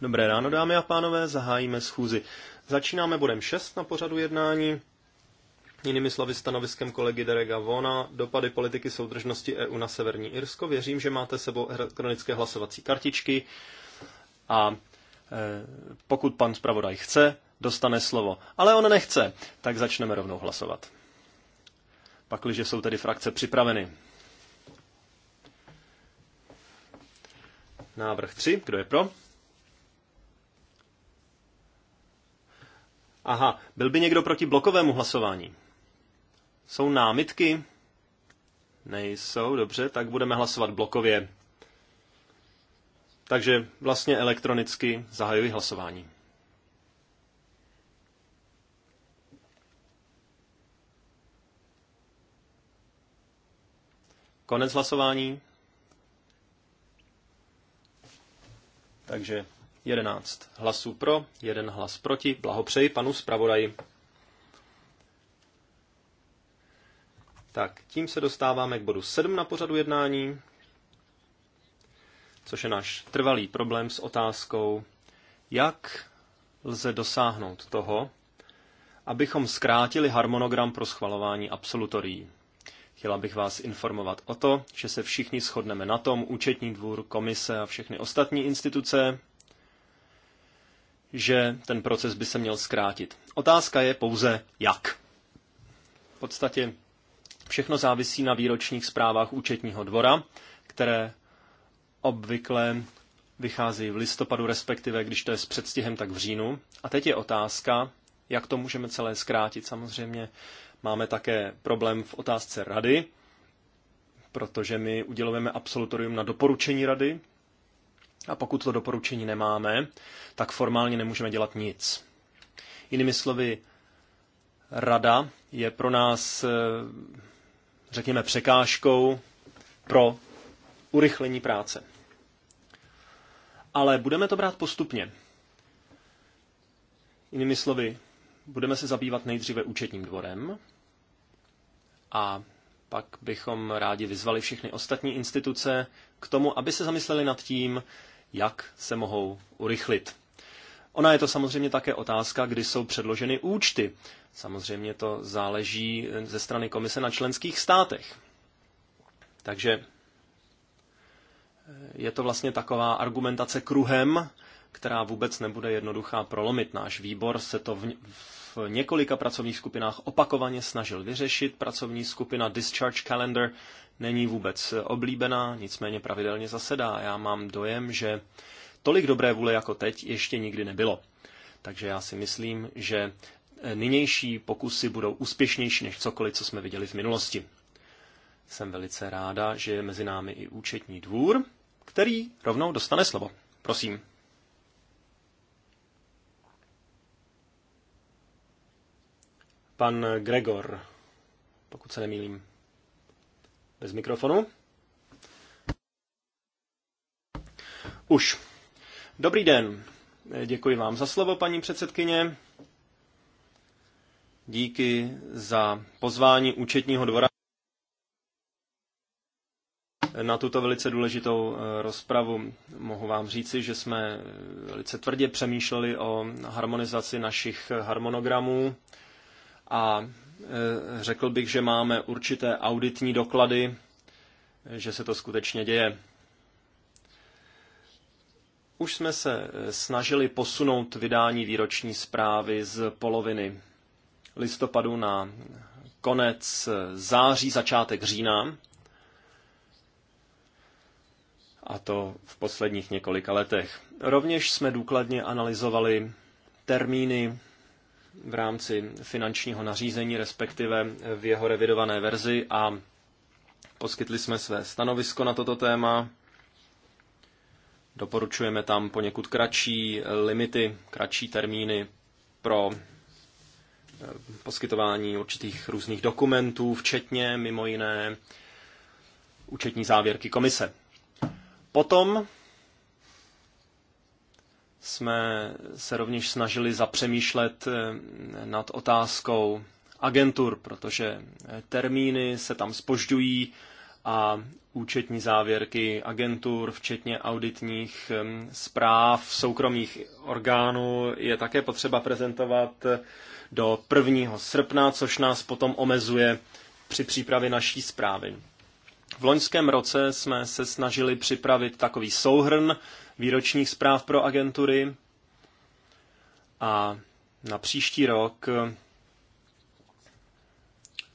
Dobré ráno, dámy a pánové, zahájíme schůzi. Začínáme bodem 6 na pořadu jednání. Jinými slovy stanoviskem kolegy Derega Vona, dopady politiky soudržnosti EU na Severní Irsko. Věřím, že máte sebou elektronické hlasovací kartičky a e, pokud pan zpravodaj chce, dostane slovo. Ale on nechce, tak začneme rovnou hlasovat. Pakliže jsou tedy frakce připraveny. Návrh 3, kdo je pro? Aha, byl by někdo proti blokovému hlasování? Jsou námitky? Nejsou, dobře, tak budeme hlasovat blokově. Takže vlastně elektronicky zahajuji hlasování. Konec hlasování. Takže 11 hlasů pro, jeden hlas proti. Blahopřeji panu zpravodaji. Tak, tím se dostáváme k bodu 7 na pořadu jednání, což je náš trvalý problém s otázkou, jak lze dosáhnout toho, abychom zkrátili harmonogram pro schvalování absolutorií. Chtěla bych vás informovat o to, že se všichni shodneme na tom, účetní dvůr, komise a všechny ostatní instituce, že ten proces by se měl zkrátit. Otázka je pouze jak. V podstatě všechno závisí na výročních zprávách účetního dvora, které obvykle vycházejí v listopadu, respektive když to je s předstihem, tak v říjnu. A teď je otázka, jak to můžeme celé zkrátit. Samozřejmě Máme také problém v otázce rady, protože my udělujeme absolutorium na doporučení rady a pokud to doporučení nemáme, tak formálně nemůžeme dělat nic. Jinými slovy, rada je pro nás, eh, řekněme, překážkou pro urychlení práce. Ale budeme to brát postupně. Jinými slovy, budeme se zabývat nejdříve účetním dvorem, a pak bychom rádi vyzvali všechny ostatní instituce k tomu, aby se zamysleli nad tím, jak se mohou urychlit. Ona je to samozřejmě také otázka, kdy jsou předloženy účty. Samozřejmě to záleží ze strany komise na členských státech. Takže je to vlastně taková argumentace kruhem, která vůbec nebude jednoduchá prolomit. Náš výbor se to v, v několika pracovních skupinách opakovaně snažil vyřešit. Pracovní skupina Discharge Calendar není vůbec oblíbená, nicméně pravidelně zasedá. Já mám dojem, že tolik dobré vůle jako teď ještě nikdy nebylo. Takže já si myslím, že eh, nynější pokusy budou úspěšnější než cokoliv, co jsme viděli v minulosti. Jsem velice ráda, že je mezi námi i účetní dvůr, který rovnou dostane slovo. Prosím. Pan Gregor, pokud se nemýlím. Bez mikrofonu. Už. Dobrý den. Děkuji vám za slovo, paní předsedkyně. Díky za pozvání účetního dvora na tuto velice důležitou eh, rozpravu. Mohu vám říci, že jsme velice tvrdě přemýšleli o harmonizaci našich harmonogramů a e, řekl bych, že máme určité auditní doklady, e, že se to skutečně děje. Už jsme se e, snažili posunout vydání výroční zprávy z poloviny listopadu na konec září, začátek října. A to v posledních několika letech. Rovněž jsme důkladně analyzovali termíny v rámci finančního nařízení, respektive v jeho revidované verzi a poskytli jsme své stanovisko na toto téma. Doporučujeme tam poněkud kratší limity, kratší termíny pro eh, poskytování určitých různých dokumentů, včetně mimo jiné účetní závěrky komise. Potom jsme se rovněž snažili zapřemýšlet eh, nad otázkou agentur, protože eh, termíny se tam spožďují a účetní závěrky agentur, včetně auditních eh, zpráv soukromých orgánů, je také potřeba prezentovat do 1. srpna, což nás potom omezuje při přípravě naší zprávy. V loňském roce jsme se snažili připravit takový souhrn výročních zpráv pro agentury a na příští rok,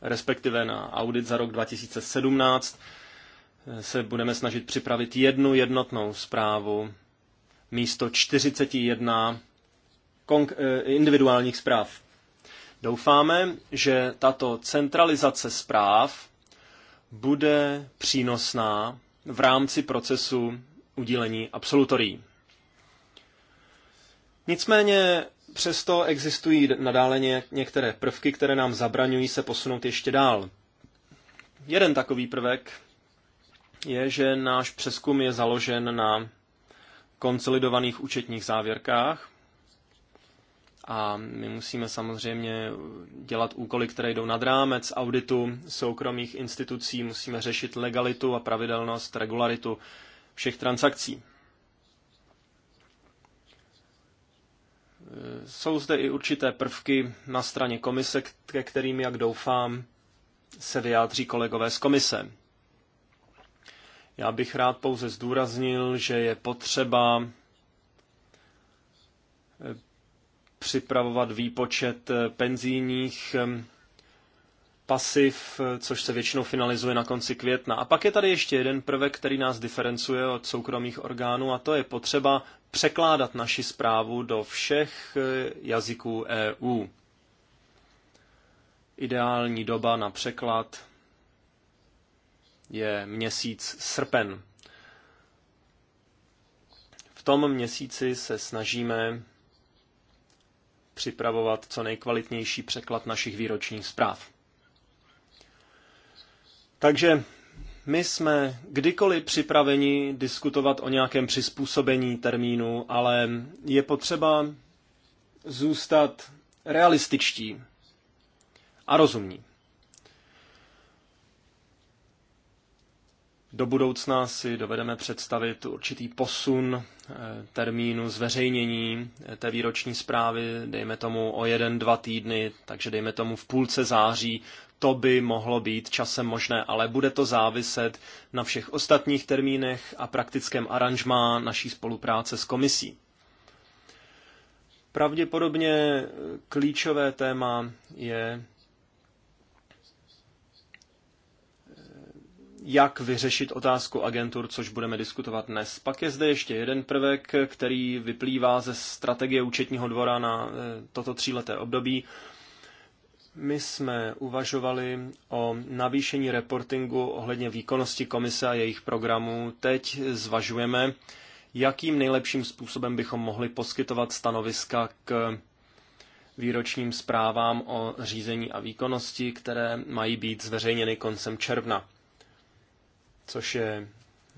respektive na audit za rok 2017, se budeme snažit připravit jednu jednotnou zprávu místo 41 eh, individuálních zpráv. Doufáme, že tato centralizace zpráv bude přínosná v rámci procesu udílení absolutorií. Nicméně přesto existují nadále některé prvky, které nám zabraňují se posunout ještě dál. Jeden takový prvek je, že náš přeskum je založen na konsolidovaných účetních závěrkách a my musíme samozřejmě dělat úkoly, které jdou nad rámec auditu soukromých institucí, musíme řešit legalitu a pravidelnost, regularitu všech transakcí. Jsou zde i určité prvky na straně komise, ke kterým, jak doufám, se vyjádří kolegové z komise. Já bych rád pouze zdůraznil, že je potřeba připravovat výpočet eh, penzijních pasiv, eh, což se většinou finalizuje na konci května. A pak je tady ještě jeden prvek, který nás diferencuje od soukromých orgánů, a to je potřeba překládat naši zprávu do všech eh, jazyků EU. Ideální doba na překlad je měsíc srpen. V tom měsíci se snažíme připravovat co nejkvalitnější překlad našich výročních zpráv. Takže my jsme kdykoliv připraveni diskutovat o nějakém přizpůsobení termínu, ale je potřeba zůstat realističtí a rozumní. do budoucna si dovedeme představit určitý posun eh, termínu zveřejnění eh, té výroční zprávy, dejme tomu o jeden, dva týdny, takže dejme tomu v půlce září. To by mohlo být časem možné, ale bude to záviset na všech ostatních termínech a praktickém aranžmá naší spolupráce s komisí. Pravděpodobně eh, klíčové téma je jak vyřešit otázku agentur, což budeme diskutovat dnes. Pak je zde ještě jeden prvek, který vyplývá ze strategie účetního dvora na eh, toto tříleté období. My jsme uvažovali o navýšení reportingu ohledně výkonnosti komise a jejich programů. Teď zvažujeme, jakým nejlepším způsobem bychom mohli poskytovat stanoviska k výročním zprávám o řízení a výkonnosti, které mají být zveřejněny koncem června což je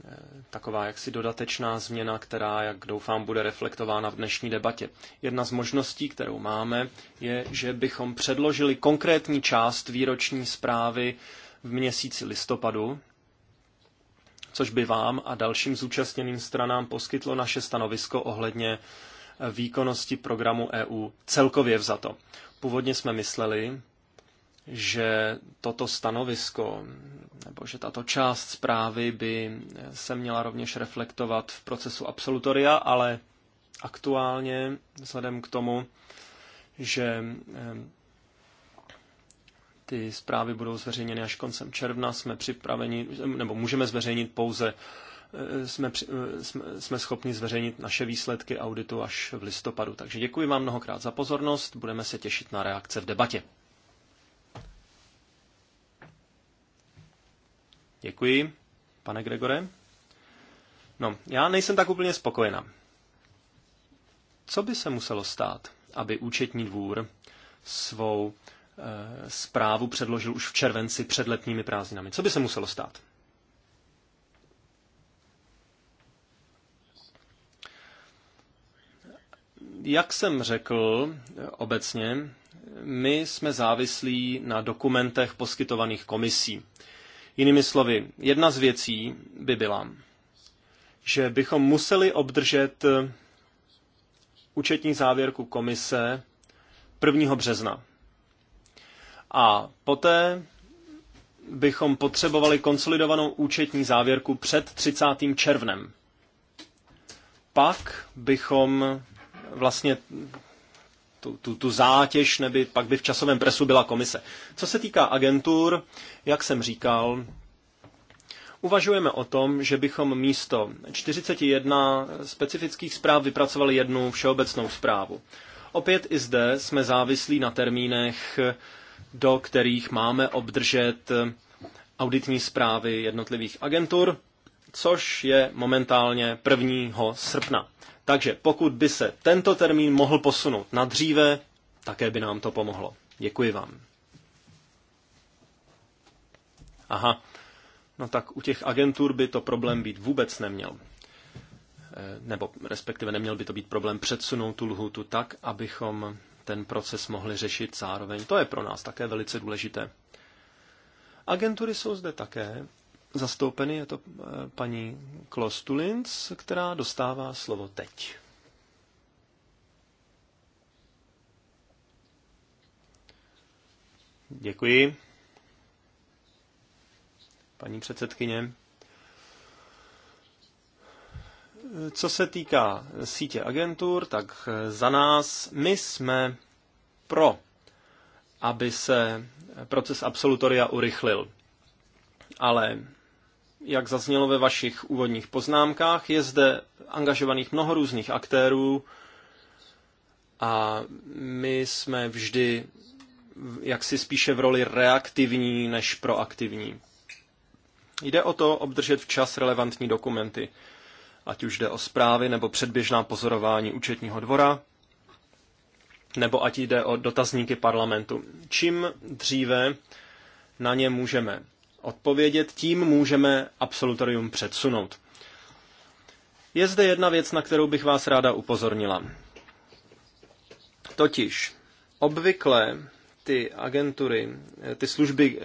eh, taková jaksi dodatečná změna, která, jak doufám, bude reflektována v dnešní debatě. Jedna z možností, kterou máme, je, že bychom předložili konkrétní část výroční zprávy v měsíci listopadu, což by vám a dalším zúčastněným stranám poskytlo naše stanovisko ohledně eh, výkonnosti programu EU celkově vzato. Původně jsme mysleli, že toto stanovisko nebo že tato část zprávy by se měla rovněž reflektovat v procesu absolutoria, ale aktuálně vzhledem k tomu, že eh, ty zprávy budou zveřejněny až koncem června, jsme připraveni, nebo můžeme zveřejnit pouze, eh, jsme, eh, jsme, jsme schopni zveřejnit naše výsledky auditu až v listopadu. Takže děkuji vám mnohokrát za pozornost, budeme se těšit na reakce v debatě. Děkuji, pane Gregore. No, já nejsem tak úplně spokojená. Co by se muselo stát, aby účetní dvůr svou e, zprávu předložil už v červenci před letními prázdninami? Co by se muselo stát? Jak jsem řekl eh, obecně, my jsme závislí na dokumentech poskytovaných komisí. Jinými slovy, jedna z věcí by byla, že bychom museli obdržet eh, účetní závěrku komise 1. března. A poté bychom potřebovali konsolidovanou účetní závěrku před 30. červnem. Pak bychom vlastně tu, tu, tu zátěž, neby pak by v časovém presu byla komise. Co se týká agentur, jak jsem říkal, uvažujeme o tom, že bychom místo 41 specifických zpráv vypracovali jednu všeobecnou zprávu. Opět i zde jsme závislí na termínech, do kterých máme obdržet auditní zprávy jednotlivých agentur, což je momentálně 1. srpna. Takže pokud by se tento termín mohl posunout na dříve, také by nám to pomohlo. Děkuji vám. Aha, no tak u těch agentur by to problém být vůbec neměl. Eh, nebo respektive neměl by to být problém předsunout tu lhutu tak, abychom ten proces mohli řešit zároveň. To je pro nás také velice důležité. Agentury jsou zde také zastoupeny. Je to eh, paní Klostulins, která dostává slovo teď. Děkuji. Paní předsedkyně. Co se týká sítě agentur, tak za nás my jsme pro, aby se proces absolutoria urychlil. Ale jak zaznělo ve vašich úvodních poznámkách, je zde angažovaných mnoho různých aktérů a my jsme vždy jaksi spíše v roli reaktivní než proaktivní. Jde o to obdržet včas relevantní dokumenty, ať už jde o zprávy nebo předběžná pozorování účetního dvora, nebo ať jde o dotazníky parlamentu. Čím dříve na ně můžeme odpovědět, tím můžeme absolutorium předsunout. Je zde jedna věc, na kterou bych vás ráda upozornila. Totiž obvykle ty agentury, ty služby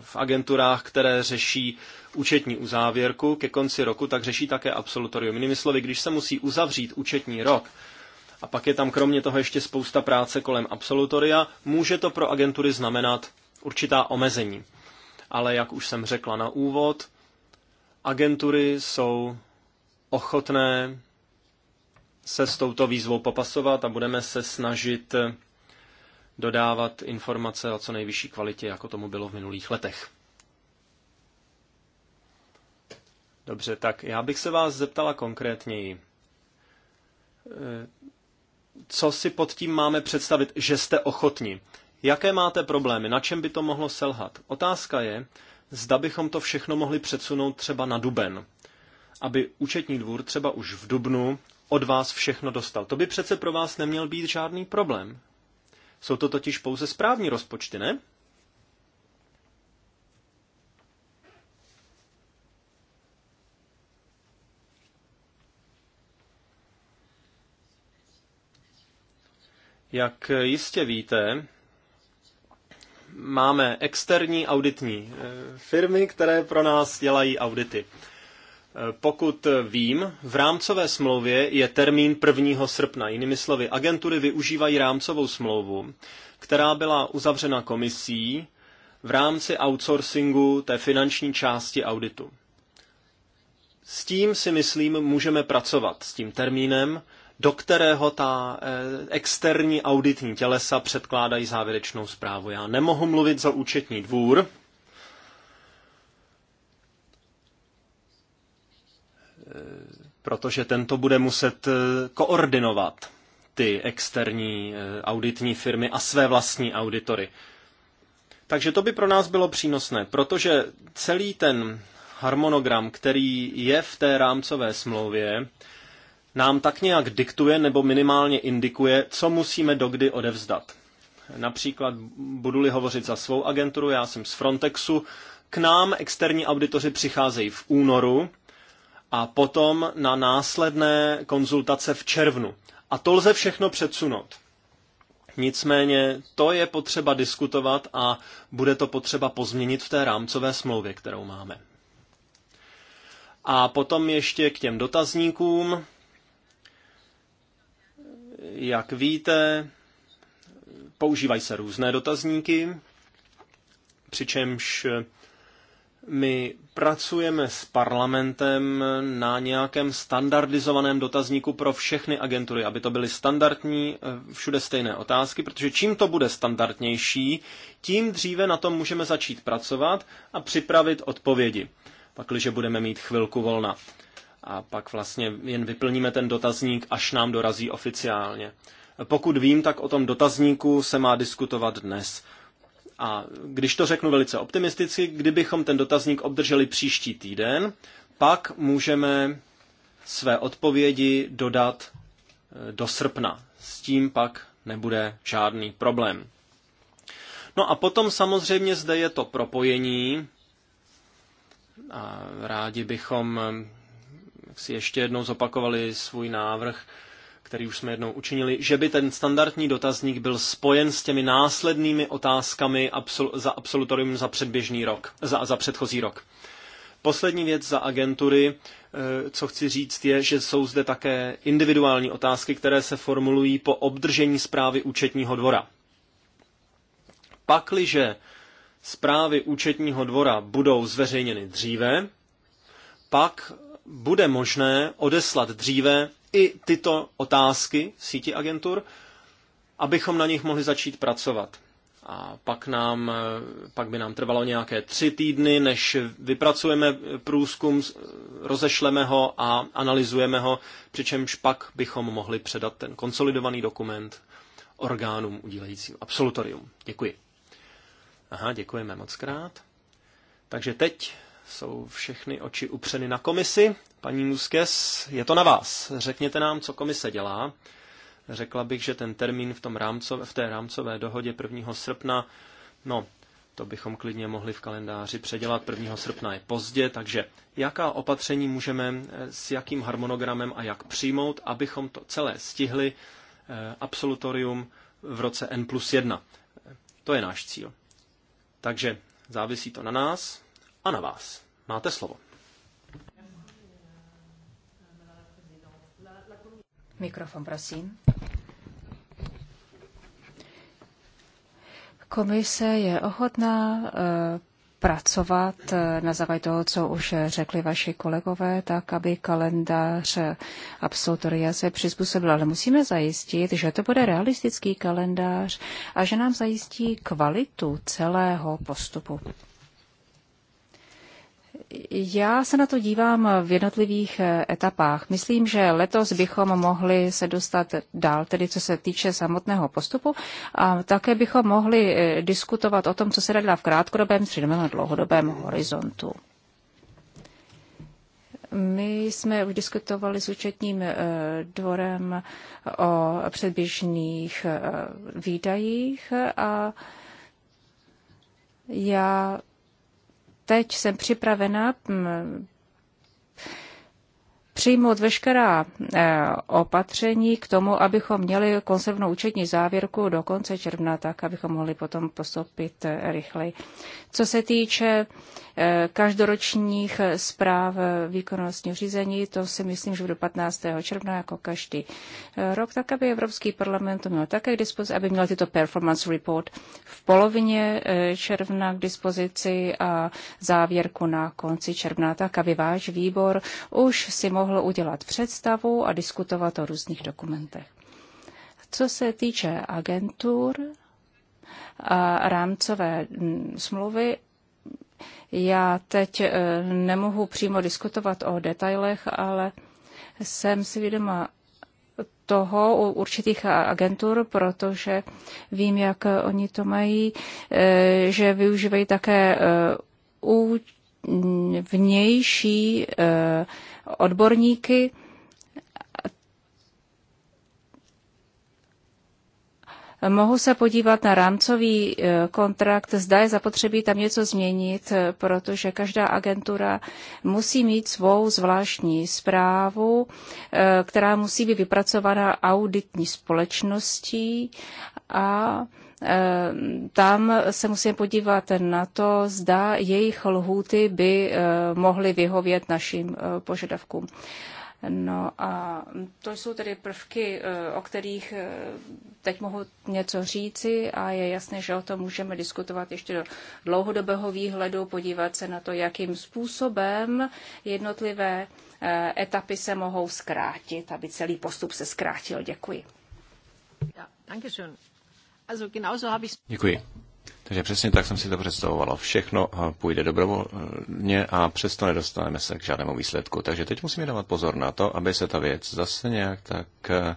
v agenturách, které řeší účetní uzávěrku ke konci roku, tak řeší také absolutorium. Jinými slovy, když se musí uzavřít účetní rok, a pak je tam kromě toho ještě spousta práce kolem absolutoria, může to pro agentury znamenat určitá omezení ale jak už jsem řekla na úvod, agentury jsou ochotné se s touto výzvou popasovat a budeme se snažit dodávat informace o co nejvyšší kvalitě, jako tomu bylo v minulých letech. Dobře, tak já bych se vás zeptala konkrétněji. Eh, co si pod tím máme představit, že jste ochotni? Jaké máte problémy? Na čem by to mohlo selhat? Otázka je, zda bychom to všechno mohli předsunout třeba na duben, aby účetní dvůr třeba už v dubnu od vás všechno dostal. To by přece pro vás neměl být žádný problém. Jsou to totiž pouze správní rozpočty, ne? Jak jistě víte, máme externí auditní eh, firmy, které pro nás dělají audity. Eh, pokud vím, v rámcové smlouvě je termín 1. srpna. Jinými slovy, agentury využívají rámcovou smlouvu, která byla uzavřena komisí v rámci outsourcingu té finanční části auditu. S tím si myslím, můžeme pracovat, s tím termínem, do kterého ta eh, externí auditní tělesa předkládají závěrečnou zprávu. Já nemohu mluvit za účetní dvůr, eh, protože tento bude muset eh, koordinovat ty externí auditní firmy a své vlastní auditory. Takže to by pro nás bylo přínosné, protože celý ten harmonogram, který je v té rámcové smlouvě, nám tak nějak diktuje nebo minimálně indikuje, co musíme dokdy odevzdat. Například budu-li hovořit za svou agenturu, já jsem z Frontexu, k nám externí auditoři přicházejí v únoru a potom na následné konzultace v červnu. A to lze všechno předsunout. Nicméně to je potřeba diskutovat a bude to potřeba pozměnit v té rámcové smlouvě, kterou máme. A potom ještě k těm dotazníkům. Jak víte, používají se různé dotazníky, přičemž my pracujeme s parlamentem na nějakém standardizovaném dotazníku pro všechny agentury, aby to byly standardní, eh, všude stejné otázky, protože čím to bude standardnější, tím dříve na tom můžeme začít pracovat a připravit odpovědi, pakliže budeme mít chvilku volna a pak vlastně jen vyplníme ten dotazník, až nám dorazí oficiálně. Pokud vím, tak o tom dotazníku se má diskutovat dnes. A když to řeknu velice optimisticky, kdybychom ten dotazník obdrželi příští týden, pak můžeme své odpovědi dodat eh, do srpna. S tím pak nebude žádný problém. No a potom samozřejmě zde je to propojení. A rádi bychom si ještě jednou zopakovali svůj návrh, který už jsme jednou učinili, že by ten standardní dotazník byl spojen s těmi následnými otázkami absol- za absolutorium za předběžný rok, za, za předchozí rok. Poslední věc za agentury, eh, co chci říct, je, že jsou zde také individuální otázky, které se formulují po obdržení zprávy účetního dvora. Pakliže zprávy účetního dvora budou zveřejněny dříve, pak bude možné odeslat dříve i tyto otázky síti agentur, abychom na nich mohli začít pracovat. A pak, nám, pak by nám trvalo nějaké tři týdny, než vypracujeme průzkum, rozešleme ho a analyzujeme ho, přičemž pak bychom mohli předat ten konsolidovaný dokument orgánům udílejícím absolutorium. Děkuji. Aha, děkujeme moc krát. Takže teď jsou všechny oči upřeny na komisi. Paní Muskes, je to na vás. Řekněte nám, co komise dělá. Řekla bych, že ten termín v, tom rámcové, v té rámcové dohodě 1. srpna, no, to bychom klidně mohli v kalendáři předělat. 1. srpna je pozdě, takže jaká opatření můžeme eh, s jakým harmonogramem a jak přijmout, abychom to celé stihli eh, absolutorium v roce N plus 1. To je náš cíl. Takže závisí to na nás, a na vás. Máte slovo. Mikrofon, prosím. Komise je ochotná eh, pracovat eh, na základě toho, co už řekli vaši kolegové, tak aby kalendář absolutoria se přizpůsobil. Ale musíme zajistit, že to bude realistický kalendář a že nám zajistí kvalitu celého postupu. Já se na to dívám v jednotlivých eh, etapách. Myslím, že letos bychom mohli se dostat dál, tedy co se týče samotného postupu, a také bychom mohli eh, diskutovat o tom, co se dá v krátkodobém, středovém a dlouhodobém horizontu. My jsme už diskutovali s účetním eh, dvorem o předběžných výdajích a já teď jsem připravena mm, přijmout veškerá eh, opatření k tomu, abychom měli konzervnou účetní závěrku do konce června, tak abychom mohli potom postoupit eh, rychleji. Co se týče každoročních eh, zpráv eh, výkonnostního řízení. To si myslím, že do 15. června jako každý eh, rok, tak aby Evropský parlament to měl také k dispozici, aby měl tyto performance report v polovině června k dispozici a závěrku na konci června, tak aby váš výbor už si mohl udělat představu a diskutovat o různých dokumentech. Co se týče agentur, a rámcové mm, smlouvy já teď eh, nemohu přímo diskutovat o detailech, ale jsem si vědoma toho u určitých agentur, protože vím, jak oni to mají, eh, že využívají také eh, vnější odborníky, Mohu se podívat na rámcový e, kontrakt, zda je zapotřebí tam něco změnit, e, protože každá agentura musí mít svou zvláštní zprávu, e, která musí být vypracovaná auditní společností a tam se musíme podívat na to, zda jejich lhůty by mohly vyhovět našim požadavkům. No a to jsou tedy prvky, eh, o kterých eh, teď mohu něco říci a je jasné, že o tom můžeme diskutovat ještě do dlouhodobého výhledu, podívat se na to, jakým způsobem jednotlivé eh, etapy se mohou zkrátit, aby celý postup se zkrátil. Děkuji. Děkuji. Takže přesně tak jsem si to představovalo. Všechno eh, půjde dobrovolně a přesto nedostaneme se k žádnému výsledku. Takže teď musíme dávat pozor na to, aby se ta věc zase nějak tak eh,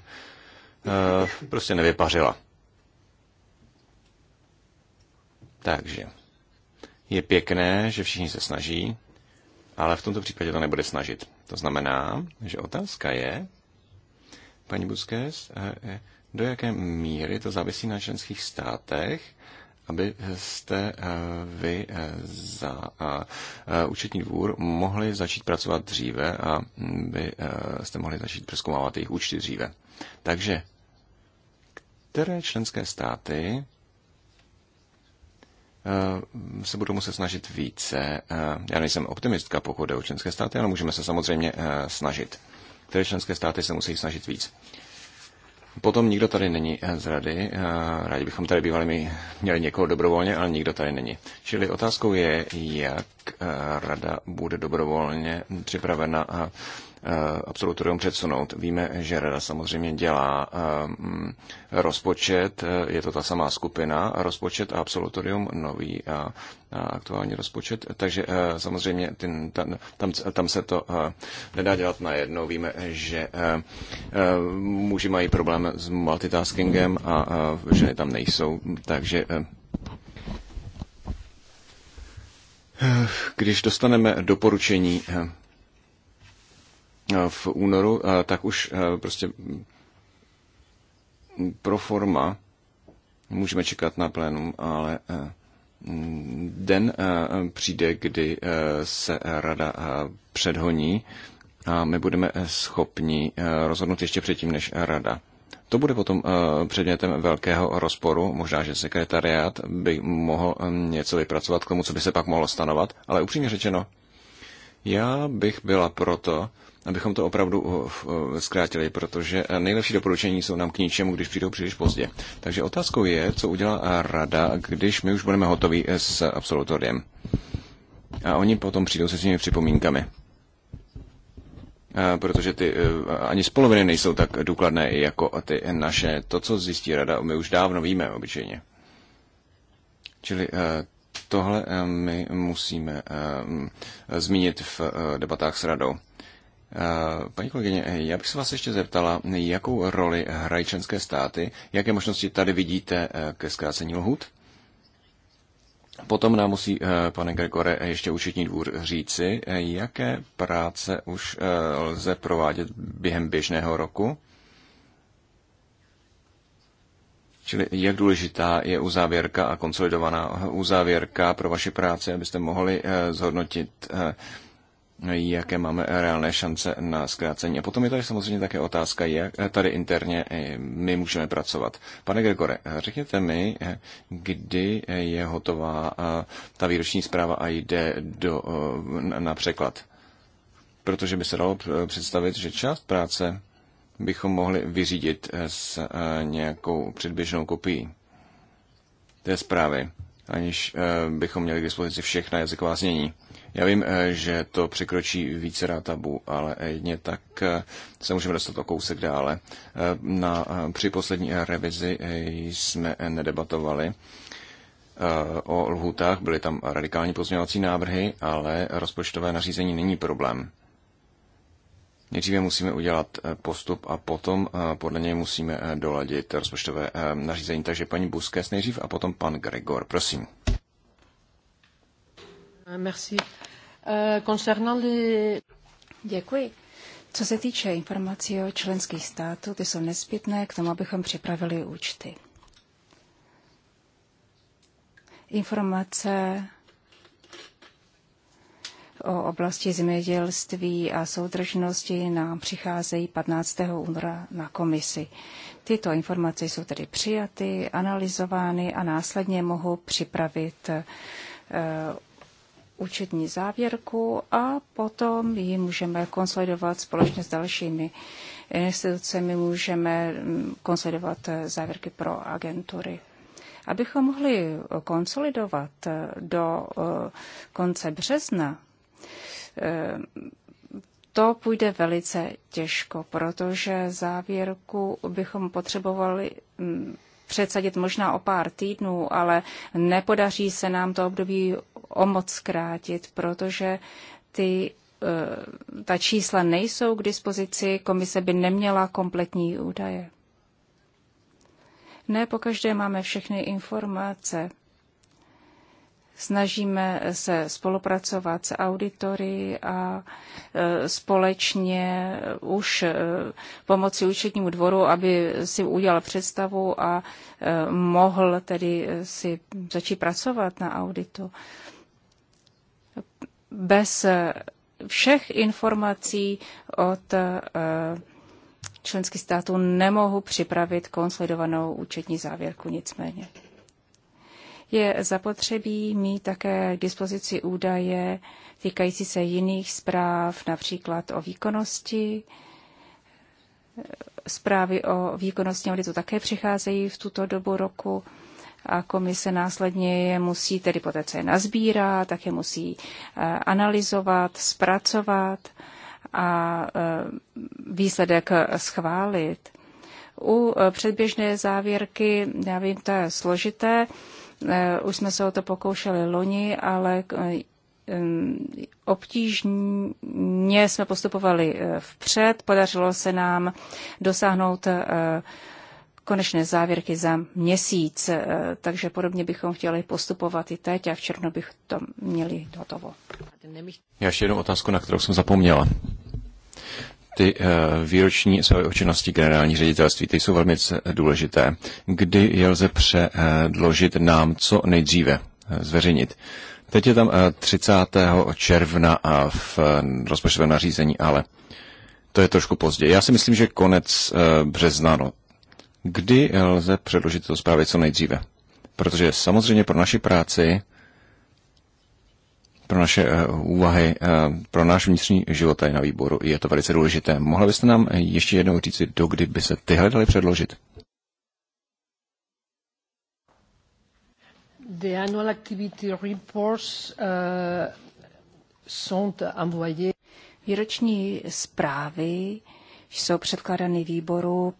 eh, prostě nevypařila. Takže je pěkné, že všichni se snaží, ale v tomto případě to nebude snažit. To znamená, že otázka je, paní Buskes, do jaké míry to závisí na členských státech abyste eh, vy eh, za eh, účetní dvůr mohli začít pracovat dříve a by jste mohli začít přeskoumávat jejich účty dříve. Takže, které členské státy se budou muset snažit více. Já nejsem optimistka, pokud jde o členské státy, ale můžeme se samozřejmě snažit. Které členské státy se musí snažit víc? Potom nikdo tady není eh, z rady. Eh, rádi bychom tady bývali my měli někoho dobrovolně, ale nikdo tady není. Čili otázkou je, jak eh, rada bude dobrovolně připravena Eh, absolutorium předsunout. Víme, že Rada samozřejmě dělá eh, mm, rozpočet, eh, je to ta samá skupina, rozpočet a absolutorium nový a, aktuální rozpočet, takže samozřejmě ten, tam, tam, tam se to nedá dělat najednou. Víme, že muži mají problém s multitaskingem a ženy tam nejsou, takže když dostaneme doporučení v únoru, tak už e, prostě pro forma můžeme čekat na plénum, ale e, den e, přijde, kdy se rada předhoní a my budeme schopni rozhodnout ještě předtím, než rada. To bude potom předmětem velkého rozporu. Možná, že sekretariát by mohl něco vypracovat k tomu, co by se pak mohlo stanovat, ale upřímně řečeno, já bych byla proto, abychom to opravdu eh, eh, zkrátili, protože eh, nejlepší doporučení jsou nám k ničemu, když přijdou příliš pozdě. Takže otázkou je, co udělá rada, když my už budeme hotoví s absolutoriem. A oni potom přijdou se svými připomínkami. Protože ty ani z poloviny nejsou tak důkladné jako ty naše. To, co zjistí rada, my už dávno víme obyčejně. Čili Tohle eh, my musíme eh, zmínit v eh, debatách s radou. Paní kolegyně, já bych se vás ještě zeptala, jakou roli hrají členské státy, jaké možnosti tady vidíte ke zkrácení lhůt? Potom nám musí, pane Gregore, ještě účetní dvůr říci, jaké práce už lze provádět během běžného roku Čili jak důležitá je uzávěrka a konsolidovaná uzávěrka pro vaši práci, abyste mohli eh, zhodnotit, eh, jaké máme reálné šance na zkrácení. A potom je tady samozřejmě také otázka, jak eh, tady interně my můžeme pracovat. Pane Gregore, řekněte mi, kdy je hotová ta výroční zpráva a jde do, na překlad. Protože by se dalo představit, že část práce bychom mohli vyřídit eh, s eh, nějakou předběžnou kopií té zprávy, aniž eh, bychom měli k dispozici všechna jazyková znění. Já vím, že to překročí více tabu, ale jedně tak se můžeme dostat o kousek dále. Na, při poslední revizi jsme nedebatovali o lhutách, byly tam radikální pozměňovací návrhy, ale rozpočtové nařízení není problém. Nejdříve musíme udělat eh, postup a potom eh, podle něj musíme eh, doladit rozpočtové nařízení. Takže paní Buskes nejdřív a potom pan Gregor. Prosím. Merci. Concernant les... Děkuji. Co se týče informací o členských států, ty jsou nezbytné k tomu, abychom připravili účty. Informace o oblasti zemědělství a soudržnosti nám přicházejí 15. února na komisi. Tyto informace jsou tedy přijaty, analyzovány a následně mohou připravit e, účetní závěrku a potom ji můžeme konsolidovat společně s dalšími institucemi, můžeme mm, konsolidovat eh, závěrky pro agentury. Abychom mohli konsolidovat eh, do konce března Eh, to půjde velice těžko, protože závěrku bychom potřebovali hm, předsadit možná o pár týdnů, ale nepodaří se nám to období o moc zkrátit, protože ty eh, ta čísla nejsou k dispozici, komise by neměla kompletní údaje. Ne pokaždé máme všechny informace. Snažíme se spolupracovat s auditory a e, společně už e, pomoci účetnímu dvoru, aby si udělal představu a e, mohl tedy si začít pracovat na auditu. Bez všech informací od členských států nemohu připravit konsolidovanou účetní závěrku nicméně je zapotřebí mít také k dispozici údaje týkající se jiných zpráv, například o výkonnosti. Zprávy o výkonnosti auditu také přicházejí v tuto dobu roku a komise následně je musí, tedy poté, co je nazbírá, tak je musí eh, analyzovat, zpracovat a eh, výsledek schválit. U eh, předběžné závěrky, já vím, to je složité, Eh, už jsme se o to pokoušeli loni, ale eh, eh, obtížně jsme postupovali vpřed. Podařilo se nám dosáhnout konečné závěrky za měsíc, takže podobně bychom chtěli postupovat i teď a v červnu bych to měli hotovo. Já ještě jednu otázku, na kterou jsem zapomněla ty eh, výroční zprávy činnosti generální ředitelství, ty jsou velmi důležité. Kdy je lze předložit nám co nejdříve eh, zveřejnit? Teď je tam 30. Eh, června a v rozpočtovém nařízení, ale to je trošku pozdě. Já si myslím, že konec března. No. Kdy lze předložit to zprávě co nejdříve? Protože samozřejmě pro naši práci pro naše eh, úvahy, eh, pro náš vnitřní život tady na výboru je to velice důležité. Mohla byste nám eh, ještě jednou říci, do kdy by se tyhle daly předložit? The annual activity reports uh, sont Výroční zprávy jsou předkládány výboru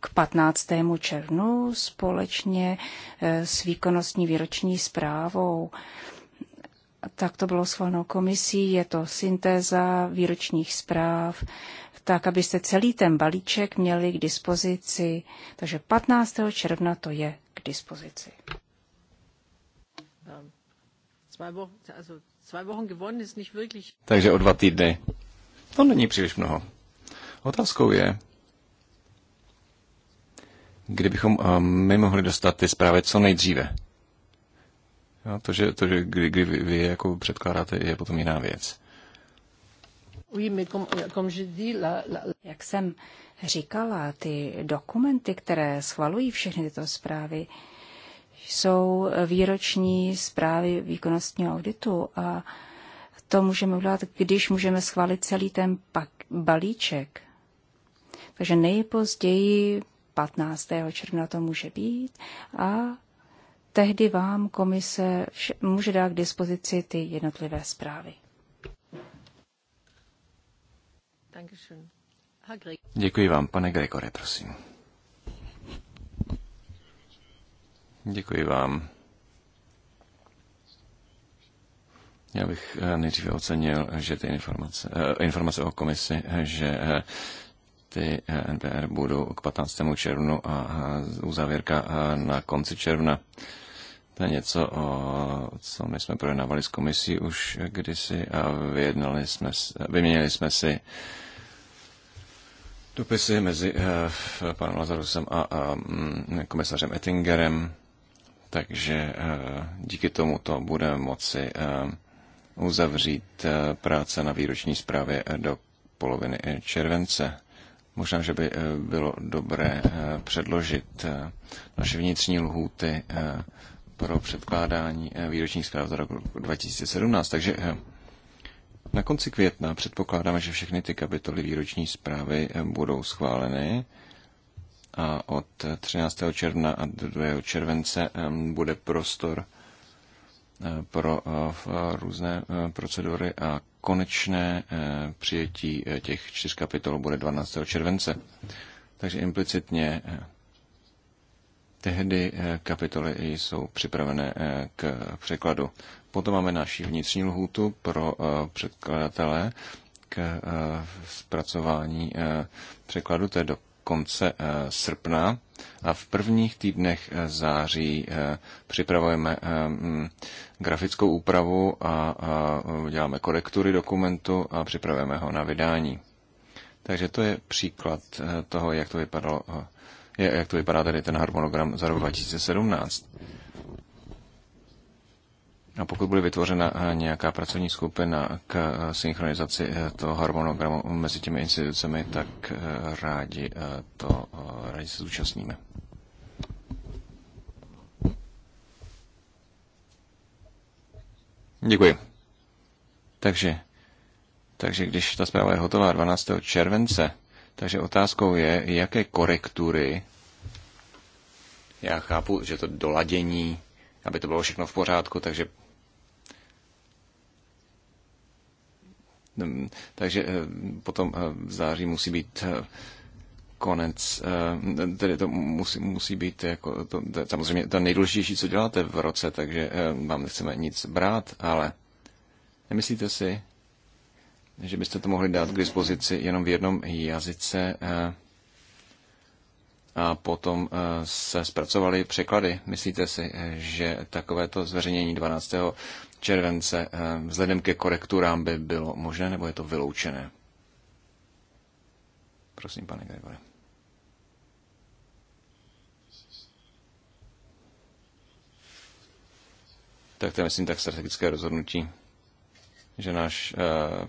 k 15. červnu společně s výkonnostní výroční zprávou. Uh, tak to bylo schváleno komisí, je to syntéza výročních zpráv, tak abyste celý ten balíček měli k dispozici. Takže 15. června to je k dispozici. Ähm, Takže o dva týdny. To není příliš mnoho. Otázkou je, kdybychom ehm, my mohli dostat ty zprávy co nejdříve. Jo, to, že, to, že kdy, kdy vy jako předkládáte, je potom jiná věc. Jak jsem říkala, ty dokumenty, které schvalují všechny tyto zprávy, jsou výroční zprávy výkonnostního auditu a to můžeme udělat, když můžeme schválit celý ten pak balíček. Takže nejpozději 15. června to může být a tehdy vám komise může dát k dispozici ty jednotlivé zprávy. Děkuji vám, pane Gregore, prosím. Děkuji vám. Já bych eh, nejdříve ocenil, že ty informace, eh, informace o komisi, eh, že ty NPR budou k 15. červnu a uzávěrka na konci června. To je něco, co my jsme projednávali s komisí už kdysi a vyjednali jsme, vyměnili jsme si dopisy mezi eh, panem Lazarusem a mm, komisařem Ettingerem, takže eh, díky tomu to budeme moci eh, uzavřít práce na výroční zprávě do poloviny července. Možná, že by bylo dobré předložit naše vnitřní lhůty pro předkládání eh, výročních zpráv za rok 2017. Takže eh, na konci května předpokládáme, že všechny ty kapitoly výroční zprávy eh, budou schváleny a od 13. června a 2. července bude prostor pro různé procedury a konečné přijetí těch čtyř kapitol bude 12. července. Takže implicitně tehdy eh, kapitoly jsou připravené eh, k překladu. Potom máme naši vnitřní lhůtu pro eh, předkladatele k zpracování překladu, to je do konce srpna a v prvních týdnech září připravujeme mm, grafickou úpravu a děláme korektury dokumentu a připravujeme ho na vydání. Takže to je příklad toho, jak to vypadalo jak to vypadá tady ten harmonogram za rok 2017. A pokud bude vytvořena eh, nějaká pracovní skupina k eh, synchronizaci eh, toho harmonogramu mezi těmi institucemi, tak rádi to rádi se zúčastníme. Děkuji. Takže, takže když ta zpráva je hotová 12. července, takže otázkou je, jaké korektury, já chápu, že to doladění, aby to bylo všechno v pořádku, takže mm, takže eh, potom eh, v září musí být eh, konec, tedy to musí, musí být jako, to, to, samozřejmě to nejdůležitější, co děláte v roce, takže vám nechceme nic brát, ale nemyslíte si, že byste to mohli dát k dispozici jenom v jednom jazyce eh, a potom eh, se zpracovaly překlady. Myslíte si, eh, že takovéto zveřejnění 12. července vzhledem ke korekturám by bylo možné, nebo je to vyloučené? Prosím, pane Gregore. Tak to je, myslím, tak strategické rozhodnutí že náš eh,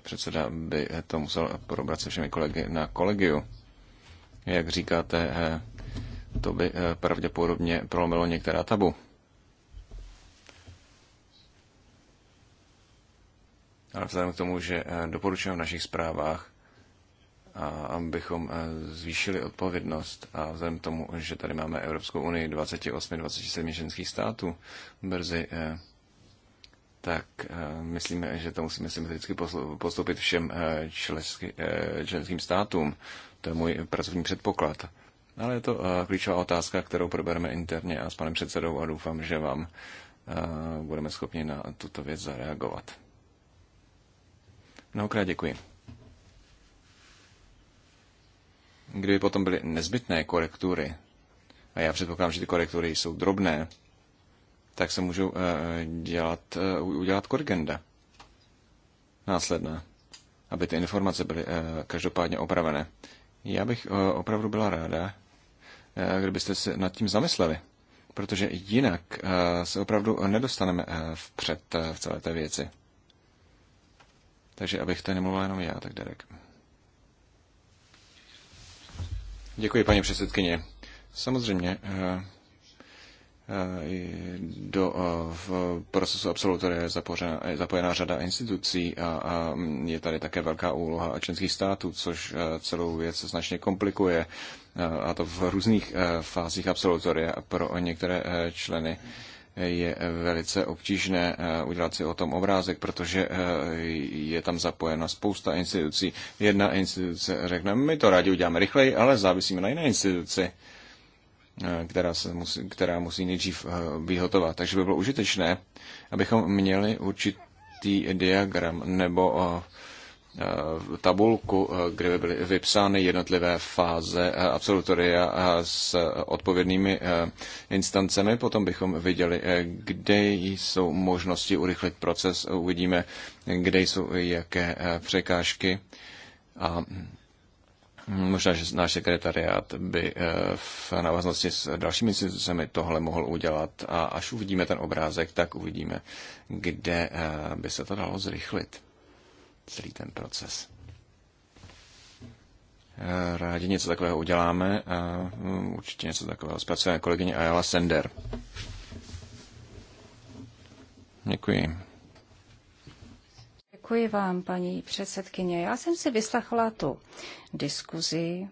předseda by to musel probrat se všemi kolegy na kolegiu. Jak říkáte, eh, to by eh, pravděpodobně prolomilo některá tabu. Ale vzhledem k tomu, že doporučujeme v našich zprávách, abychom zvýšili odpovědnost a vzhledem k tomu, že tady máme Evropskou unii 28, 27 ženských států, brzy tak eh, myslíme, že to musíme symetricky postoupit všem eh, členský, eh, členským státům. To je můj pracovní předpoklad. Ale je to klíčová otázka, kterou probereme interně a s panem předsedou a doufám, že vám budeme schopni na tuto věc zareagovat. Mnohokrát děkuji. Kdyby potom byly nezbytné korektury, a já předpokládám, že ty korektury jsou drobné, tak se můžou eh, dělat, eh, udělat korigenda následná, aby ty informace byly eh, každopádně opravené. Já bych opravdu byla ráda, kdybyste se nad tím zamysleli, protože jinak se opravdu nedostaneme vpřed v celé té věci. Takže abych to nemluvil jenom já, tak Derek. Děkuji, paní předsedkyně. Samozřejmě Eh, do eh, v procesu absolutoria je zapojená řada institucí a, a je tady také velká úloha členských států, což eh, celou věc značně komplikuje a to v různých fázích absolutoria pro některé členy je velice obtížné udělat si o tom obrázek, protože je tam zapojena spousta institucí. Jedna instituce řekne, my to rádi uděláme rychleji, ale závisíme na jiné instituci. Eh, která, se musí, která musí nejdřív eh, vyhotovat. Takže by bylo užitečné, abychom měli určitý diagram nebo eh, tabulku, kde by byly vypsány jednotlivé fáze absolutoria s odpovědnými instancemi. Potom bychom viděli, kde jsou možnosti urychlit proces, uvidíme, kde jsou jaké překážky a Možná, že náš sekretariát by eh, v návaznosti s dalšími institucemi tohle mohl udělat a až uvidíme ten obrázek, tak uvidíme, kde eh, by se to dalo zrychlit, celý ten proces. Eh, rádi něco takového uděláme a určitě něco takového zpracujeme kolegyně Ayala Sender. Děkuji. Děkuji vám, paní předsedkyně. Já jsem si vyslechla tu diskuzi.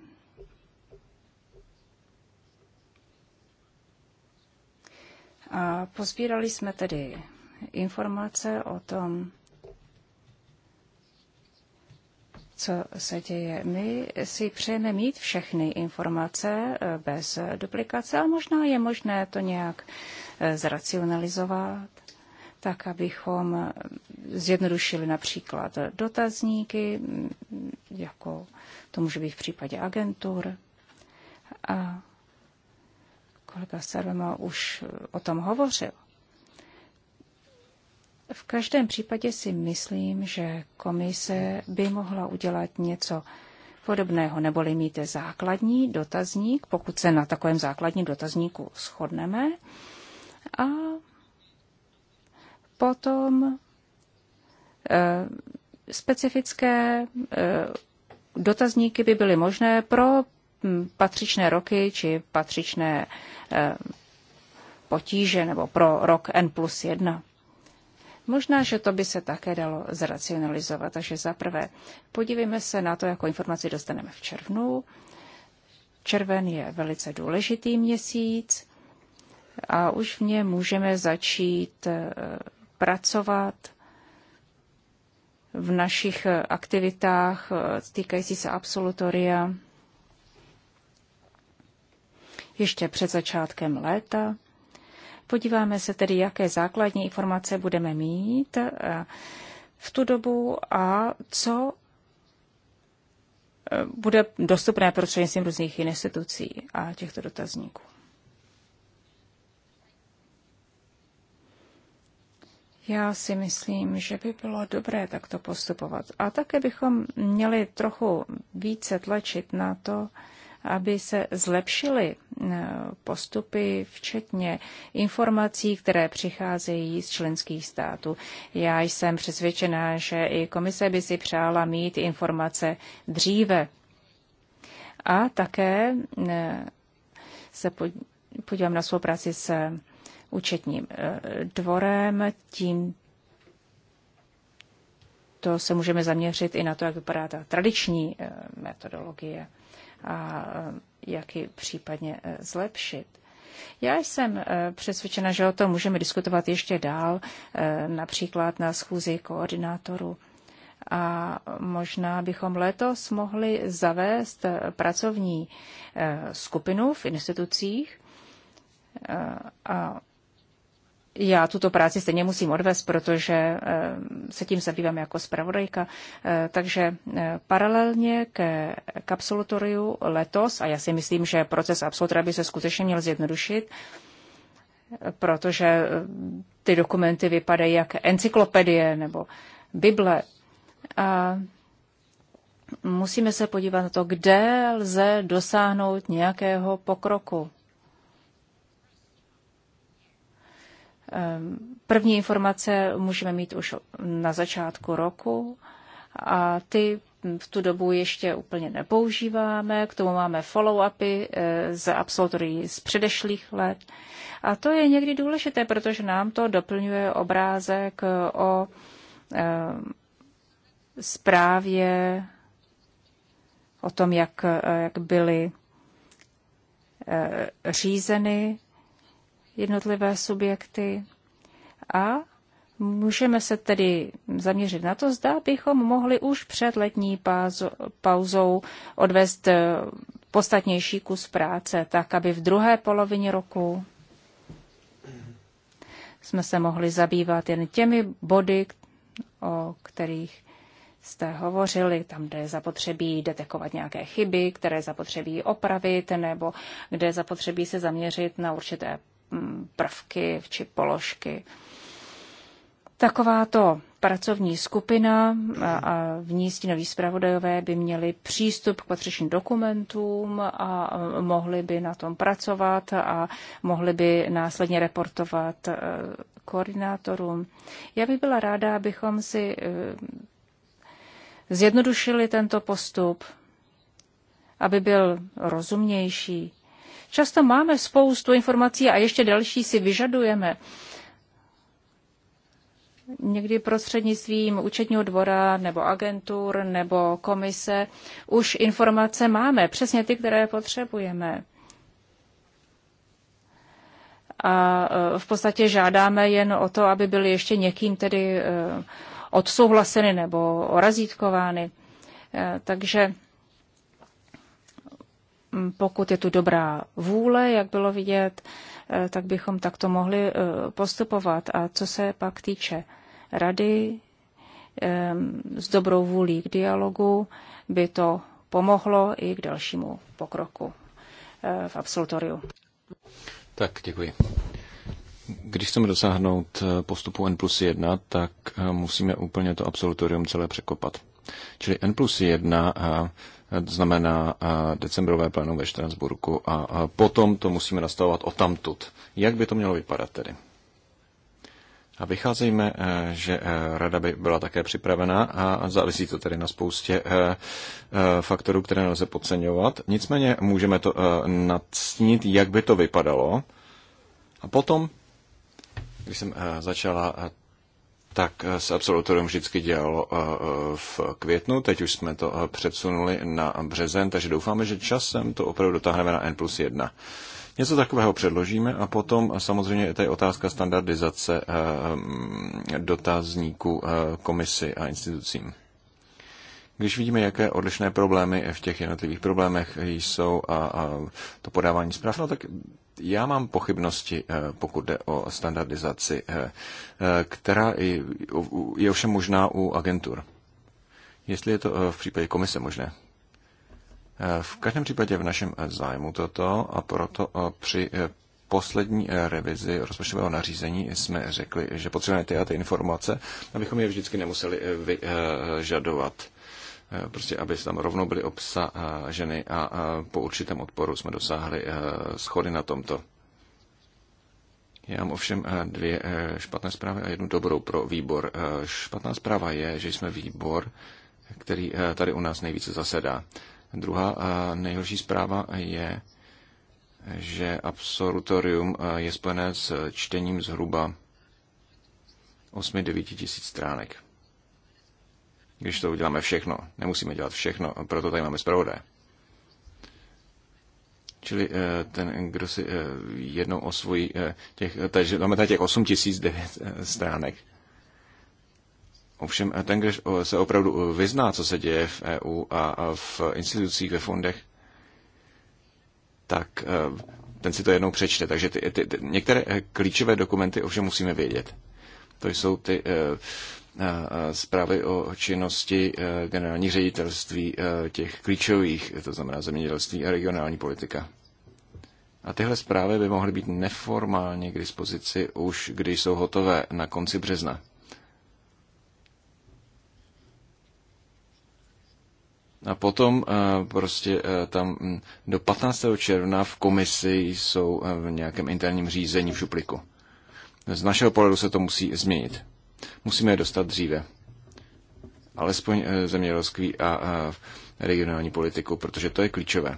A pozbírali jsme tedy informace o tom, co se děje. My si přejeme mít všechny informace eh, bez duplikace a možná je možné to nějak eh, zracionalizovat tak abychom eh, zjednodušili například dotazníky, mm, jako to může být v případě agentur. A kolega Sarvema už eh, o tom hovořil. V každém případě si myslím, že komise by mohla udělat něco podobného, neboli mít základní dotazník, pokud se na takovém základním dotazníku shodneme, a Potom eh, specifické eh, dotazníky by byly možné pro hm, patřičné roky či patřičné eh, potíže nebo pro rok N plus 1. Možná, že to by se také dalo zracionalizovat. Takže zaprvé podívejme se na to, jakou informaci dostaneme v červnu. Červen je velice důležitý měsíc a už v něm můžeme začít pracovat v našich eh, aktivitách eh, týkající se absolutoria ještě před začátkem léta. Podíváme se tedy, jaké základní informace budeme mít eh, v tu dobu a co bude dostupné prostřednictvím různých institucí a těchto dotazníků. Já si myslím, že by bylo dobré takto postupovat. A také bychom měli trochu více tlačit na to, aby se zlepšily eh, postupy, včetně informací, které přicházejí z členských států. Já jsem přesvědčená, že i komise by si přála mít informace dříve. A také eh, se podívám na svou práci s účetním eh, dvorem. Tím to se můžeme zaměřit i na to, jak vypadá ta tradiční eh, metodologie a eh, jak ji případně zlepšit. Já jsem přesvědčena, že o tom můžeme diskutovat ještě dál, například na schůzi koordinátorů. A možná bychom letos mohli zavést pracovní skupinu v institucích a já tuto práci stejně musím odvést, protože eh, se tím zabývám jako zpravodajka. Eh, takže eh, paralelně ke, k absolutoriu letos, a já si myslím, že proces absolutora by se skutečně měl zjednodušit, protože ty dokumenty vypadají jak encyklopedie nebo Bible. A musíme se podívat na to, kde lze dosáhnout nějakého pokroku Ehm, první informace můžeme mít už na začátku roku a ty v tu dobu ještě úplně nepoužíváme, k tomu máme follow-upy eh, z absolutorií z předešlých let. A to je někdy důležité, protože nám to doplňuje obrázek o ehm, zprávě o tom, jak, eh, jak byly eh, řízeny jednotlivé subjekty a můžeme se tedy zaměřit na to, zda bychom mohli už před letní pauzou odvést eh, podstatnější kus práce, tak aby v druhé polovině roku jsme se mohli zabývat jen těmi body, o kterých jste hovořili, tam, kde je zapotřebí detekovat nějaké chyby, které zapotřebí opravit, nebo kde je zapotřebí se zaměřit na určité Mm, prvky či položky. Takováto pracovní skupina a v ní stínoví zpravodajové by měli přístup k patřičným dokumentům a mohli by na tom pracovat a mohli by následně reportovat e, koordinátorům. Já bych byla ráda, abychom si e, zjednodušili tento postup, aby byl rozumnější Často máme spoustu informací a ještě další si vyžadujeme. Někdy prostřednictvím účetního dvora nebo agentur nebo komise už informace máme, přesně ty, které potřebujeme. A e, v podstatě žádáme jen o to, aby byly ještě někým tedy e, odsouhlaseny nebo orazítkovány. E, takže Mm, pokud je tu dobrá vůle, jak bylo vidět, eh, tak bychom takto mohli eh, postupovat. A co se pak týče rady ehm, s dobrou vůlí k dialogu, by to pomohlo i k dalšímu pokroku eh, v absolutoriu. Tak, děkuji. Když chceme dosáhnout postupu N plus 1, tak musíme úplně to absolutorium celé překopat. Čili N plus 1 Eh, to znamená eh, decembrové plénum ve Štrasburku a potom to musíme nastavovat o tamtud. Jak by to mělo vypadat tedy? A vycházejme, eh, že rada by byla také připravená a závisí to tedy na spoustě faktorů, které nelze podceňovat. Nicméně můžeme to nadstínit, jak by to vypadalo. A potom, když jsem začala tak eh, se absolutorem vždycky dělalo eh, eh, v květnu, teď už jsme to předsunuli na březen, takže doufáme, že časem to opravdu dotáhneme na N plus 1. Něco takového předložíme a potom samozřejmě je tady otázka standardizace mm, dotazníků komisi a institucím. Když vidíme, jaké odlišné problémy v těch jednotlivých problémech jsou a, a to podávání zpráv, no tak já mám pochybnosti, eh, pokud jde o standardizaci, eh, eh, která je ovšem možná u agentur. Jestli je to v případě komise možné. V každém případě v našem zájmu toto a proto při poslední revizi rozpočtového nařízení jsme řekli, že potřebujeme ty a ty informace, abychom je vždycky nemuseli vyžadovat Eh, prostě aby tam rovnou byly obsaženy eh, a eh, po určitém odporu jsme dosáhli schody na tomto. Já mám ovšem dvě špatné zprávy a jednu dobrou pro výbor. Špatná zpráva je, že jsme výbor, který tady u nás nejvíce zasedá. Druhá nejhorší zpráva je, že absolutorium je spojené s čtením zhruba 8-9 tisíc stránek když to uděláme všechno. Nemusíme dělat všechno, proto tady máme zpravodaje. Čili eh, ten, kdo si eh, jednou osvojí eh, těch, takže máme tady těch 8009 stránek. Ovšem ten, kdo se opravdu vyzná, co se děje v EU a v institucích, ve fondech, tak ten si to jednou přečte. Takže ty, ty, ty, některé klíčové dokumenty ovšem musíme vědět. To jsou ty zprávy o činnosti e, generální ředitelství e, těch klíčových, to znamená zemědělství a regionální politika. A tyhle zprávy by mohly být neformálně k dispozici už, když jsou hotové na konci března. A potom e, prostě tam do 15. června v komisi jsou v nějakém interním řízení v šupliku. Z našeho pohledu se to musí změnit. Musíme je dostat dříve. Alespoň eh, zemědělství a, a regionální politiku, protože to je klíčové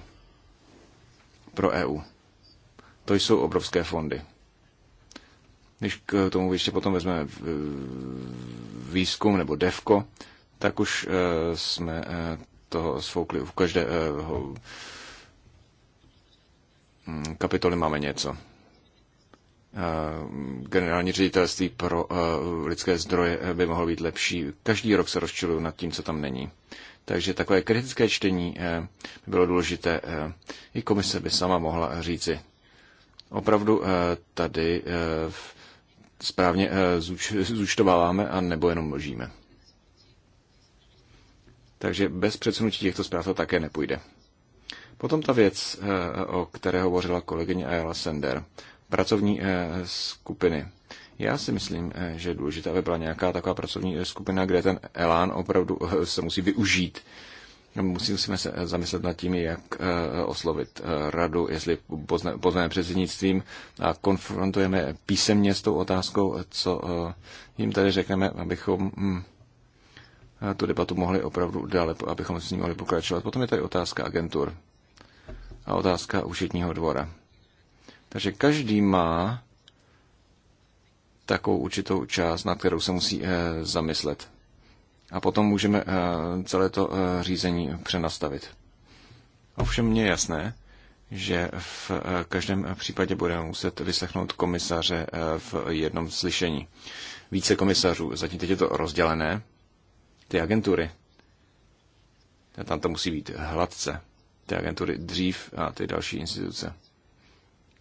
pro EU. To jsou obrovské fondy. Když k tomu ještě potom vezmeme výzkum nebo devko, tak už eh, jsme eh, toho svoukli. U každého hm, kapitoly máme něco. Eh, generální ředitelství pro eh, lidské zdroje eh, by mohlo být lepší. Každý rok se rozčiluju nad tím, co tam není. Takže takové kritické čtení by bylo důležité. I komise by sama mohla říci. Opravdu tady správně zúčtováváme a nebo jenom mlžíme. Takže bez předsunutí těchto zpráv to také nepůjde. Potom ta věc, o které hovořila kolegyně Ayala Sender pracovní eh, skupiny. Já si myslím, eh, že je důležité, aby byla nějaká taková pracovní eh, skupina, kde ten elán opravdu se musí využít. Musíme se zamyslet nad tím, jak oslovit radu, jestli pozveme předsednictvím a konfrontujeme písemně s tou otázkou, co jim tady řekneme, abychom hm, tu debatu mohli opravdu dále, abychom s ní mohli pokračovat. Potom je tady otázka agentur a otázka účetního dvora. Takže každý má takovou určitou část, nad kterou se musí eh, zamyslet. A potom můžeme eh, celé to eh, řízení přenastavit. Ovšem mě je jasné, že v každém případě budeme muset vyslechnout komisaře v jednom slyšení. Více komisařů, zatím teď je to rozdělené, ty agentury, tam to musí být hladce, ty agentury dřív a ty další instituce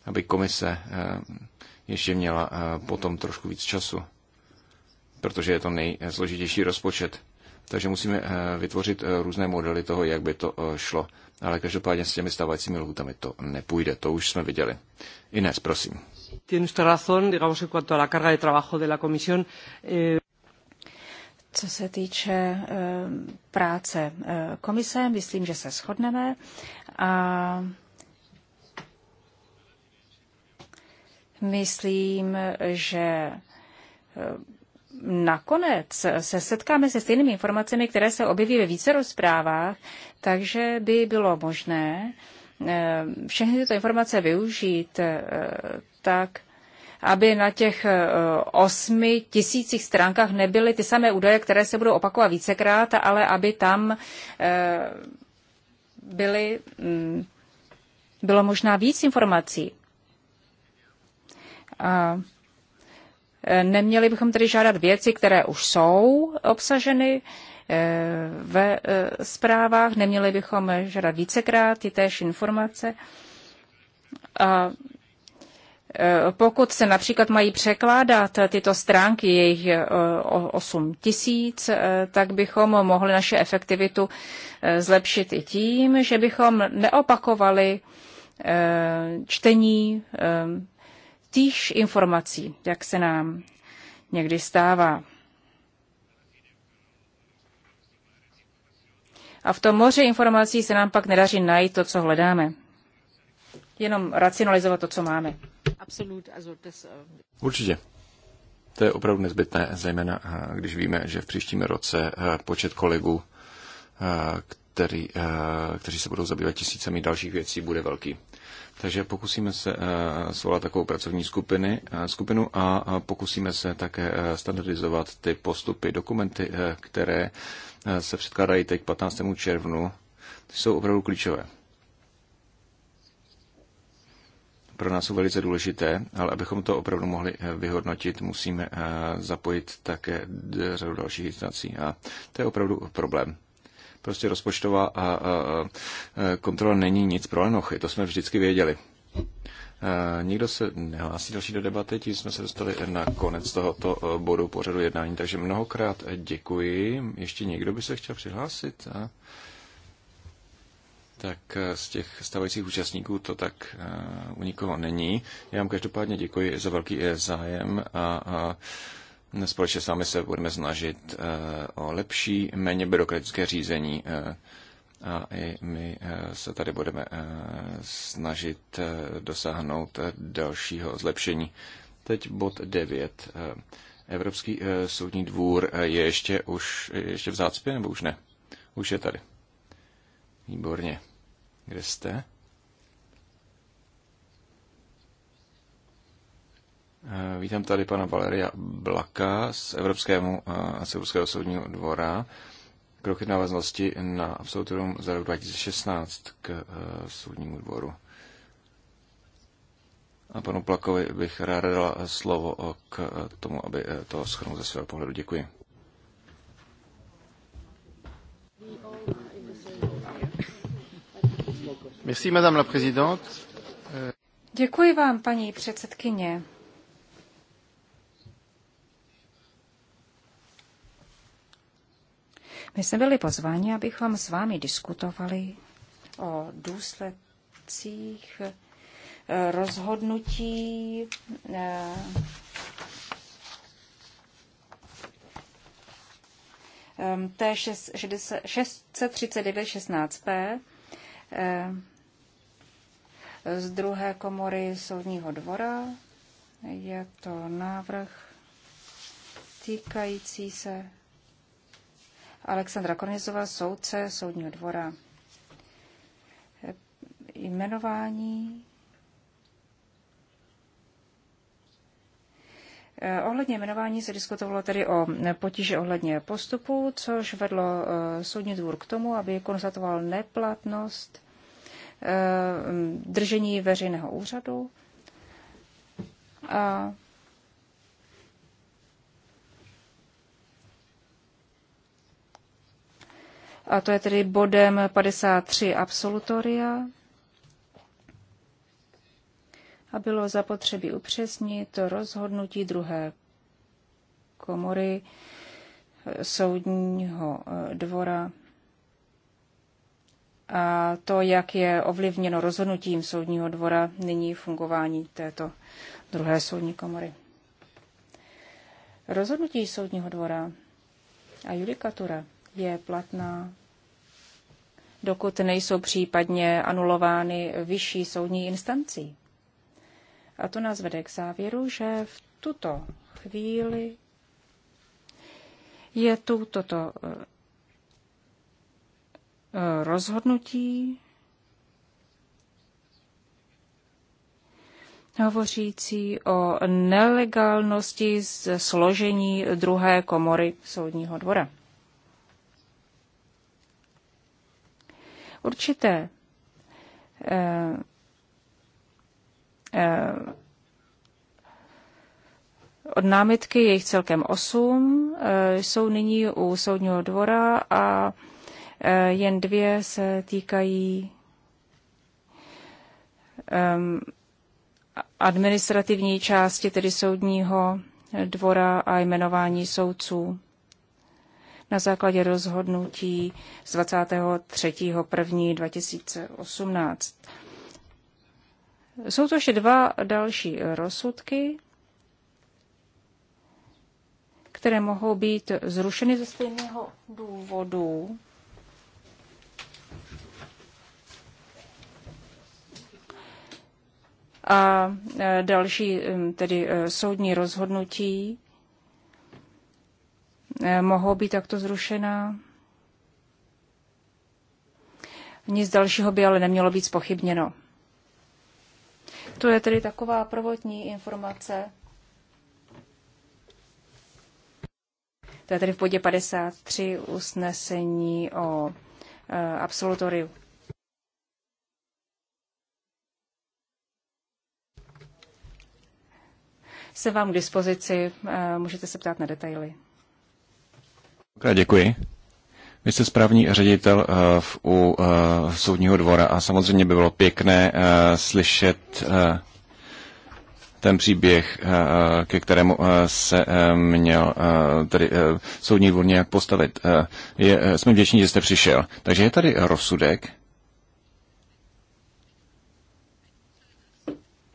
aby komise eh, ještě měla eh, potom trošku víc času, protože je to nejzložitější rozpočet. Takže musíme eh, vytvořit různé modely toho, jak by to šlo. Ale každopádně s těmi stávajícími lhutami to nepůjde, to už jsme viděli. Ines, prosím. Co se týče práce komise, myslím, že se shodneme. A Myslím, že eh, nakonec se setkáme se stejnými informacemi, které se objeví ve více rozprávách, takže by bylo možné eh, všechny tyto informace využít eh, tak, aby na těch osmi tisících stránkách nebyly ty samé údaje, které se budou opakovat vícekrát, ale aby tam byly, mm, bylo možná víc informací. E, neměli bychom tedy žádat věci, které už jsou obsaženy e, ve e, zprávách, neměli bychom žádat vícekrát ty též informace. A pokud se například mají překládat tyto stránky, jejich 8 tisíc, tak bychom mohli naše efektivitu zlepšit i tím, že bychom neopakovali čtení týž informací, jak se nám někdy stává. A v tom moře informací se nám pak nedaří najít to, co hledáme. Jenom racionalizovat to, co máme. Äh, Určitě. To je opravdu nezbytné, zejména eh, když víme, že v příštím roce eh, počet kolegů, eh, který, kteří se budou zabývat tisícemi dalších věcí, bude velký. Takže pokusíme se eh, svolat takovou pracovní skupiny, eh, skupinu a pokusíme se také eh, standardizovat ty postupy, dokumenty, které se předkládají teď k 15. červnu. Ty jsou opravdu klíčové. Pro nás jsou velice důležité, ale abychom to opravdu mohli vyhodnotit, musíme zapojit také řadu dalších instancí a to je opravdu problém. Prostě rozpočtová a, a, a kontrola není nic pro lenochy, to jsme vždycky věděli. Nikdo se nehlásí další do debaty, tím jsme se dostali na konec tohoto e, bodu pořadu jednání, takže mnohokrát děkuji. Ještě někdo by se chtěl přihlásit? A... Tak e, z těch stávajících účastníků to tak e, u nikoho není. Já vám každopádně děkuji za velký zájem a, a Společně s vámi se budeme snažit eh, o lepší, méně byrokratické řízení eh, a i my eh, se tady budeme snažit dosáhnout dalšího zlepšení. Teď bod 9. Evropský soudní dvůr je ještě, už, ještě v zácpě, nebo už ne? Už je tady. Výborně. Kde jste? Eh, vítám tady pana Valeria Blaka z Evropskému a eh, z Evropského soudního dvora. Kroky návaznosti na absolutorium za rok 2016 k eh, soudnímu dvoru. A panu Plakovi bych ráda dala slovo k tomu, aby to schrnul ze svého pohledu. Děkuji. Děkuji vám, paní předsedkyně. My jsme byli pozváni, abychom s vámi diskutovali o důsledcích eh, rozhodnutí eh, T639-16P eh, z druhé komory soudního dvora. Je to návrh týkající se Alexandra Kornizova, soudce Soudního dvora. Jmenování eh, Ohledně jmenování se diskutovalo tedy o potíže ohledně postupu, což vedlo eh, soudní dvůr k tomu, aby konstatoval neplatnost eh, držení veřejného úřadu. A a to je tedy bodem 53 absolutoria. A bylo zapotřebí upřesnit to rozhodnutí druhé komory soudního eh, dvora a to, jak je ovlivněno rozhodnutím soudního dvora nyní fungování této druhé soudní komory. Rozhodnutí soudního dvora a judikatura je platná, dokud nejsou případně anulovány vyšší soudní instancí. A to nás vede k závěru, že v tuto chvíli je tu toto eh, eh, rozhodnutí hovořící o nelegálnosti složení druhé komory soudního dvora. Určité eh, eh, od námitky, jejich celkem osm, eh, jsou nyní u soudního dvora a jen dvě se týkají ehm, administrativní části, tedy soudního dvora a jmenování soudců na základě rozhodnutí z 23.1.2018. Jsou to ještě dva další rozsudky, které mohou být zrušeny ze stejného důvodu. A e, další tedy e, soudní rozhodnutí Eh, mohou být takto zrušená. Nic dalšího by ale nemělo být spochybněno. To je tedy taková prvotní informace. To je tedy v bodě 53 usnesení o e, absolutoriu. Jsem vám k dispozici, eh, můžete se ptát na detaily. Děkuji. Vy jste správní ředitel eh, v, u eh, soudního dvora a samozřejmě by bylo pěkné eh, slyšet ten příběh, ke kterému se měl tedy soudní dvůr nějak postavit. Je, jsme vděční, že jste přišel. Takže je tady rozsudek,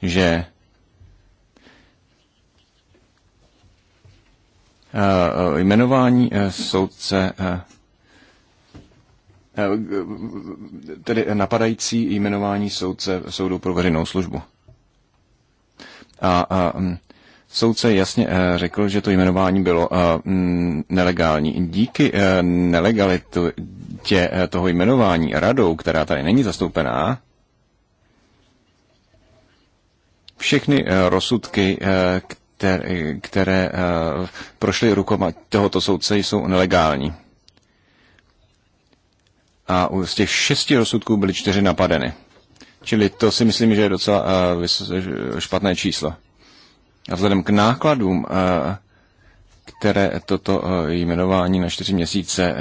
že Eh, eh, jmenování eh, soudce, tedy napadající jmenování soudce soudu pro veřejnou službu. A, mm, soudce jasně řekl, že to jmenování bylo mm, nelegální. Díky nelegalitě toho jmenování radou, která tady není zastoupená, všechny rozsudky, které, které eh, prošly rukama tohoto soudce, jsou nelegální. A z těch šesti rozsudků byly čtyři napadeny. Čili to si myslím, že je docela eh, špatné číslo. A vzhledem k nákladům, eh, které toto jmenování na čtyři měsíce,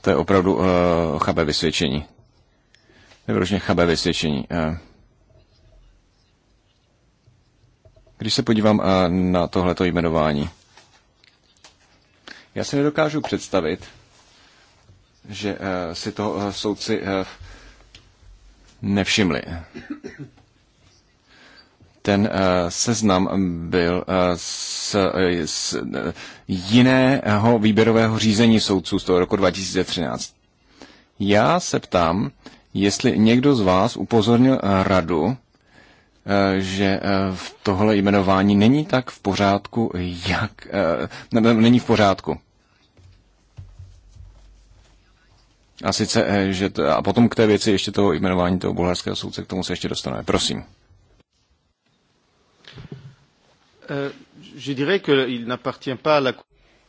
to je opravdu chabé vysvědčení. Nebo chabé vysvědčení. Když se podívám eh, na tohleto jmenování, já si nedokážu představit, že eh, si to eh, soudci nevšimli. Ten seznam byl z, z jiného výběrového řízení soudců z toho roku 2013. Já se ptám, jestli někdo z vás upozornil radu Eh, že eh, v tohle jmenování není tak v pořádku, jak... Eh, ne, není v pořádku. A sice, že to, a potom k té věci ještě toho jmenování toho bulharského soudce, k tomu se ještě dostaneme. Prosím.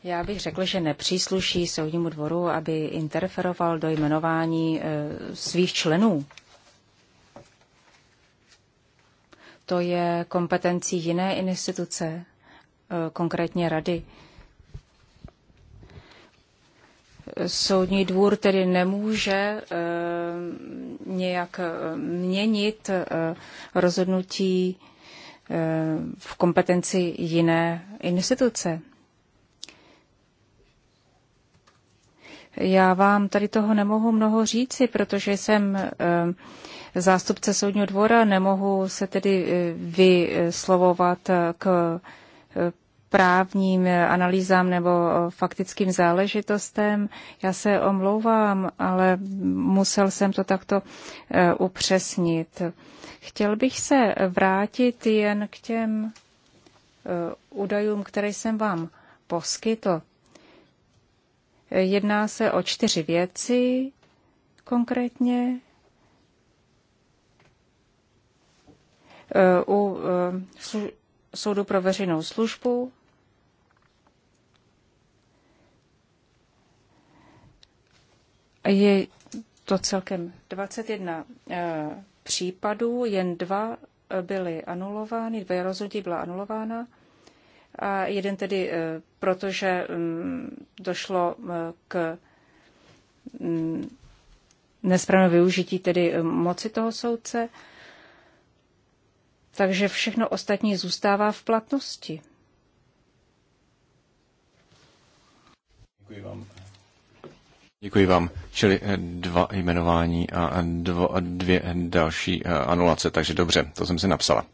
Já bych řekl, že nepřísluší soudnímu dvoru, aby interferoval do jmenování svých členů. to je kompetencí jiné instituce, eh, konkrétně rady. Soudní dvůr tedy nemůže eh, nějak eh, měnit rozhodnutí v kompetenci jiné instituce. Já vám tady toho nemohu mnoho říci, protože jsem zástupce soudního dvora, nemohu se tedy eh, vyslovovat eh, k eh, právním analýzám nebo faktickým záležitostem. Já se omlouvám, ale musel jsem to takto upřesnit. Chtěl bych se vrátit jen k těm údajům, které jsem vám poskytl. Jedná se o čtyři věci konkrétně. u eh, soudu pro veřejnou službu. Je to celkem 21 eh, případů, jen dva eh, byly anulovány, dvě rozhodnutí byla anulována a jeden tedy, protože mm, došlo k mm, nesprávnému využití tedy moci toho soudce. Takže všechno ostatní zůstává v platnosti. Děkuji vám. Děkuji vám. Čili eh, dva jmenování a dvo, dvě další eh, anulace, takže dobře, to jsem si napsala.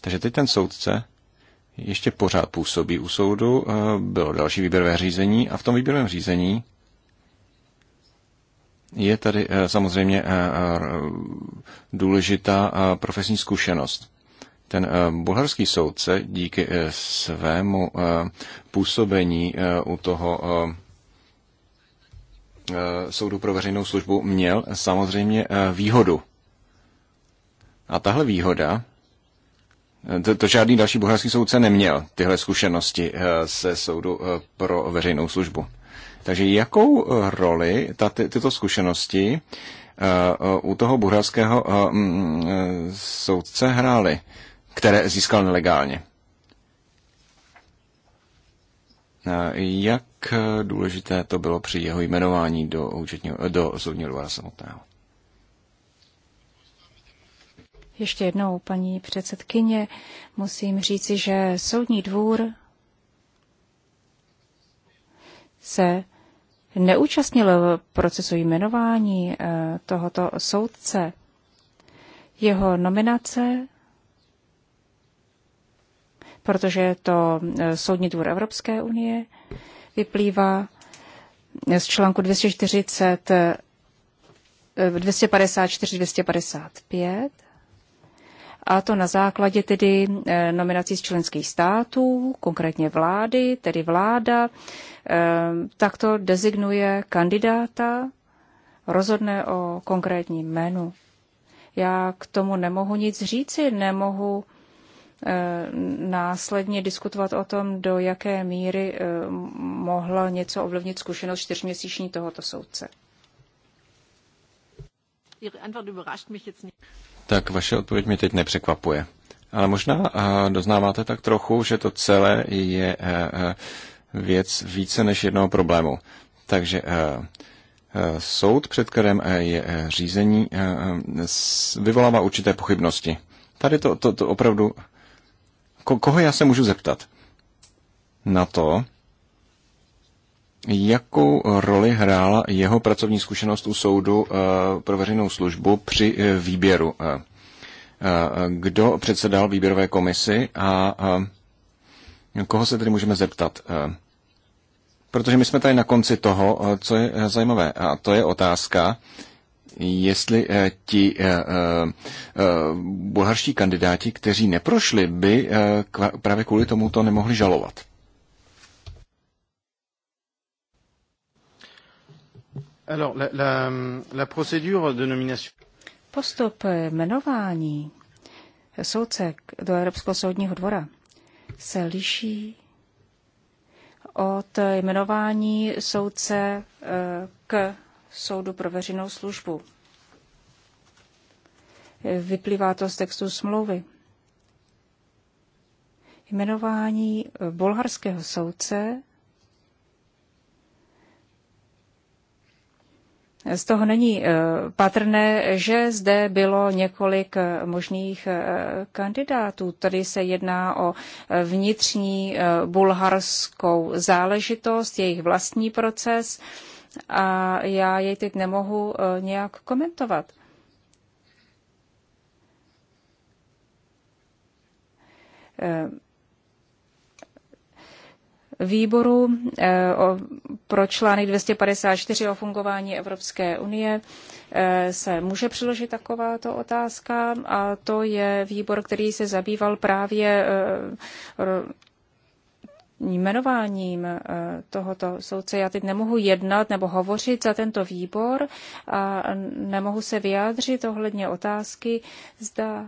Takže teď ten soudce ještě pořád působí u soudu, eh, bylo další výběrové řízení a v tom výběrovém řízení je tady eh, samozřejmě eh, eh, důležitá profesní zkušenost. Ten bulharský soudce díky svému působení u toho soudu pro veřejnou službu měl samozřejmě výhodu. A tahle výhoda, to, to žádný další bulharský soudce neměl, tyhle zkušenosti se soudu pro veřejnou službu. Takže jakou eh, roli ty tyto zkušenosti eh, eh, u toho bulharského mm, soudce hrály, které získal nelegálně? Jak důležité to bylo při jeho jmenování do, účetního, do soudního dvora samotného? Ještě jednou, paní předsedkyně, musím říci, že soudní dvůr se neúčastnil procesu jmenování eh, tohoto soudce. Jeho nominace, protože je to eh, Soudní dvůr Evropské unie, vyplývá eh, z článku 240, 254, 255 a to na základě tedy eh, nominací z členských států, konkrétně vlády, tedy vláda, eh, takto designuje kandidáta, rozhodne o konkrétním jménu. Já k tomu nemohu nic říci, nemohu eh, následně diskutovat o tom, do jaké míry mohla něco ovlivnit zkušenost čtyřměsíční tohoto soudce tak vaše odpověď mě teď nepřekvapuje. Ale možná eh, doznáváte tak trochu, že to celé je eh, věc více než jednoho problému. Takže eh, soud, před kterým je řízení, vyvolává určité pochybnosti. Tady to, to, to opravdu... Ko, koho já se můžu zeptat? Na to, Jakou roli hrála jeho pracovní zkušenost u soudu eh, pro veřejnou službu při eh, výběru? Eh, kdo předsedal výběrové komisi a koho se tedy můžeme zeptat? Protože my jsme tady na konci toho, co je zajímavé, a to je otázka, jestli ti bulharští kandidáti, kteří neprošli, by právě kvůli tomuto nemohli žalovat. Alors, la, la, la procédure de nomination. Postup jmenování soudce do Evropského soudního dvora se liší od jmenování soudce eh, k soudu pro veřejnou službu. Vyplývá to z textu smlouvy. Jmenování bulharského soudce z toho není eh, patrné, že zde bylo několik eh, možných eh, kandidátů. Tady se jedná o vnitřní bulharskou záležitost, jejich vlastní proces a já jej teď nemohu nějak komentovat. Um výboru eh, pro článek 254 o fungování Evropské unie eh, se může přiložit takováto otázka a to je výbor, který se zabýval právě eh, jmenováním tohoto soudce. Já teď nemohu jednat nebo hovořit za tento výbor a nemohu se vyjádřit ohledně otázky, zda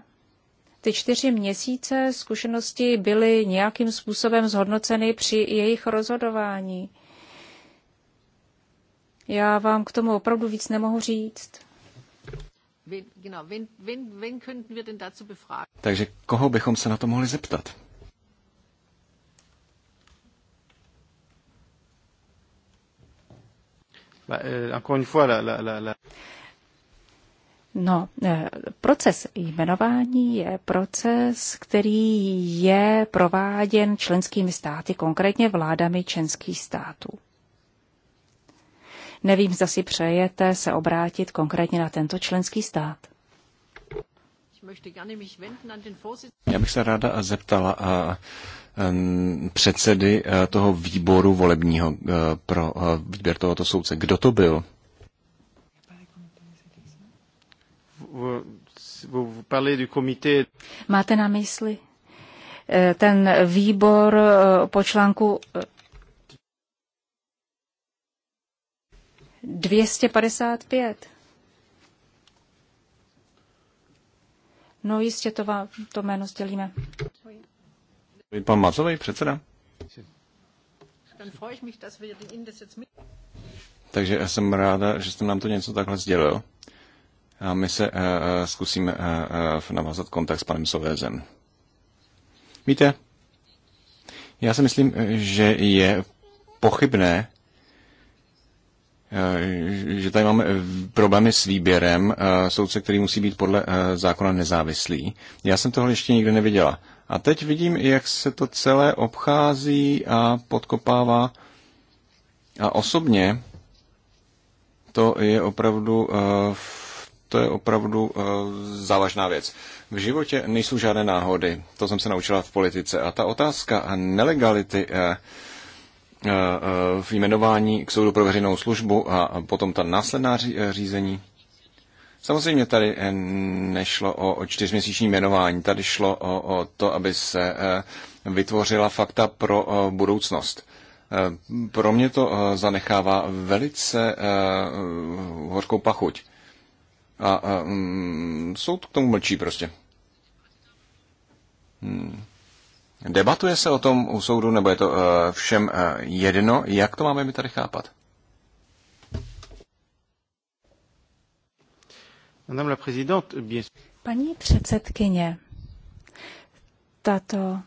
ty čtyři měsíce zkušenosti byly nějakým způsobem zhodnoceny při jejich rozhodování. Já vám k tomu opravdu víc nemohu říct. Takže koho bychom se na to mohli zeptat? Euh, No, eh, proces jmenování je proces, který je prováděn členskými státy, konkrétně vládami členských států. Nevím, zda si přejete se obrátit konkrétně na tento členský stát. Já bych se ráda zeptala a předsedy toho výboru volebního e, pro výběr tohoto soudce. Kdo to byl? vous, parlez du comité. Máte na mysli eh, ten výbor eh, po článku 255. Eh, no jistě to, vám, to jméno sdělíme. Pan Mazovej, předseda. Takže já jsem ráda, že jste nám to něco takhle sdělil. A my se eh, eh, zkusíme eh, navázat kontakt s panem Sovézem. Víte, já si myslím, že je pochybné, že tady máme problémy s výběrem soudce, který musí být podle zákona nezávislý. Já jsem tohle ještě nikdy neviděla. A teď vidím, jak se to celé obchází a podkopává. A osobně to je opravdu v to je opravdu eh, závažná věc. V životě nejsou žádné náhody, to jsem se naučila v politice. A ta otázka nelegality eh, eh, v jmenování k soudu pro veřejnou službu a potom ta následná řízení. Samozřejmě tady nešlo o, o čtyřměsíční jmenování, tady šlo o, o to, aby se vytvořila fakta pro budoucnost. Pro mě to zanechává velice horkou pachuť. A, a mm, soud k tomu mlčí prostě. Hmm. Debatuje se o tom u soudu, nebo je to uh, všem uh, jedno? Jak to máme my tady chápat? Paní předsedkyně, tato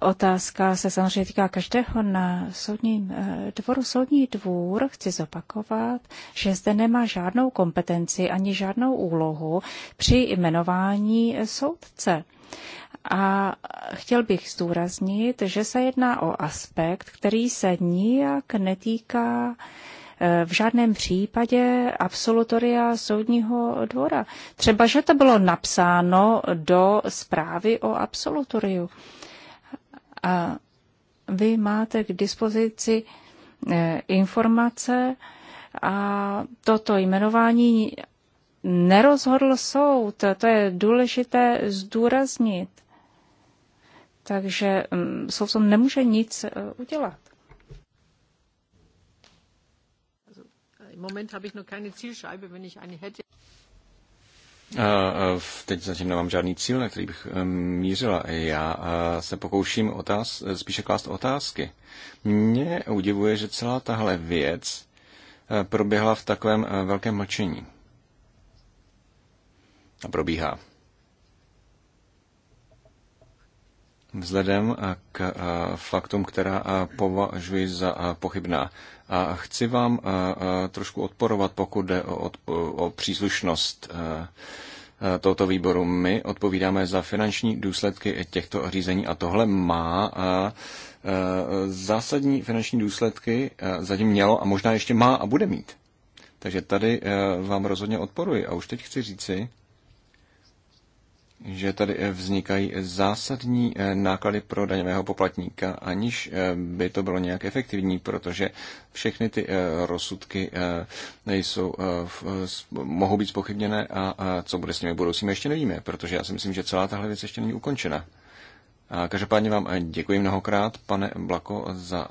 Otázka se samozřejmě týká každého na soudním eh, dvoru. Soudní dvůr, chci zopakovat, že zde nemá žádnou kompetenci ani žádnou úlohu při jmenování eh, soudce. A chtěl bych zdůraznit, že se jedná o aspekt, který se nijak netýká eh, v žádném případě absolutoria soudního dvora. Třeba, že to bylo napsáno do zprávy o absolutoriu. A vy máte k dispozici eh, informace a toto jmenování nerozhodl soud. To je důležité zdůraznit. Takže mm, soud tom nemůže nic eh, udělat. Eh, Moment habe ich noch keine Zielscheibe. Wenn ich eine hätte, Teď zatím nemám žádný cíl, na který bych e, mířila. Já e, se pokouším otáz, spíše klást otázky. Mě udivuje, že celá tahle věc e, proběhla v takovém velkém mlčení. A probíhá. vzhledem eh, k eh, faktům, která eh, považuji za pochybná. A chci vám trošku odporovat, pokud jde o, o příslušnost tohoto výboru. My odpovídáme za finanční důsledky těchto řízení a tohle má zásadní finanční důsledky, zatím mělo a možná ještě má a bude mít. Takže tady vám rozhodně odporuji. A už teď chci říci, že tady eh, vznikají zásadní eh, náklady pro daňového poplatníka, aniž eh, by to bylo nějak efektivní, protože všechny ty rozsudky nejsou, mohou být spochybněné a co bude s nimi budoucím ještě nevíme, protože já si myslím, že celá tahle věc ještě není ukončena. Každopádně vám děkuji mnohokrát, pane Blako, za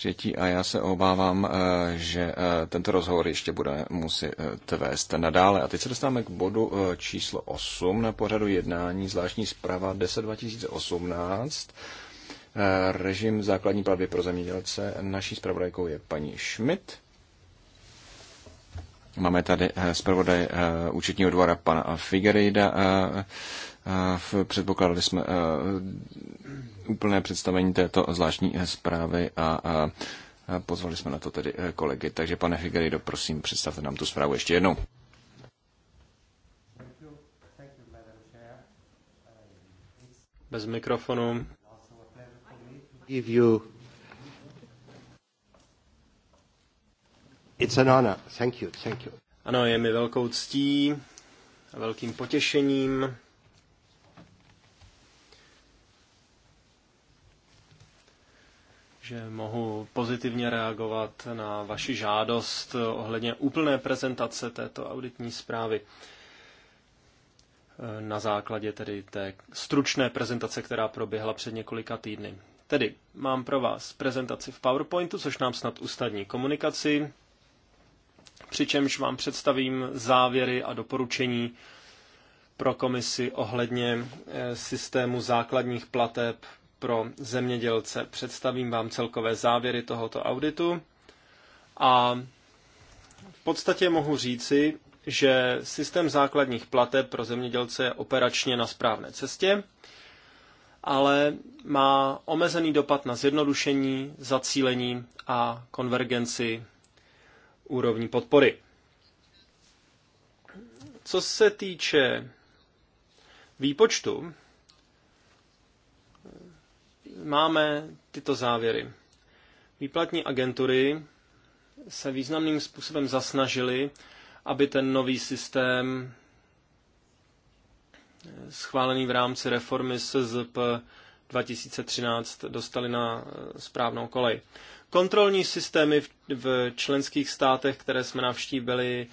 přijetí a já se obávám, eh, že eh, tento rozhovor ještě bude muset eh, vést nadále. A teď se dostáváme k bodu číslo 8 na pořadu jednání, zvláštní zpráva 10 2018, režim základní platby pro zemědělce. Naší zpravodajkou je paní Schmidt. Máme tady zpravodaj účetního dvora pana Figerejda. Předpokládali jsme úplné představení této zvláštní zprávy a, a pozvali jsme na to tedy eh, kolegy. Takže pane Figueiredo, prosím, představte nám tu zprávu ještě jednou. Bez mikrofonu. you. It's an honor. Thank you, thank you. Ano, je mi velkou ctí a velkým potěšením že mohu pozitivně reagovat na vaši žádost ohledně úplné prezentace této auditní zprávy. Na základě tedy té stručné prezentace, která proběhla před několika týdny. Tedy mám pro vás prezentaci v PowerPointu, což nám snad ustadní komunikaci, přičemž vám představím závěry a doporučení pro komisi ohledně eh, systému základních plateb pro zemědělce. Představím vám celkové závěry tohoto auditu a v podstatě mohu říci, že systém základních plateb pro zemědělce je operačně na správné cestě, ale má omezený dopad na zjednodušení, zacílení a konvergenci úrovní podpory. Co se týče výpočtu, máme tyto závěry. Výplatní agentury se významným způsobem zasnažily, aby ten nový systém eh, schválený v rámci reformy SZP 2013 dostali na eh, správnou kolej. Kontrolní systémy v členských státech, které jsme navštívili,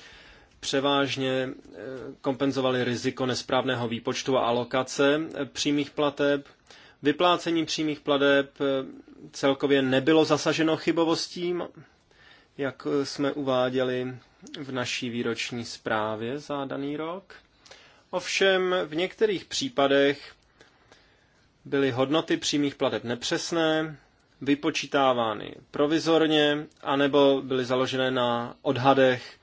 převážně eh, kompenzovaly riziko nesprávného výpočtu a alokace přímých plateb Vyplácení přímých pladeb eh, celkově nebylo zasaženo chybovostí, jak eh, jsme uváděli v naší výroční zprávě za daný rok. Ovšem v některých případech byly hodnoty přímých plateb nepřesné, vypočítávány provizorně, anebo byly založené na odhadech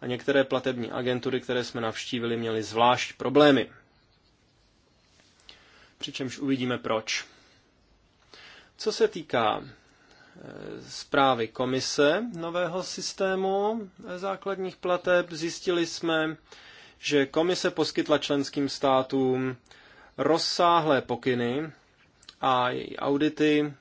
a některé platební agentury, které jsme navštívili, měly zvlášť problémy přičemž uvidíme proč. Co se týká eh, zprávy komise nového systému eh, základních plateb, zjistili jsme, že komise poskytla členským státům rozsáhlé pokyny a její audity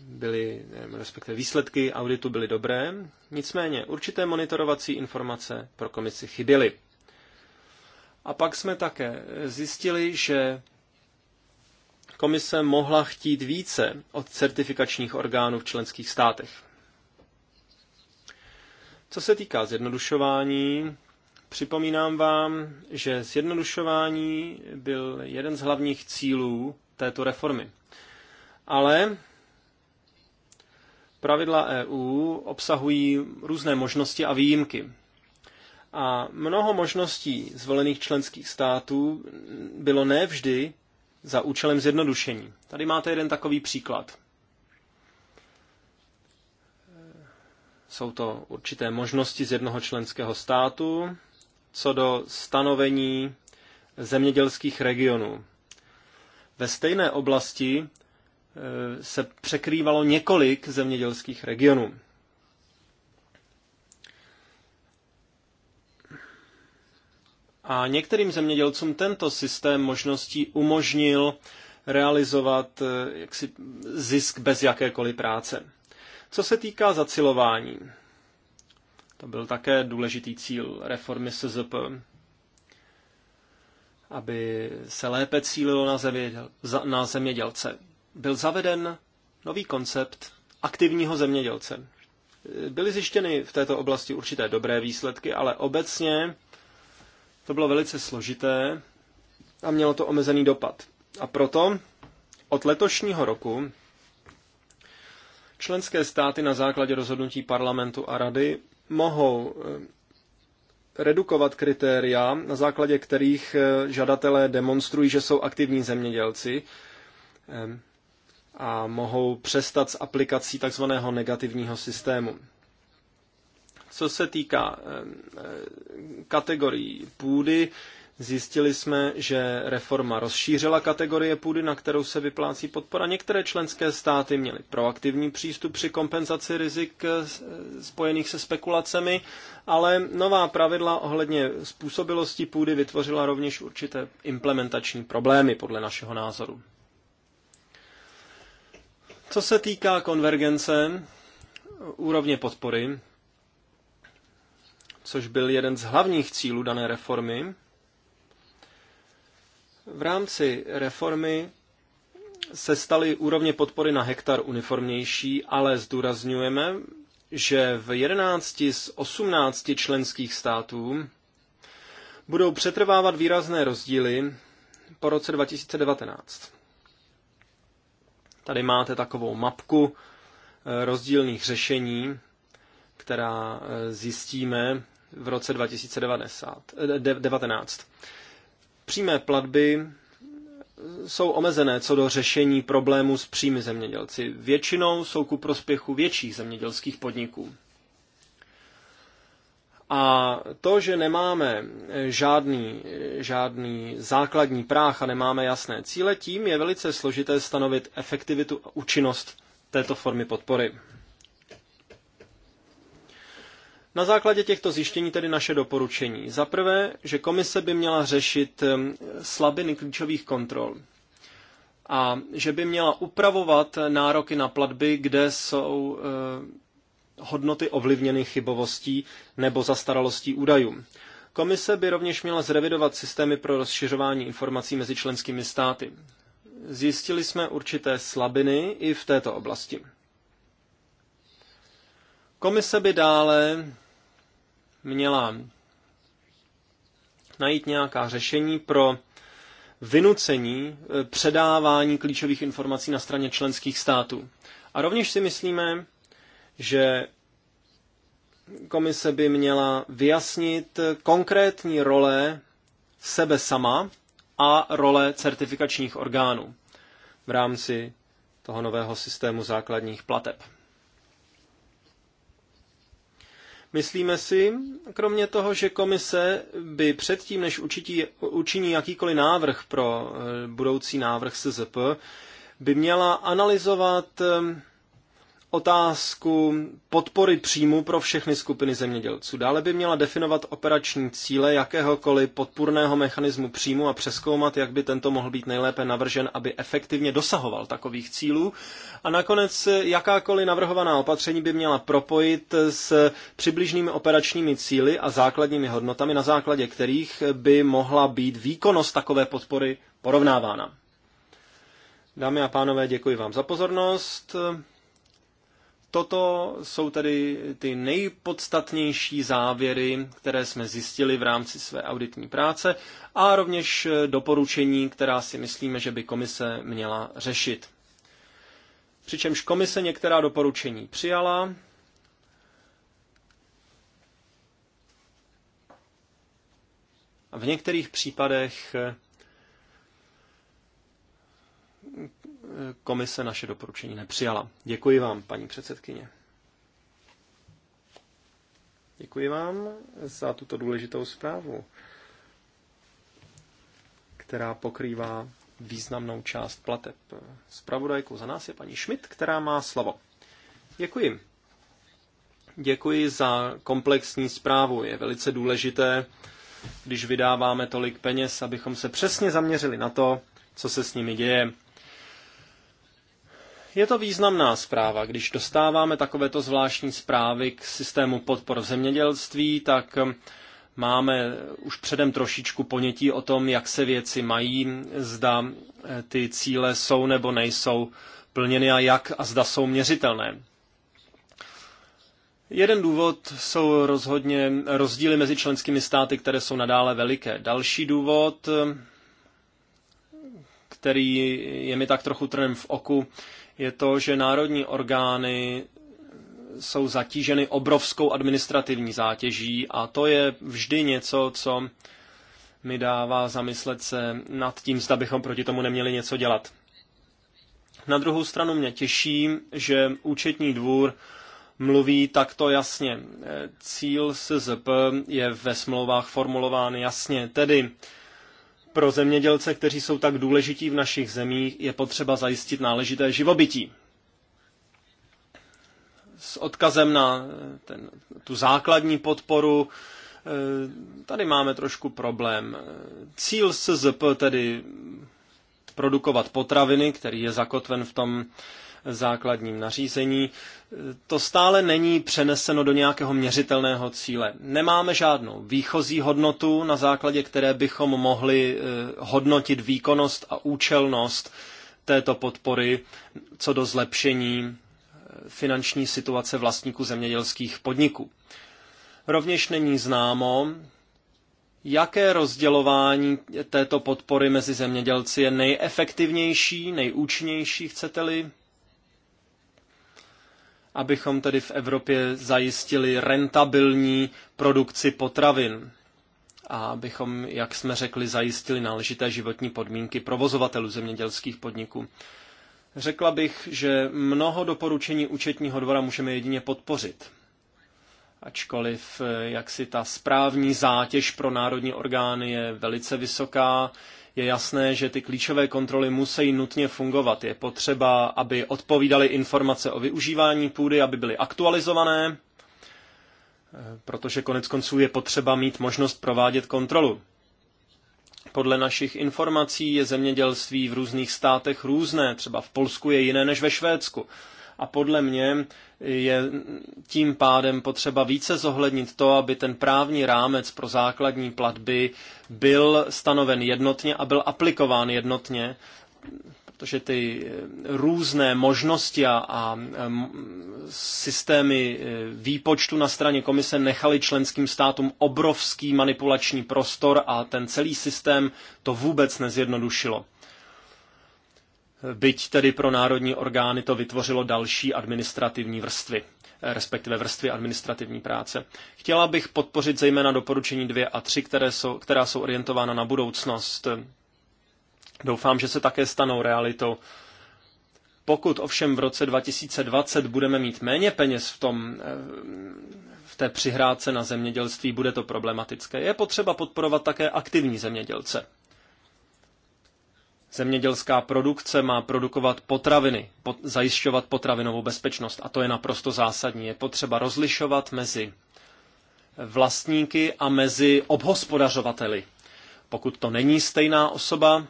byly, eh, respektive výsledky auditu byly dobré, nicméně určité monitorovací informace pro komisi chyběly. A pak jsme také zjistili, že komise mohla chtít více od certifikačních orgánů v členských státech. Co se týká zjednodušování, připomínám vám, že zjednodušování byl jeden z hlavních cílů této reformy. Ale pravidla EU obsahují různé možnosti a výjimky. A mnoho možností zvolených členských států bylo nevždy za účelem zjednodušení. Tady máte jeden takový příklad. Jsou to určité možnosti z jednoho členského státu co do stanovení zemědělských regionů. Ve stejné oblasti eh, se překrývalo několik zemědělských regionů. A některým zemědělcům tento systém možností umožnil realizovat eh, jaksi, zisk bez jakékoliv práce. Co se týká zacilování, to byl také důležitý cíl reformy SZP, aby se lépe cílilo na, zeměděl, na zemědělce. Byl zaveden nový koncept aktivního zemědělce. Byly zjištěny v této oblasti určité dobré výsledky, ale obecně to bylo velice složité a mělo to omezený dopad. A proto od letošního roku členské státy na základě rozhodnutí parlamentu a rady mohou eh, redukovat kritéria, na základě kterých eh, žadatelé demonstrují, že jsou aktivní zemědělci eh, a mohou přestat s aplikací tzv. negativního systému. Co se týká eh, eh, kategorií půdy, Zjistili jsme, že reforma rozšířila kategorie půdy, na kterou se vyplácí podpora. Některé členské státy měly proaktivní přístup při kompenzaci rizik eh, spojených se spekulacemi, ale nová pravidla ohledně způsobilosti půdy vytvořila rovněž určité implementační problémy, podle našeho názoru. Co se týká konvergence úrovně podpory, což byl jeden z hlavních cílů dané reformy. V rámci reformy se staly úrovně podpory na hektar uniformnější, ale zdůrazňujeme, že v 11 z 18 členských států budou přetrvávat výrazné rozdíly po roce 2019. Tady máte takovou mapku eh, rozdílných řešení, která eh, zjistíme v roce 2019. Eh, Přímé platby jsou omezené co do řešení problémů s přími zemědělci. Většinou jsou ku prospěchu větších zemědělských podniků. A to, že nemáme eh, žádný, eh, žádný základní práh a nemáme jasné cíle, tím je velice složité stanovit efektivitu a účinnost této formy podpory. Na základě těchto zjištění tedy naše doporučení. Za prvé, že komise by měla řešit slabiny klíčových kontrol a že by měla upravovat nároky na platby, kde jsou eh, hodnoty ovlivněny chybovostí nebo zastaralostí údajů. Komise by rovněž měla zrevidovat systémy pro rozšiřování informací mezi členskými státy. Zjistili jsme určité slabiny i v této oblasti. Komise by dále měla najít nějaká řešení pro vynucení eh, předávání klíčových informací na straně členských států. A rovněž si myslíme, že komise by měla vyjasnit eh, konkrétní role sebe sama a role certifikačních orgánů v rámci toho nového systému základních plateb. Myslíme si, kromě toho, že komise by předtím, než učití, učiní jakýkoliv návrh pro eh, budoucí návrh SZP, by měla analyzovat eh, otázku podpory příjmu pro všechny skupiny zemědělců. Dále by měla definovat operační cíle jakéhokoliv podpůrného mechanismu příjmu a přeskoumat, jak by tento mohl být nejlépe navržen, aby efektivně dosahoval takových cílů. A nakonec jakákoliv navrhovaná opatření by měla propojit s přibližnými operačními cíly a základními hodnotami, na základě kterých by mohla být výkonnost takové podpory porovnávána. Dámy a pánové, děkuji vám za pozornost. Toto jsou tedy ty nejpodstatnější závěry, které jsme zjistili v rámci své auditní práce a rovněž doporučení, která si myslíme, že by komise měla řešit. Přičemž komise některá doporučení přijala, a v některých případech komise naše doporučení nepřijala. Děkuji vám, paní předsedkyně. Děkuji vám za tuto důležitou zprávu, která pokrývá významnou část plateb. Spravodajkou za nás je paní Schmidt, která má slovo. Děkuji. Děkuji za komplexní zprávu. Je velice důležité, když vydáváme tolik peněz, abychom se přesně zaměřili na to, co se s nimi děje. Je to významná zpráva. Když dostáváme takovéto zvláštní zprávy k systému podpor v zemědělství, tak um, máme už předem trošičku ponětí o tom, jak se věci mají, zda eh, ty cíle jsou nebo nejsou plněny a jak a zda jsou měřitelné. Jeden důvod jsou rozhodně rozdíly mezi členskými státy, které jsou nadále veliké. Další důvod, eh, který je mi tak trochu trnem v oku, je to, že národní orgány jsou zatíženy obrovskou administrativní zátěží a to je vždy něco, co mi dává zamyslet se nad tím, zda bychom proti tomu neměli něco dělat. Na druhou stranu mě těší, že účetní dvůr mluví takto jasně. Cíl SZP je ve smlouvách formulován jasně, tedy pro zemědělce, kteří jsou tak důležití v našich zemích, je potřeba zajistit náležité živobytí. S odkazem na eh, ten, tu základní podporu, eh, tady máme trošku problém. Cíl SZP, tedy produkovat potraviny, který je zakotven v tom základním nařízení, to stále není přeneseno do nějakého měřitelného cíle. Nemáme žádnou výchozí hodnotu, na základě které bychom mohli eh, hodnotit výkonnost a účelnost této podpory co do zlepšení eh, finanční situace vlastníků zemědělských podniků. Rovněž není známo, jaké rozdělování této podpory mezi zemědělci je nejefektivnější, nejúčinnější, chcete-li, abychom tedy v Evropě zajistili rentabilní produkci potravin a abychom, jak jsme řekli, zajistili náležité životní podmínky provozovatelů zemědělských podniků. Řekla bych, že mnoho doporučení účetního dvora můžeme jedině podpořit. Ačkoliv eh, jak si ta správní zátěž pro národní orgány je velice vysoká, je jasné, že ty klíčové kontroly musí nutně fungovat. Je potřeba, aby odpovídaly informace o využívání půdy, aby byly aktualizované, eh, protože konec konců je potřeba mít možnost provádět kontrolu. Podle našich informací je zemědělství v různých státech různé, třeba v Polsku je jiné než ve Švédsku a podle mě je tím pádem potřeba více zohlednit to, aby ten právní rámec pro základní platby byl stanoven jednotně a byl aplikován jednotně, protože ty eh, různé možnosti a, a mm, systémy eh, výpočtu na straně komise nechaly členským státům obrovský manipulační prostor a ten celý systém to vůbec nezjednodušilo byť tedy pro národní orgány to vytvořilo další administrativní vrstvy, eh, respektive vrstvy administrativní práce. Chtěla bych podpořit zejména doporučení 2 a 3, které jsou, která jsou orientována na budoucnost. Doufám, že se také stanou realitou. Pokud ovšem v roce 2020 budeme mít méně peněz v, tom, eh, v té přihrádce na zemědělství, bude to problematické. Je potřeba podporovat také aktivní zemědělce. Zemědělská produkce má produkovat potraviny, pot, zajišťovat potravinovou bezpečnost a to je naprosto zásadní. Je potřeba rozlišovat mezi vlastníky a mezi obhospodařovateli. Pokud to není stejná osoba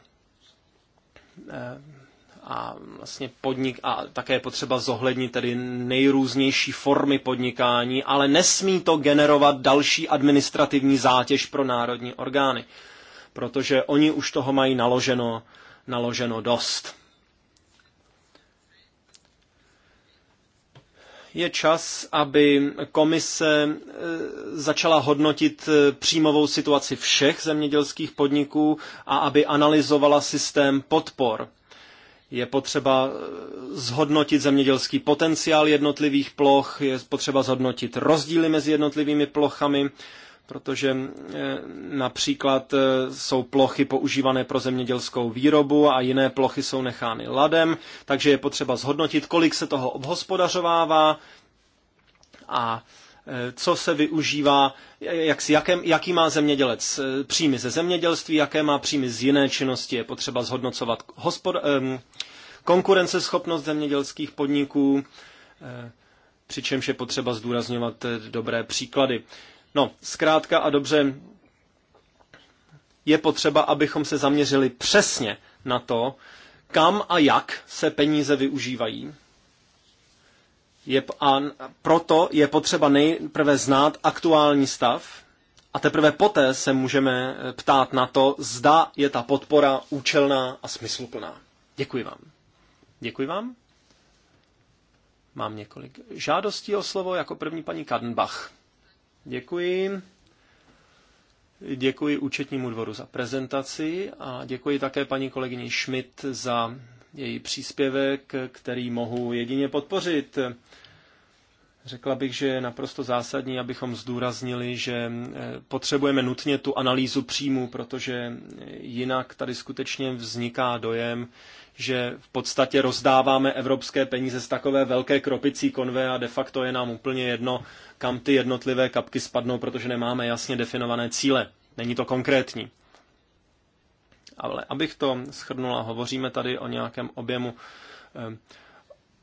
eh, a vlastně podnik a také je potřeba zohlednit tedy nejrůznější formy podnikání, ale nesmí to generovat další administrativní zátěž pro národní orgány, protože oni už toho mají naloženo naloženo dost. je čas, aby komise e, začala hodnotit e, příjmovou situaci všech zemědělských podniků a aby analyzovala systém podpor. Je potřeba e, zhodnotit zemědělský potenciál jednotlivých ploch, je potřeba zhodnotit rozdíly mezi jednotlivými plochami protože eh, například eh, jsou plochy používané pro zemědělskou výrobu a jiné plochy jsou nechány ladem, takže je potřeba zhodnotit, kolik se toho obhospodařovává a eh, co se využívá, jak, jaké, jaký má zemědělec příjmy ze zemědělství, jaké má příjmy z jiné činnosti. Je potřeba zhodnocovat hospod, konkurenceschopnost zemědělských podniků, přičemž je potřeba zdůrazňovat dobré příklady. No, zkrátka a dobře, je potřeba, abychom se zaměřili přesně na to, kam a jak se peníze využívají. Je, a proto je potřeba nejprve znát aktuální stav a teprve poté se můžeme eh, ptát na to, zda je ta podpora účelná a smysluplná. Děkuji vám. Děkuji vám. Mám několik žádostí o slovo jako první paní Kadenbach. Děkuji. Děkuji účetnímu dvoru za prezentaci a děkuji také paní kolegyni Schmidt za její příspěvek, který mohu jedině podpořit. Řekla bych, že je naprosto zásadní, abychom zdůraznili, že eh, potřebujeme nutně tu analýzu příjmu, protože eh, jinak tady skutečně vzniká dojem, že v podstatě rozdáváme evropské peníze z takové velké kropicí konve a de facto je nám úplně jedno, kam ty jednotlivé kapky spadnou, protože nemáme jasně definované cíle. Není to konkrétní. Ale abych to schrnula, hovoříme tady o nějakém objemu eh,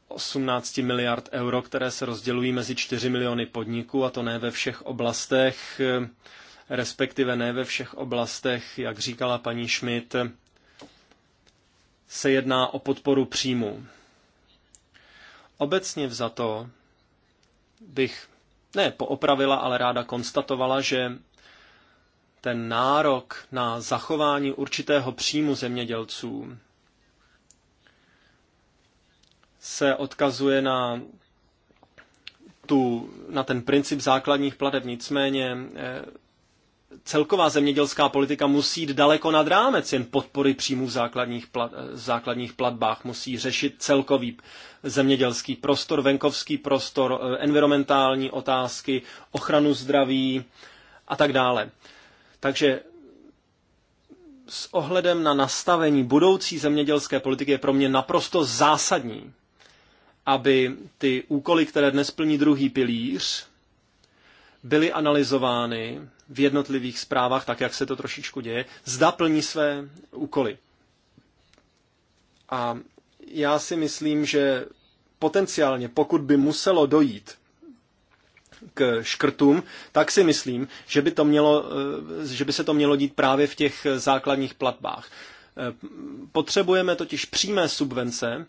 18 miliard euro, které se rozdělují mezi 4 miliony podniků, a to ne ve všech oblastech, respektive ne ve všech oblastech, jak říkala paní Schmidt, se jedná o podporu příjmu. Obecně vzato bych ne poopravila, ale ráda konstatovala, že ten nárok na zachování určitého příjmu zemědělců se odkazuje na, tu, na ten princip základních plateb. Nicméně eh, celková zemědělská politika musí jít daleko nad rámec jen podpory příjmů v základních, plat, eh, v základních platbách. Musí řešit celkový zemědělský prostor, venkovský prostor, eh, environmentální otázky, ochranu zdraví a tak dále. Takže s ohledem na nastavení budoucí zemědělské politiky je pro mě naprosto zásadní, aby ty úkoly, které dnes plní druhý pilíř, byly analyzovány v jednotlivých zprávách, tak jak se to trošičku děje, zda plní své úkoly. A já si myslím, že potenciálně, pokud by muselo dojít k škrtům, tak si myslím, že by, to mělo, eh, že by se to mělo dít právě v těch základních platbách. Eh, potřebujeme totiž přímé subvence,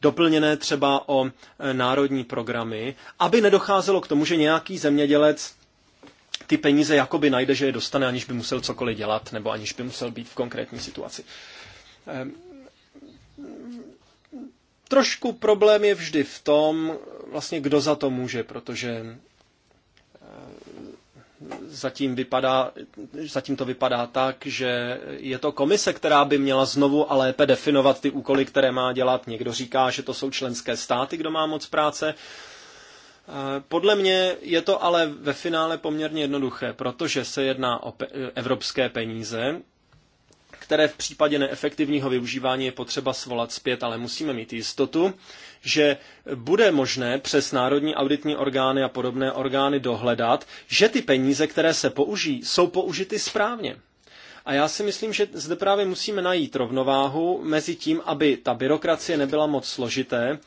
doplněné třeba o e, národní programy, aby nedocházelo k tomu, že nějaký zemědělec ty peníze jakoby najde, že je dostane, aniž by musel cokoliv dělat, nebo aniž by musel být v konkrétní situaci. Ehm, trošku problém je vždy v tom, vlastně kdo za to může, protože zatím, vypadá, zatím to vypadá tak, že je to komise, která by měla znovu a lépe definovat ty úkoly, které má dělat. Někdo říká, že to jsou členské státy, kdo má moc práce. Eh, podle mě je to ale ve finále poměrně jednoduché, protože se jedná o eh, evropské peníze, které v případě neefektivního využívání je potřeba svolat zpět, ale musíme mít jistotu, že bude možné přes národní auditní orgány a podobné orgány dohledat, že ty peníze, které se použijí, jsou použity správně. A já si myslím, že zde právě musíme najít rovnováhu mezi tím, aby ta byrokracie nebyla moc složité,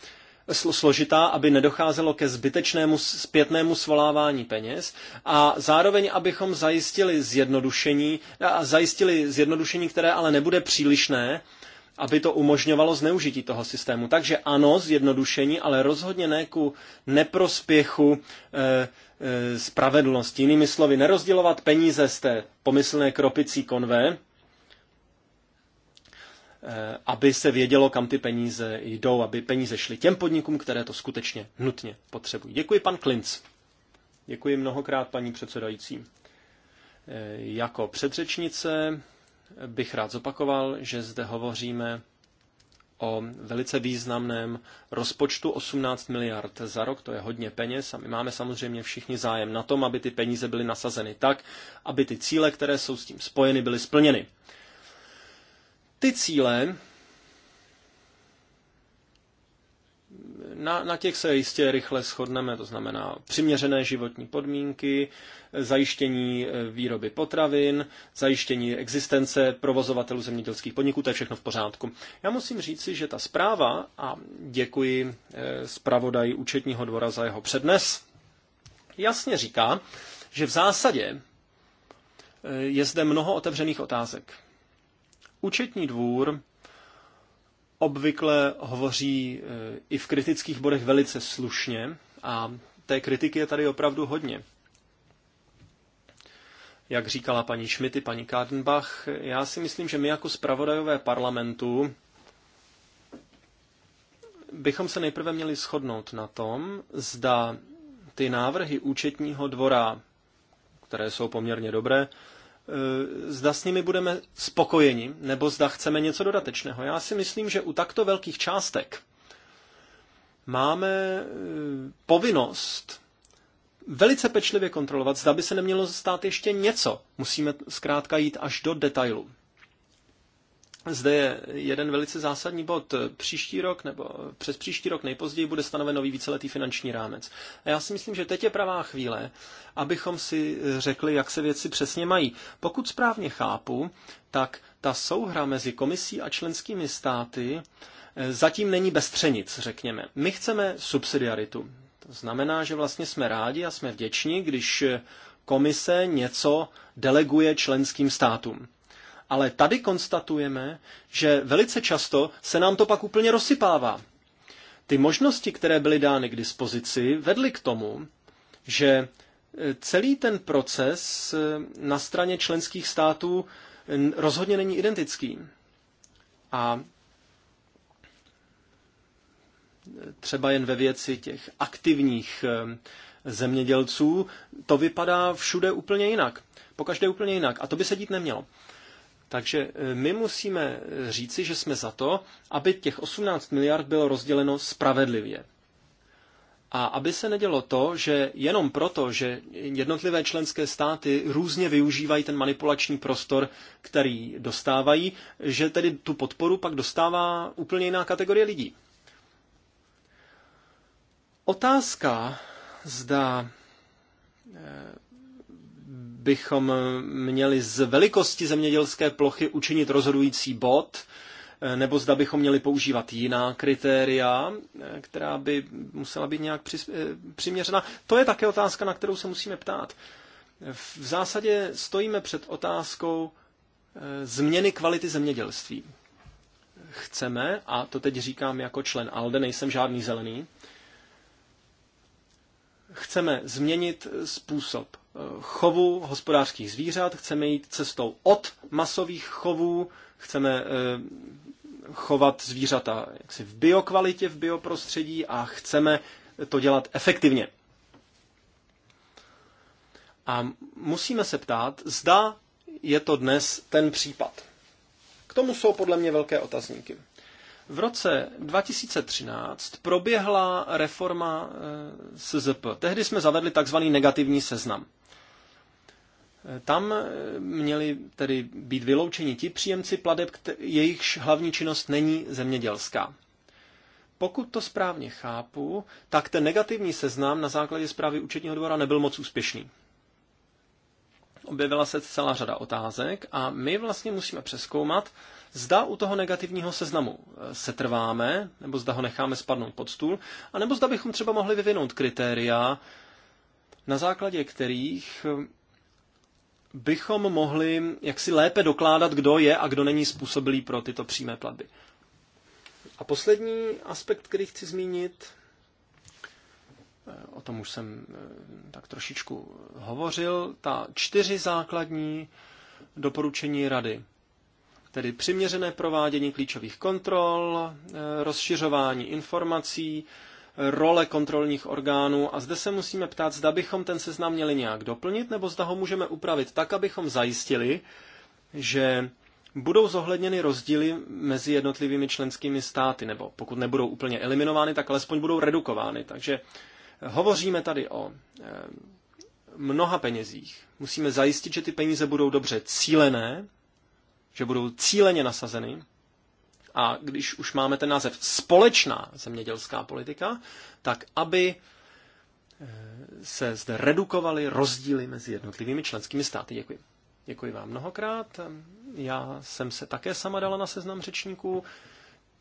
složitá, aby nedocházelo ke zbytečnému zpětnému svolávání peněz a zároveň, abychom zajistili zjednodušení, a zajistili zjednodušení, které ale nebude přílišné, aby to umožňovalo zneužití toho systému. Takže ano, zjednodušení, ale rozhodně ne ku neprospěchu e, e, spravedlnosti. Jinými slovy, nerozdělovat peníze z té pomyslné kropicí konve, Eh, aby se vědělo, kam ty peníze jdou, aby peníze šly těm podnikům, které to skutečně nutně potřebují. Děkuji, pan Klinc. Děkuji mnohokrát, paní předsedající. Eh, jako předřečnice bych rád zopakoval, že zde hovoříme o velice významném rozpočtu 18 miliard za rok, to je hodně peněz a my máme samozřejmě všichni zájem na tom, aby ty peníze byly nasazeny tak, aby ty cíle, které jsou s tím spojeny, byly splněny. Ty cíle, na, na těch se jistě rychle shodneme, to znamená přiměřené životní podmínky, zajištění eh, výroby potravin, zajištění existence provozovatelů zemědělských podniků, to je všechno v pořádku. Já musím říci, že ta zpráva, a děkuji eh, zpravodaji účetního dvora za jeho přednes, jasně říká, že v zásadě eh, je zde mnoho otevřených otázek. Účetní dvůr obvykle hovoří eh, i v kritických bodech velice slušně a té kritiky je tady opravdu hodně. Jak říkala paní Šmity, paní Kardenbach, já si myslím, že my jako zpravodajové parlamentu bychom se nejprve měli shodnout na tom, zda ty návrhy účetního dvora, které jsou poměrně dobré, Eh, zda s nimi budeme spokojeni, nebo zda chceme něco dodatečného. Já si myslím, že u takto velkých částek máme eh, povinnost velice pečlivě kontrolovat, zda by se nemělo stát ještě něco. Musíme zkrátka jít až do detailu. Zde je jeden velice zásadní bod. Příští rok nebo přes příští rok nejpozději bude stanoven nový víceletý finanční rámec. A já si myslím, že teď je pravá chvíle, abychom si řekli, jak se věci přesně mají. Pokud správně chápu, tak ta souhra mezi komisí a členskými státy eh, zatím není beztřenic, řekněme. My chceme subsidiaritu. To znamená, že vlastně jsme rádi a jsme vděční, když eh, komise něco deleguje členským státům ale tady konstatujeme, že velice často se nám to pak úplně rozsypává. Ty možnosti, které byly dány k dispozici, vedly k tomu, že e, celý ten proces e, na straně členských států rozhodně není identický. A e, třeba jen ve věci těch aktivních zemědělců, to vypadá všude úplně jinak. Pokaždé úplně jinak. A to by se dít nemělo. Takže e, my musíme e, říci, že jsme za to, aby těch 18 miliard bylo rozděleno spravedlivě. A aby se nedělo to, že jenom proto, že jednotlivé členské státy různě využívají ten manipulační prostor, který dostávají, že tedy tu podporu pak dostává úplně jiná kategorie lidí. Otázka, zda e, bychom měli z velikosti zemědělské plochy učinit rozhodující bod, eh, nebo zda bychom měli používat jiná kritéria, eh, která by musela být nějak eh, přiměřena. To je také otázka, na kterou se musíme ptát. V zásadě stojíme před otázkou změny kvality zemědělství. Chceme, a to teď říkám jako člen ALDE, nejsem žádný zelený, chceme změnit způsob chovu hospodářských zvířat, chceme jít cestou od masových chovů, chceme eh, chovat zvířata jaksi v biokvalitě, v bioprostředí a chceme to dělat efektivně. A musíme se ptát, zda je to dnes ten případ. K tomu jsou podle mě velké otazníky. V roce 2013 proběhla reforma eh, SZP. Tehdy jsme zavedli takzvaný negativní seznam. Tam eh, měli tedy být vyloučeni ti příjemci pladeb, jejichž hlavní činnost není zemědělská. Pokud to správně chápu, tak ten negativní seznam na základě zprávy účetního dvora nebyl moc úspěšný. Objevila se celá řada otázek a my vlastně musíme přeskoumat, zda u toho negativního seznamu eh, setrváme, nebo zda ho necháme spadnout pod stůl, anebo zda bychom třeba mohli vyvinout kritéria, na základě kterých eh, bychom mohli jaksi lépe dokládat, kdo je a kdo není způsobilý pro tyto přímé platby. A poslední aspekt, který chci zmínit, eh, o tom už jsem eh, tak trošičku hovořil, ta čtyři základní doporučení rady. Tedy přiměřené provádění klíčových kontrol, eh, rozšiřování informací, role kontrolních orgánů a zde se musíme ptát, zda bychom ten seznam měli nějak doplnit, nebo zda ho můžeme upravit tak, abychom zajistili, že budou zohledněny rozdíly mezi jednotlivými členskými státy, nebo pokud nebudou úplně eliminovány, tak alespoň budou redukovány. Takže hovoříme tady o eh, mnoha penězích. Musíme zajistit, že ty peníze budou dobře cílené, že budou cíleně nasazeny a když už máme ten název společná zemědělská politika, tak aby eh, se zde redukovaly rozdíly mezi jednotlivými členskými státy. Děkuji. Děkuji vám mnohokrát. Já jsem se také sama dala na seznam řečníků.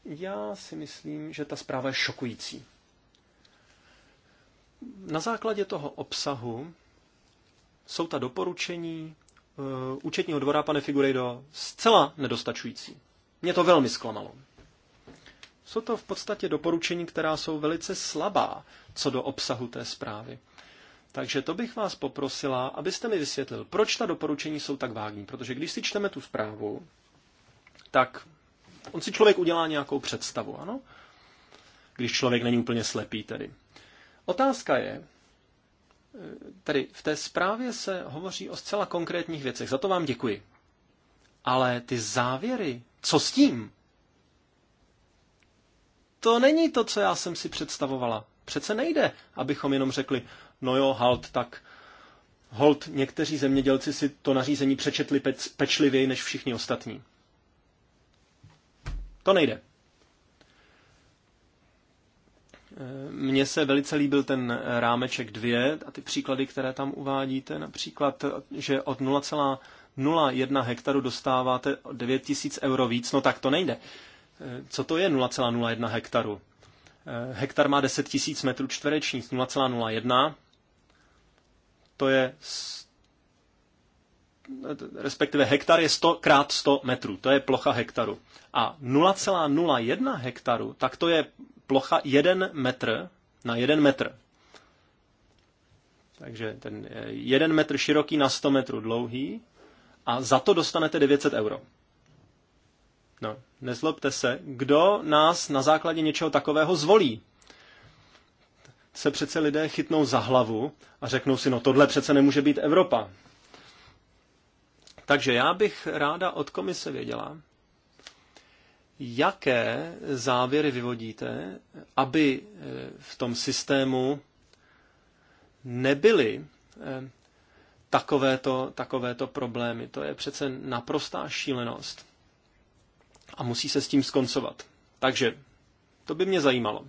Já si myslím, že ta zpráva je šokující. Na základě toho obsahu jsou ta doporučení eh, účetního dvora, pane Figurejdo, zcela nedostačující. Mě to velmi zklamalo. Jsou to v podstatě doporučení, která jsou velice slabá co do obsahu té zprávy. Takže to bych vás poprosila, abyste mi vysvětlil, proč ta doporučení jsou tak vágní. Protože když si čteme tu zprávu, tak on si člověk udělá nějakou představu, ano? Když člověk není úplně slepý tedy. Otázka je, eh, tedy v té zprávě se hovoří o zcela konkrétních věcech, za to vám děkuji. Ale ty závěry co s tím? To není to, co já jsem si představovala. Přece nejde, abychom jenom řekli, no jo, halt, tak Hold, někteří zemědělci si to nařízení přečetli pec, pečlivěji než všichni ostatní. To nejde. Eh, mně se velice líbil ten rámeček 2 a ty příklady, které tam uvádíte, například, že od 0,1 hektaru dostáváte 9000 euro víc, no tak to nejde. Eh, co to je 0,01 hektaru? Eh, hektar má 10 000 metrů čtverečních, 0,01 to je eh, respektive hektar je 100 krát 100 metrů, to je plocha hektaru. A 0,01 hektaru, tak to je plocha 1 metr na 1 metr. Takže ten 1 metr široký na 100 metrů dlouhý, a za to dostanete 900 euro. No, nezlobte se, kdo nás na základě něčeho takového zvolí? Se přece lidé chytnou za hlavu a řeknou si, no tohle přece nemůže být Evropa. Takže já bych ráda od komise věděla, jaké závěry vyvodíte, aby eh, v tom systému nebyly eh, takovéto, takovéto problémy. To je přece naprostá šílenost. A musí se s tím skoncovat. Takže to by mě zajímalo.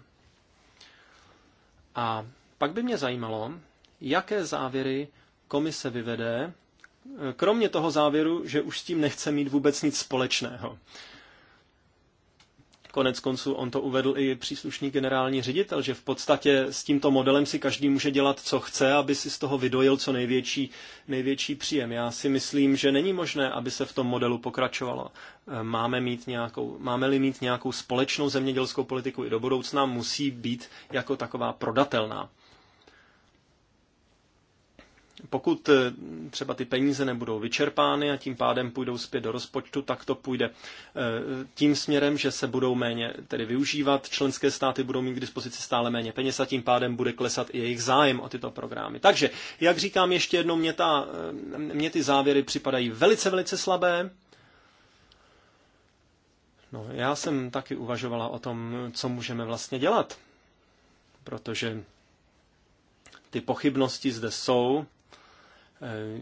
A pak by mě zajímalo, jaké závěry komise vyvede, eh, kromě toho závěru, že už s tím nechce mít vůbec nic společného. Konec konců on to uvedl i příslušný generální ředitel, že v podstatě s tímto modelem si každý může dělat, co chce, aby si z toho vydojil co největší, největší příjem. Já si myslím, že není možné, aby se v tom modelu pokračovalo. Eh, máme mít nějakou, máme-li mít nějakou společnou zemědělskou politiku i do budoucna, musí být jako taková prodatelná. Pokud eh, třeba ty peníze nebudou vyčerpány a tím pádem půjdou zpět do rozpočtu, tak to půjde eh, tím směrem, že se budou méně tedy využívat, členské státy budou mít k dispozici stále méně peněz a tím pádem bude klesat i jejich zájem o tyto programy. Takže, jak říkám ještě jednou, mě, ta, eh, mě ty závěry připadají velice, velice slabé, No, já jsem taky uvažovala o tom, co můžeme vlastně dělat, protože ty pochybnosti zde jsou Eh,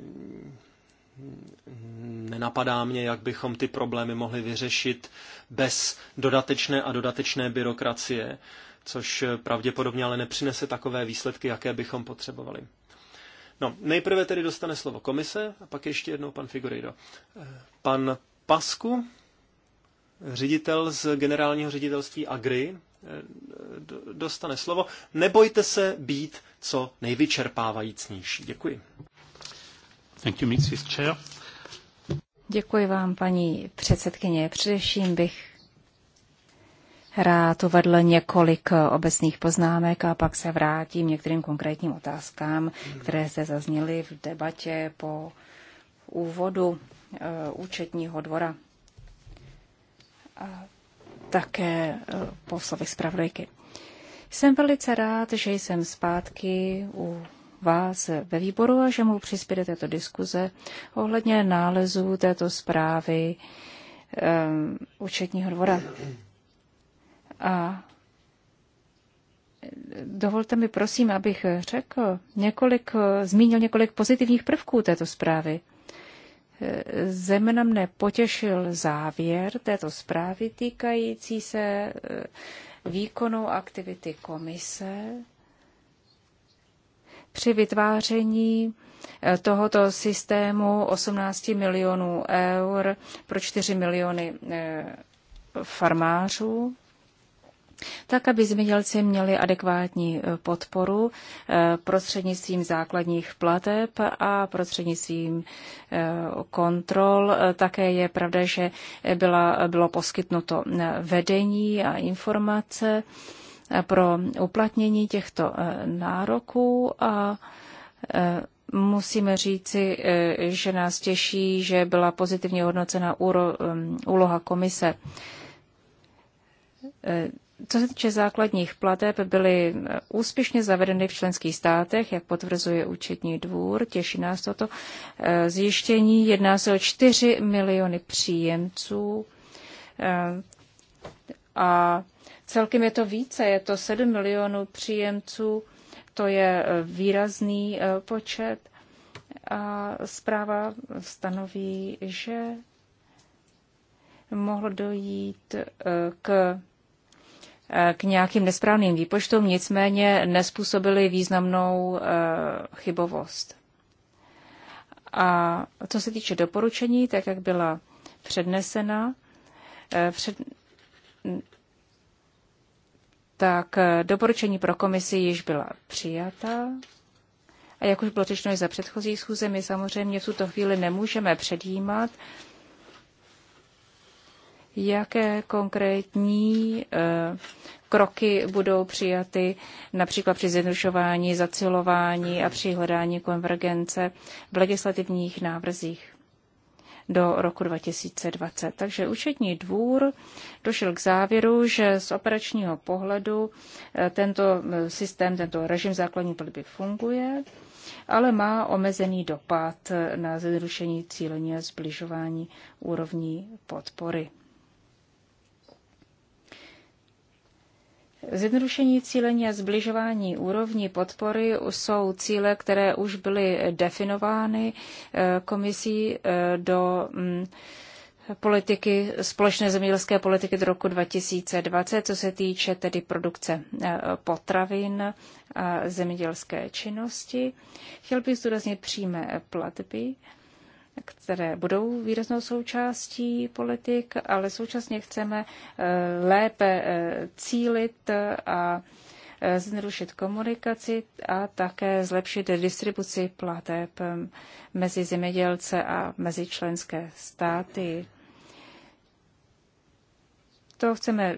nenapadá mě, jak bychom ty problémy mohli vyřešit bez dodatečné a dodatečné byrokracie, což pravděpodobně ale nepřinese takové výsledky, jaké bychom potřebovali. No, nejprve tedy dostane slovo komise a pak ještě jednou pan Figurido. Eh, pan Pasku, ředitel z generálního ředitelství Agri, eh, dostane slovo. Nebojte se být co nejvyčerpávajícnější. Děkuji. Thank you, Mrs. Chair. Děkuji vám, paní předsedkyně. Především bych rád uvedl několik obecných poznámek a pak se vrátím některým konkrétním otázkám, které se zazněly v debatě po úvodu eh, účetního dvora a také eh, po slovech zpravodajky. Jsem velice rád, že jsem zpátky u vás ve výboru a že mu přispěte této diskuze ohledně nálezů této zprávy um, účetního dvora. A dovolte mi prosím, abych řekl několik, zmínil několik pozitivních prvků této zprávy. Eh, Zemna mne potěšil závěr této zprávy týkající se eh, výkonu aktivity komise při vytváření eh, tohoto systému 18 milionů eur pro 4 miliony eh, farmářů, tak aby zemědělci měli adekvátní eh, podporu prostřednictvím základních plateb a prostřednictvím kontrol. Také je pravda, že byla, bylo poskytnuto vedení a informace pro uplatnění těchto eh, nároků a eh, musíme říci, eh, že nás těší, že byla pozitivně hodnocena mm, úloha komise. Co se týče základních plateb, byly úspěšně zavedeny v členských státech, jak potvrzuje účetní dvůr, těší nás toto zjištění. Jedná se o 4 miliony příjemců a Celkem je to více, je to 7 milionů příjemců, to je e, výrazný e, počet. A zpráva stanoví, že mohlo dojít e, k k nějakým nesprávným výpočtům, nicméně nespůsobili významnou chybovost. A co se týče doporučení, tak jak byla přednesena, před, tak eh, doporučení pro komisi již byla přijata. A jak už bylo řečeno i za předchozí schůze, my samozřejmě v tuto chvíli nemůžeme předjímat, jaké konkrétní eh, kroky budou přijaty například při zjednodušování, zacilování a při hledání konvergence v legislativních návrzích do roku 2020. Takže účetní dvůr došel k závěru, že z operačního pohledu eh, tento eh, systém, tento režim základní platby funguje, ale má omezený dopad eh, na zrušení cílení a zbližování úrovní podpory. Zjednodušení cílení a zbližování úrovní podpory jsou cíle, které už byly definovány eh, komisí eh, do mm, politiky, společné zemědělské politiky do roku 2020, co se týče tedy produkce eh, potravin a zemědělské činnosti. Chtěl bych zdůraznit přímé platby které budou výraznou součástí politik, ale současně chceme eh, lépe eh, cílit a eh, zrušit komunikaci a také zlepšit distribuci plateb mezi zemědělce a mezi členské státy. To chceme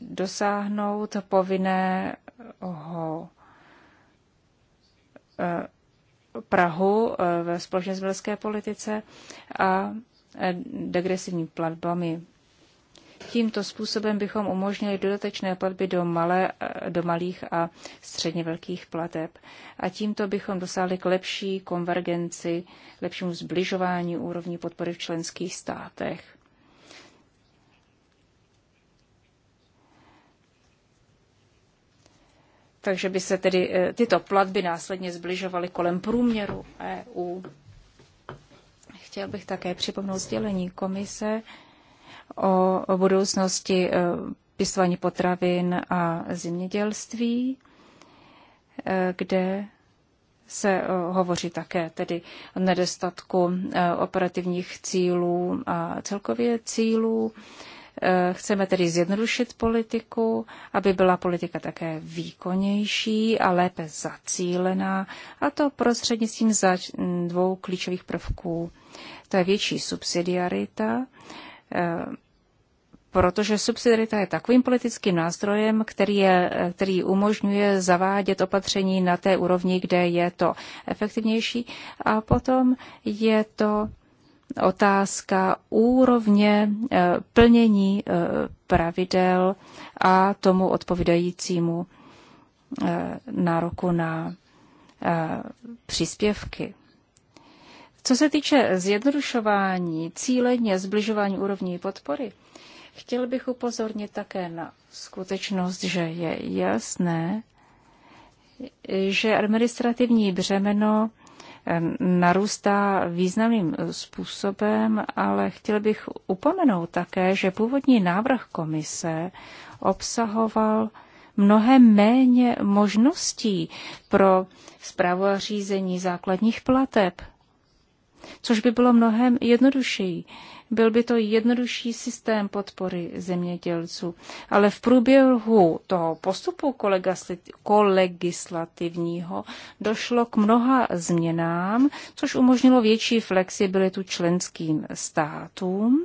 dosáhnout povinného Prahu eh, ve společné zemědělské politice a eh, degresivní platbami. Tímto způsobem bychom umožnili dodatečné platby do, malé, eh, do malých a středně velkých plateb. A tímto bychom dosáhli k lepší konvergenci, lepšímu zbližování úrovní podpory v členských státech. takže by se tedy eh, tyto platby následně zbližovaly kolem průměru EU. Chtěl bych také připomnout sdělení komise o budoucnosti eh, pěstování potravin a zemědělství, eh, kde se hovoří také tedy o nedostatku operativních cílů a celkově cílů Eh, chceme tedy zjednodušit politiku, aby byla politika také výkonnější a lépe zacílená, a to prostřednictvím dvou klíčových prvků. To je větší subsidiarita, eh, protože subsidiarita je takovým politickým nástrojem, který, je, eh, který umožňuje zavádět opatření na té úrovni, kde je to efektivnější. A potom je to otázka úrovně eh, plnění eh, pravidel a tomu odpovídajícímu eh, nároku na příspěvky. Co se týče zjednodušování, cíleně zbližování úrovní podpory, chtěl bych upozornit také na skutečnost, že je jasné, že administrativní břemeno narůstá významným způsobem, ale chtěl bych upomenout také, že původní návrh komise obsahoval mnohem méně možností pro zprávu a řízení základních plateb, což by bylo mnohem jednodušší byl by to jednodušší systém podpory zemědělců. Ale v průběhu toho postupu kolegislativního došlo k mnoha změnám, což umožnilo větší flexibilitu členským státům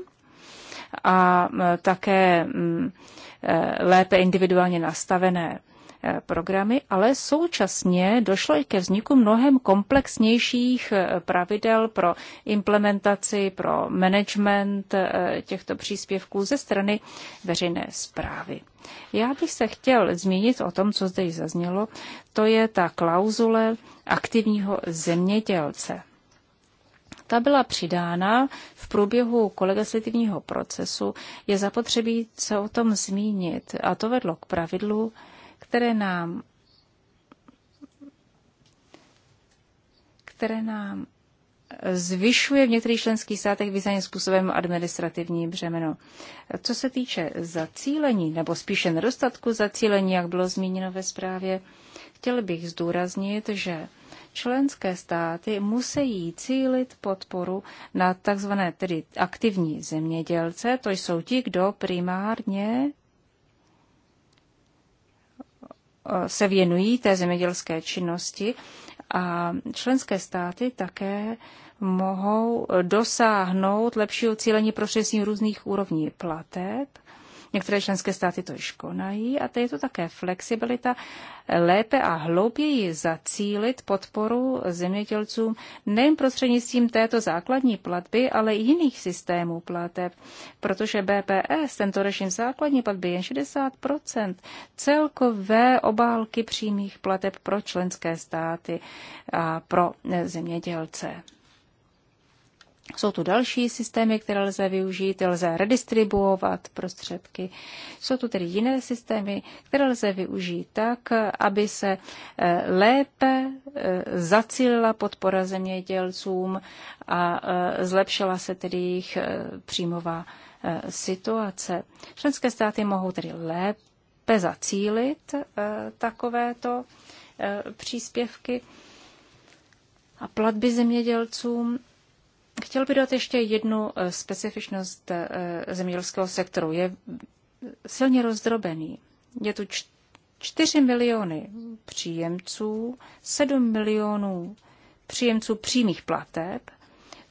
a také e, lépe individuálně nastavené E, programy, ale současně došlo i ke vzniku mnohem komplexnějších e, pravidel pro implementaci, pro management e, těchto příspěvků ze strany veřejné zprávy. Já bych se chtěl zmínit o tom, co zde již zaznělo, to je ta klauzule aktivního zemědělce. Ta byla přidána v průběhu kolegislativního procesu. Je zapotřebí se o tom zmínit a to vedlo k pravidlu, které nám které nám zvyšuje v některých členských státech významným způsobem administrativní břemeno. Co se týče zacílení, nebo spíše nedostatku zacílení, jak bylo zmíněno ve zprávě, chtěl bych zdůraznit, že členské státy musí cílit podporu na takzvané Tedy aktivní zemědělce, to jsou ti, kdo primárně se věnují té zemědělské činnosti a členské státy také mohou dosáhnout lepšího cílení prostřednictvím různých úrovní plateb Některé členské státy to již konají a to je to také flexibilita lépe a hlouběji zacílit podporu zemědělcům nejen prostřednictvím této základní platby, ale i jiných systémů plateb, protože BPS, tento režim základní platby, je 60 celkové obálky přímých plateb pro členské státy a pro zemědělce. Jsou tu další systémy, které lze využít, lze redistribuovat prostředky. Jsou tu tedy jiné systémy, které lze využít tak, aby se eh, lépe eh, zacílila podpora zemědělcům a eh, zlepšila se tedy jejich příjmová situace. Členské státy mohou tedy lépe zacílit takovéto příspěvky a platby zemědělcům Chtěl bych dát ještě jednu eh, specifičnost eh, zemědělského sektoru. Je silně rozdrobený. Je tu 4 miliony příjemců, 7 milionů příjemců přímých plateb,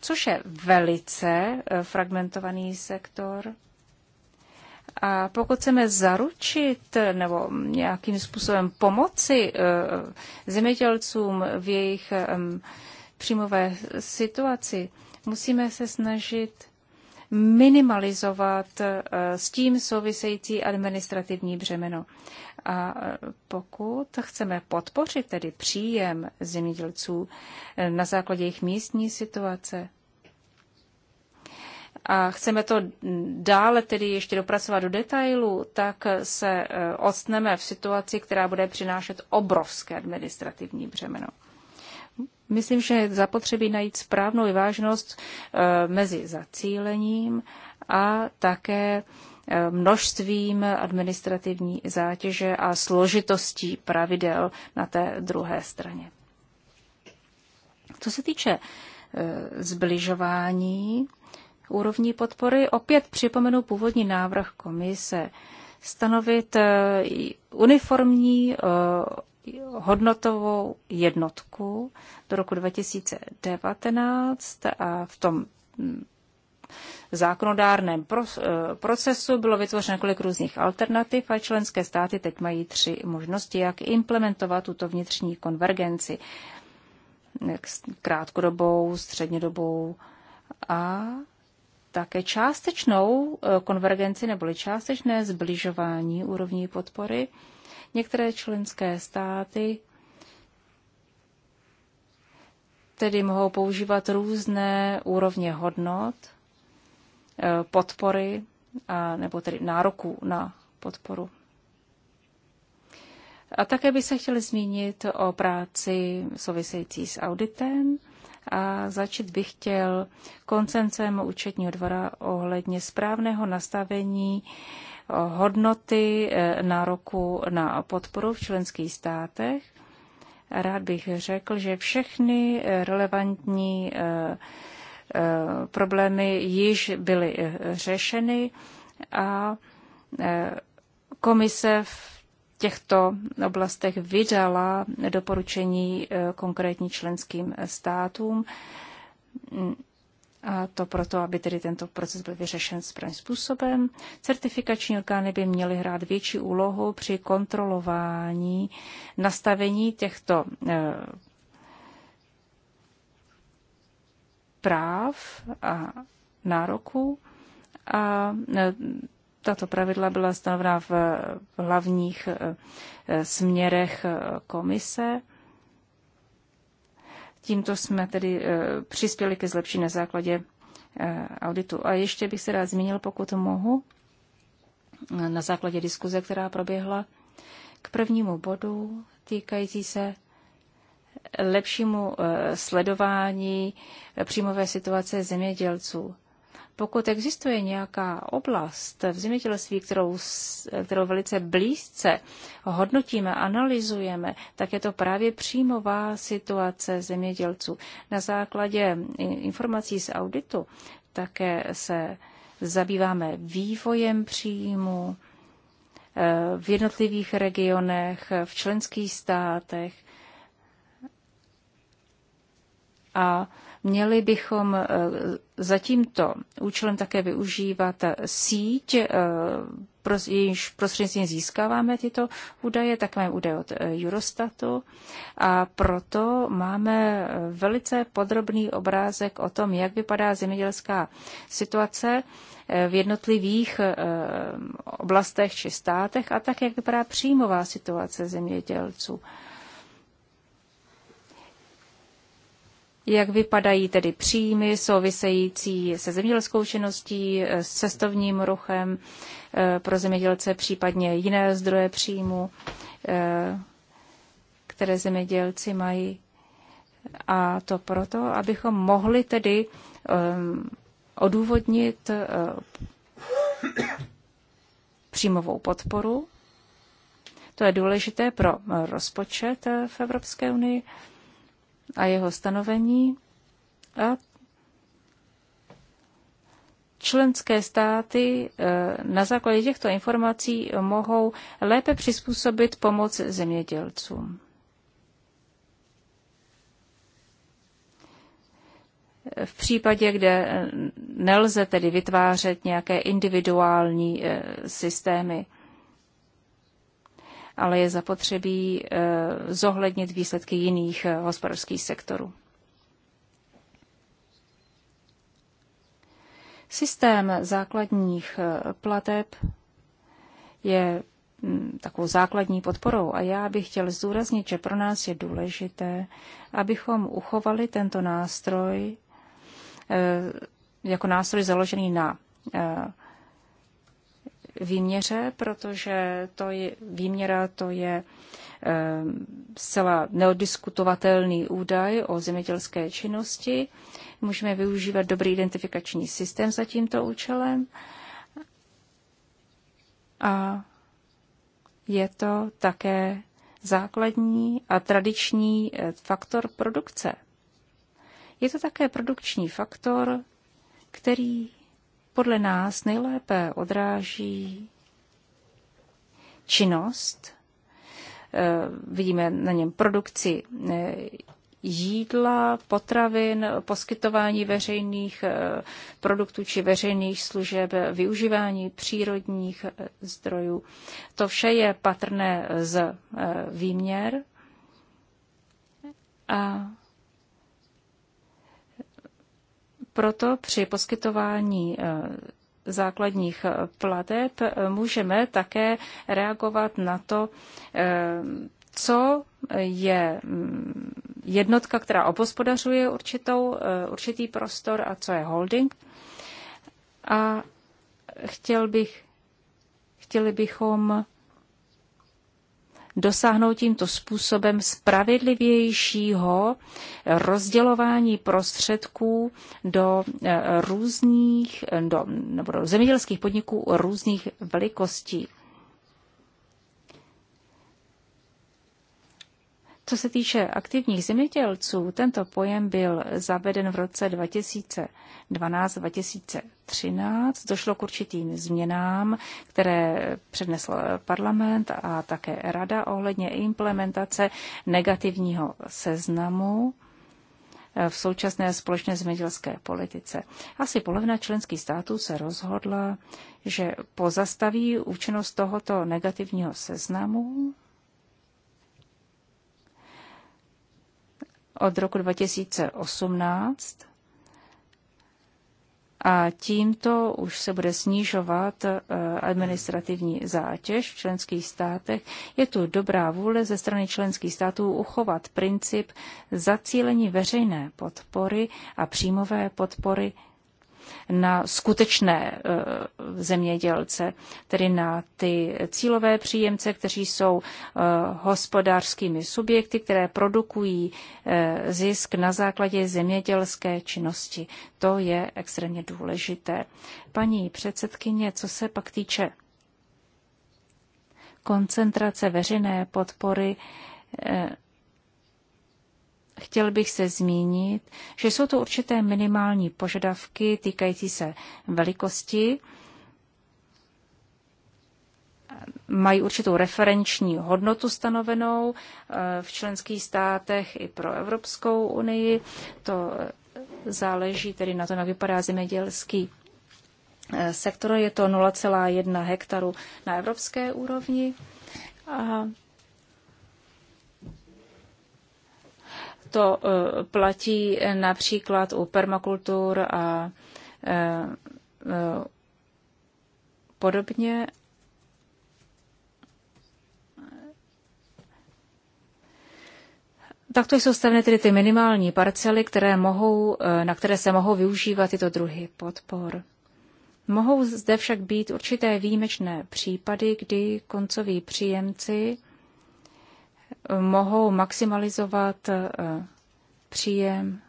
což je velice eh, fragmentovaný sektor. A pokud chceme zaručit nebo nějakým způsobem pomoci zemědělcům v jejich příjmové situaci, Musíme se snažit minimalizovat eh, s tím související administrativní břemeno. A eh, pokud chceme podpořit tedy příjem zemědělců eh, na základě jejich místní situace, a chceme to dále tedy ještě dopracovat do detailu, tak se odstneme v situaci, která bude přinášet obrovské administrativní břemeno. Myslím, že zapotřebí najít správnou vyváženost eh, mezi zacílením a také eh, množstvím administrativní zátěže a složitostí pravidel na té druhé straně. Co se týče eh, zbližování úrovní podpory, opět připomenu původní návrh komise stanovit uniformní hodnotovou jednotku do roku 2019 a v tom mm, zákonodárném eh, procesu bylo vytvořeno několik různých alternativ a členské státy teď mají tři možnosti, jak implementovat tuto vnitřní konvergenci krátkodobou, střednědobou a také částečnou eh, konvergenci neboli částečné zbližování úrovní podpory Některé členské státy tedy mohou používat různé úrovně hodnot, eh, podpory a, nebo tedy nároků na podporu. A také bych se chtěl zmínit o práci související s auditem a začít bych chtěl koncencem účetního dvora ohledně správného nastavení hodnoty eh, nároku na podporu v členských státech. Rád bych řekl, že všechny relevantní eh, eh, problémy již byly řešeny a komise v těchto oblastech vydala doporučení konkrétní členským státům a to proto, aby tedy tento proces byl vyřešen správným způsobem. Certifikační orgány by měly hrát větší úlohu při kontrolování nastavení těchto eh, práv a nároků. A eh, tato pravidla byla stanovena v hlavních eh, směrech komise Tímto jsme tedy eh, přispěli ke zlepšení na základě eh, auditu. A ještě bych se rád zmínil, pokud mohu, na základě diskuze, která proběhla, k prvnímu bodu týkající se lepšímu eh, sledování příjmové situace zemědělců. Pokud existuje nějaká oblast v zemědělství, kterou, kterou velice blízce hodnotíme, analyzujeme, tak je to právě příjmová situace zemědělců. Na základě informací z auditu také se zabýváme vývojem příjmu eh, v jednotlivých regionech, v členských státech. A Měli bychom eh, za tímto účelem také využívat síť, eh, jejíž prostřednictvím získáváme tyto údaje, tak máme údaje od eh, Eurostatu a proto máme velice podrobný obrázek o tom, jak vypadá zemědělská situace v jednotlivých oblastech či státech a tak, jak vypadá příjmová situace zemědělců. jak vypadají tedy příjmy související se zemědělskou činností, s cestovním ruchem eh, pro zemědělce, případně jiné zdroje příjmu, eh, které zemědělci mají. A to proto, abychom mohli tedy eh, odůvodnit příjmovou podporu. To je důležité pro rozpočet v Evropské unii a jeho stanovení a členské státy eh, na základě těchto informací mohou lépe přizpůsobit pomoc zemědělcům. v případě, kde nelze tedy vytvářet nějaké individuální eh, systémy ale je zapotřebí eh, zohlednit výsledky jiných eh, hospodářských sektorů. Systém základních eh, plateb je mm, takovou základní podporou a já bych chtěl zdůraznit, že pro nás je důležité, abychom uchovali tento nástroj jako nástroj založený na výměře, protože to je, výměra to je ehm, zcela neodiskutovatelný údaj o zemědělské činnosti. Můžeme využívat dobrý identifikační systém za tímto účelem. A je to také základní a tradiční eh, faktor produkce. Je to také produkční faktor, který podle nás nejlépe odráží činnost. Eh, vidíme na něm produkci eh, jídla, potravin, poskytování veřejných eh, produktů či veřejných služeb, využívání přírodních zdrojů. To vše je patrné z výměr. A Proto při poskytování eh, základních eh, plateb eh, můžeme také reagovat na to, co je mm, jednotka, která obospodařuje určitou, určitý prostor a co je holding. A chtěl bych, chtěli bychom dosáhnout tímto způsobem spravedlivějšího rozdělování prostředků do eh, různých, do, nebo do zemědělských podniků různých velikostí. Co se týče aktivních zemědělců, tento pojem byl zaveden v roce 2012-2013. Došlo k určitým změnám, které přednesl parlament a také rada ohledně implementace negativního seznamu eh, v současné společné zemědělské politice. Asi polovina členských států se rozhodla, že pozastaví účinnost tohoto negativního seznamu od roku 2018 a tímto už se bude snižovat eh, administrativní zátěž v členských státech. Je tu dobrá vůle ze strany členských států uchovat princip zacílení veřejné podpory a příjmové podpory na skutečné e, zemědělce, tedy na ty cílové příjemce, kteří jsou e, hospodářskými subjekty, které produkují e, zisk na základě zemědělské činnosti. To je extrémně důležité. Paní předsedkyně, co se pak týče koncentrace veřejné podpory, chtěl bych se zmínit, že jsou to určité minimální požadavky týkající se velikosti, mají určitou referenční hodnotu stanovenou eh, v členských státech i pro Evropskou unii. To eh, záleží tedy na tom, jak vypadá zemědělský eh, sektor. Je to 0,1 hektaru na evropské úrovni. A To eh, platí například u permakultur a eh, eh, podobně. Takto jsou stavné tedy ty minimální parcely, které mohou, na které se mohou využívat tyto druhy podpor. Mohou zde však být určité výjimečné případy, kdy koncoví příjemci mohou maximalizovat eh, příjem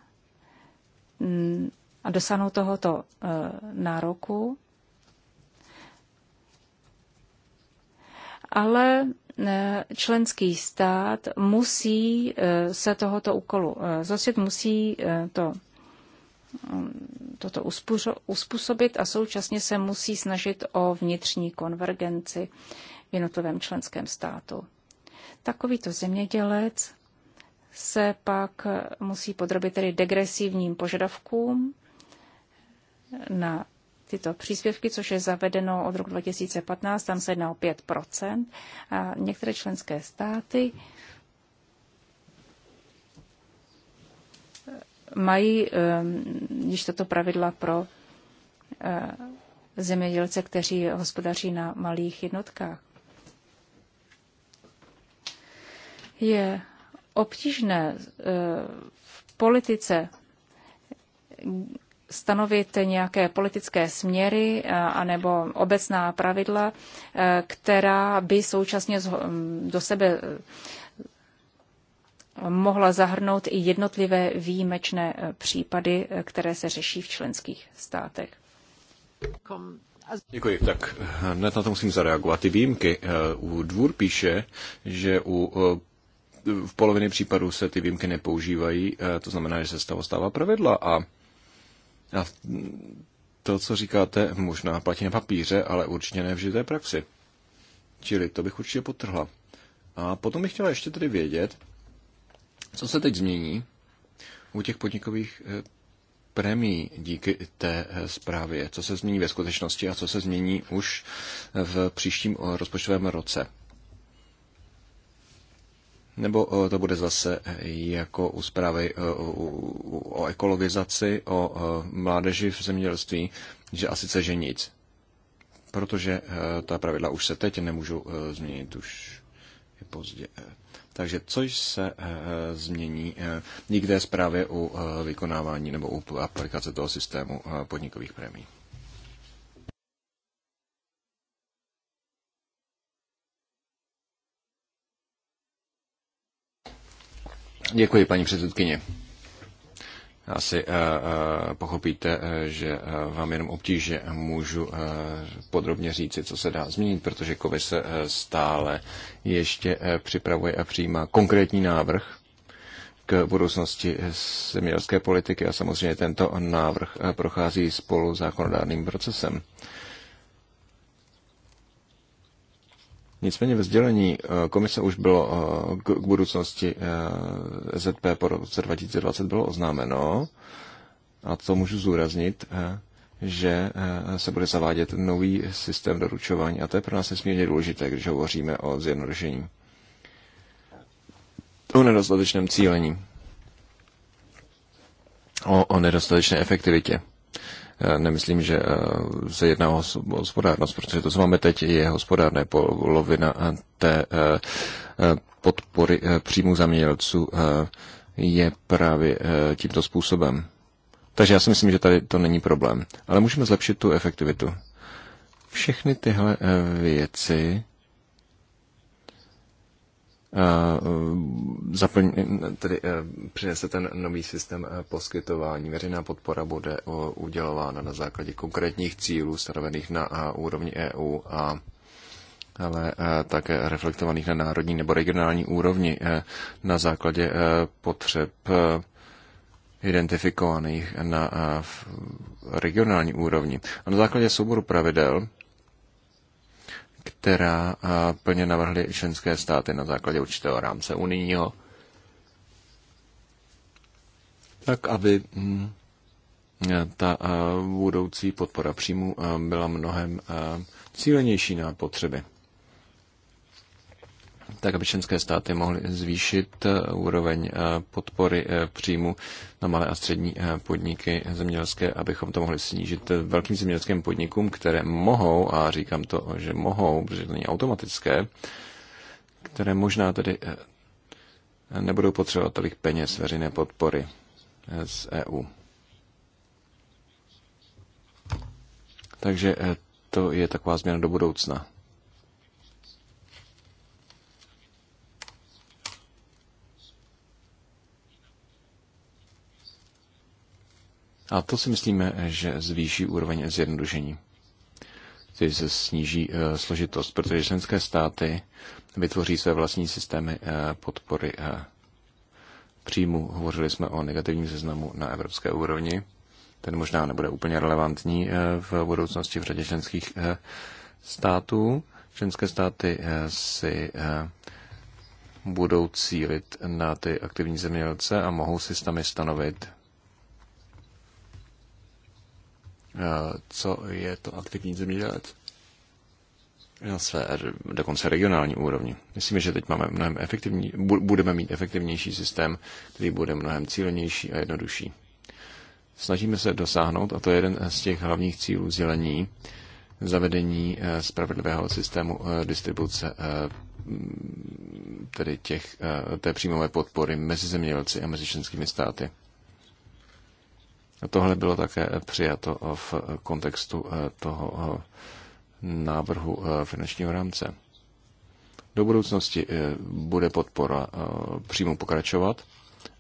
mm, a dosáhnout tohoto eh, nároku. Ale eh, členský stát musí se tohoto úkolu zosvět, musí to, mm, toto uspůsobit a současně se musí snažit o vnitřní konvergenci v jednotlivém členském státu. Takovýto zemědělec se pak musí podrobit tedy degresivním požadavkům na tyto příspěvky, což je zavedeno od roku 2015, tam se jedná o 5 a některé členské státy mají ehm, již toto pravidla pro ehm, zemědělce, kteří hospodaří na malých jednotkách. Je obtížné eh, v politice stanovit nějaké politické směry eh, anebo obecná pravidla, eh, která by současně mm, do sebe mohla zahrnout i jednotlivé výjimečné případy, které se řeší v členských státech. Děkuji. Tak hned na to musím zareagovat. Ty výjimky u dvůr píše, že u v poloviny případů se ty výjimky nepoužívají, eh, to znamená, že se z toho stává pravidla a, a to, co říkáte, možná platí na papíře, ale určitě ne v živé praxi. Čili to bych určitě potrhla. A potom bych chtěla ještě tedy vědět, co se teď změní u těch podnikových eh, premií díky té eh, zprávě, co se změní ve skutečnosti a co se změní už v příštím rozpočtovém roce. Nebo eh, to bude zase eh, jako u zprávy eh, o ekologizaci, o mládeži v zemědělství, že asi sice že nic. Protože ta pravidla už se teď nemůžou změnit, už je pozdě. Takže co se změní nikde zprávě u vykonávání nebo u aplikace toho systému podnikových prémií? Děkuji, paní předsedkyně. Asi uh, uh, pochopíte, eh, že uh, vám jenom obtížně můžu uh, podrobně říci, co se dá změnit, protože se uh, stále ještě uh, připravuje a přijímá konkrétní návrh k budoucnosti zemědělské politiky a samozřejmě tento návrh prochází spolu zákonodárným procesem. Uh, Nicméně ve sdělení eh, komise už bylo eh, k budoucnosti eh, ZP po roce 2020 bylo oznámeno, a to můžu zúraznit, že se bude zavádět nový systém doručování a to je pro nás nesmírně důležité, když hovoříme o zjednodušení. O nedostatečném cílení. O, o nedostatečné efektivitě. Eh, nemyslím, že eh, se jedná o hospodárnost, protože to, co máme teď, je hospodárné polovina té eh, podpory příjmu zamělců je právě tímto způsobem. Takže já si myslím, že tady to není problém. Ale můžeme zlepšit tu efektivitu. Všechny tyhle věci Eh, zaplň, tedy eh, přinese ten nový systém eh, poskytování. Veřejná podpora bude udělována na základě konkrétních cílů stanovených na úrovni EU a ale také reflektovaných na národní nebo regionální úrovni na základě potřeb identifikovaných na regionální úrovni. A na základě souboru pravidel která plně navrhly členské státy na základě určitého rámce unijního, tak aby hm, ta budoucí podpora příjmu byla mnohem cílenější na potřeby tak aby členské státy mohly zvýšit eh, úroveň eh, podpory eh, příjmu na malé a střední podniky zemědělské, abychom to mohli snížit velkým zemědělským podnikům, které mohou, a říkám to, že mohou, protože to není automatické, které možná tedy nebudou potřebovat tolik peněz veřejné podpory z EU. Takže to je taková změna do budoucna. A to si myslíme, že zvýší úroveň zjednodušení. Tedy se sníží eh, složitost, protože členské státy vytvoří své vlastní systémy eh, podpory eh, příjmu. Hovořili jsme o negativním seznamu na evropské úrovni. Ten možná nebude úplně relevantní v budoucnosti v řadě členských států. Členské státy si budou cílit na ty aktivní zemědělce a mohou si sami stanovit Eh, co je to aktivní zemědělec na své dokonce regionální úrovni. Myslím, že teď máme mnohem efektivní, budeme mít efektivnější systém, který bude mnohem cílenější a jednodušší. Snažíme se dosáhnout, a to je jeden z těch hlavních cílů zelení, zavedení eh, spravedlivého systému eh, distribuce tedy těch, té příjmové podpory mezi zemědělci a mezi členskými státy. Tohle bylo také přijato v kontextu eh, toho eh, návrhu eh, finančního rámce. Do budoucnosti bude podpora přímo pokračovat,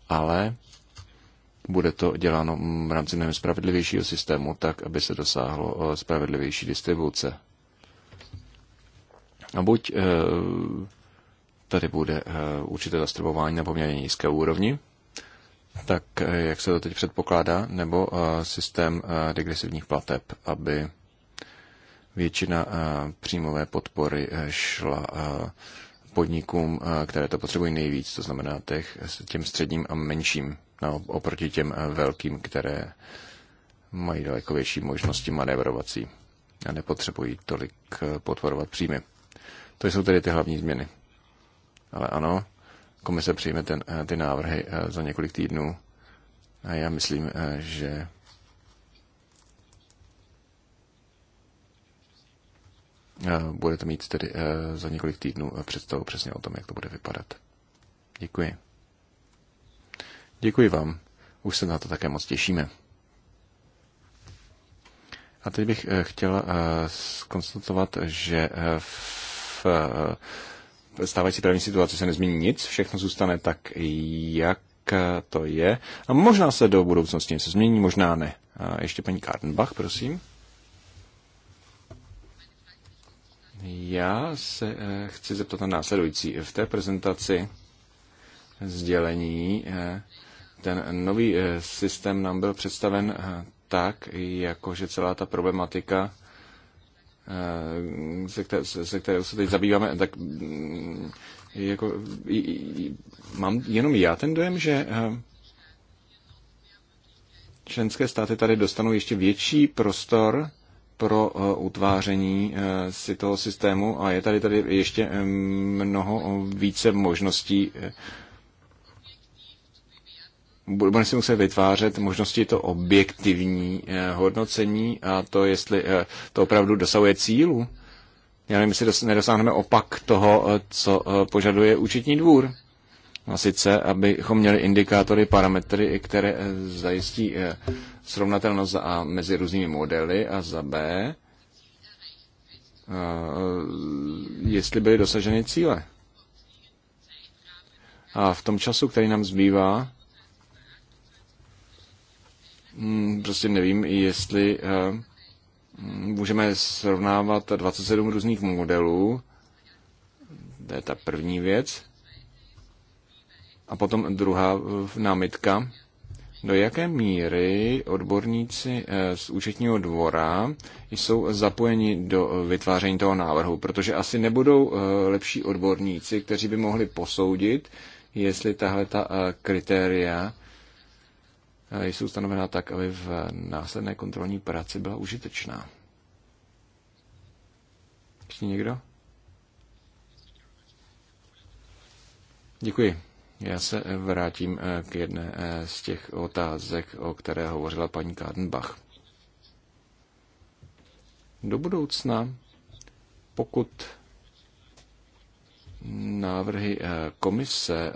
ale bude to děláno mm, v rámci mnohem spravedlivějšího systému, tak, aby se dosáhlo spravedlivější distribuce. A buď tady bude určité zastropování na poměrně nízké úrovni, tak eh, jak se to teď předpokládá, nebo eh, systém eh, degresivních plateb, aby většina příjmové podpory šla podnikům, které to potřebují nejvíc, to znamená těch, těm středním a menším, no, oproti těm velkým, které mají daleko větší možnosti manévrovací a nepotřebují tolik podporovat příjmy. To jsou tedy ty hlavní změny. Ale ano, komise přijme ten, eh, ty návrhy eh, za několik týdnů. A já myslím, eh, že budete mít tedy za několik týdnů představu přesně o tom, jak to bude vypadat. Děkuji. Děkuji vám. Už se na to také moc těšíme. A teď bych chtěl skonstatovat, že v stávající právní situaci se nezmění nic, všechno zůstane tak, jak to je. A možná se do budoucnosti něco změní, možná ne. A ještě paní Kartenbach, prosím. Já se eh, chci zeptat na následující. V té prezentaci sdělení eh, ten nový eh, systém nám byl představen tak, jakože celá ta problematika se, se kterou se teď zabýváme, tak mm, jako, mám jenom já ten dojem, že eh, členské státy tady dostanou ještě větší prostor pro eh, utváření eh, si toho systému a je tady tady ještě mnoho více možností budeme si muset vytvářet možnosti to objektivní eh, hodnocení a to, jestli eh, to opravdu dosahuje cílu. Já nevím, jestli nedosáhneme opak toho, eh, co požaduje účetní dvůr. A sice, abychom měli indikátory, parametry, které zajistí srovnatelnost za A mezi různými modely a za B, jestli byly dosaženy cíle. A v tom času, který nám zbývá, Mm, prostě nevím, jestli eh, mm, můžeme srovnávat 27 různých modelů. To je ta první věc. A potom druhá eh, námitka. Do jaké míry odborníci eh, z účetního dvora jsou zapojeni do vytváření toho návrhu? Protože asi nebudou lepší odborníci, kteří by mohli posoudit, jestli tahle ta kritéria jsou stanovená tak, aby v následné kontrolní práci byla užitečná. Ještě někdo? Děkuji. Já se vrátím eh, k jedné eh, z těch otázek, o které hovořila paní Kádenbach. Do budoucna, pokud návrhy eh, komise eh,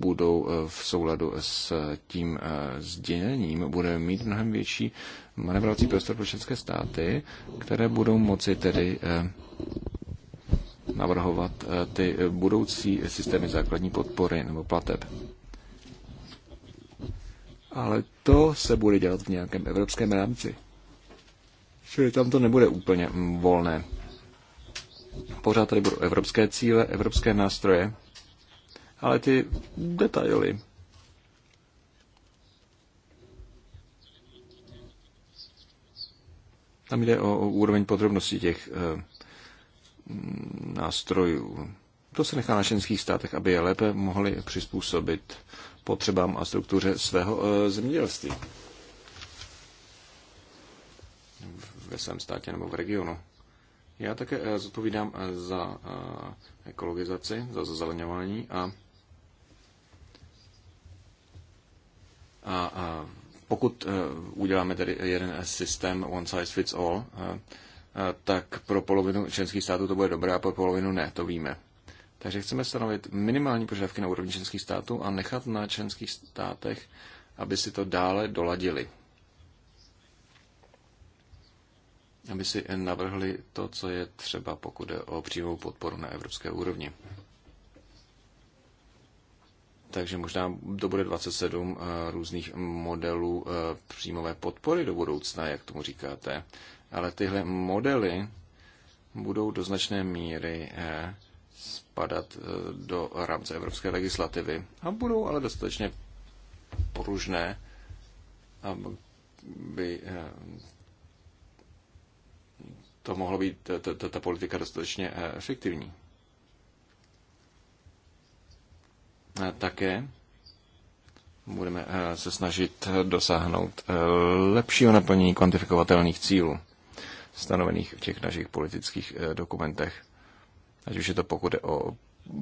budou eh, v souladu s tím sdělením, budeme mít mnohem větší manevrovací prostor pro české státy, které budou moci tedy navrhovat ty budoucí systémy základní podpory nebo plateb. Ale to se bude dělat v nějakém evropském rámci. Čili tam to nebude úplně volné. Pořád tady budou evropské cíle, evropské nástroje, ale ty detaily. Tam jde o, o úroveň podrobností těch e, nástrojů. To se nechá na členských státech, aby je lépe mohli přizpůsobit potřebám a struktuře svého e, zemědělství ve svém státě nebo v regionu. Já také eh, zodpovídám eh, za eh, ekologizaci, za zazeleňování a, a, a pokud uděláme tedy jeden systém one size fits all, tak pro polovinu členských států to bude dobré a pro polovinu ne, to víme. Takže chceme stanovit minimální požadavky na úrovni členských států a nechat na členských státech, aby si to dále doladili. aby si navrhli to, co je třeba, pokud je o přímou podporu na evropské úrovni. Takže možná to bude 27 eh, různých modelů eh, přímové podpory do budoucna, jak tomu říkáte. Ale tyhle modely budou do značné míry eh, spadat do rámce evropské legislativy a budou ale dostatečně poružné, aby to mohlo být, ta, politika dostatečně eh, efektivní. Také budeme eh, se snažit dosáhnout eh, lepšího naplnění kvantifikovatelných cílů stanovených v těch našich politických dokumentech. Ať už je to pokud je o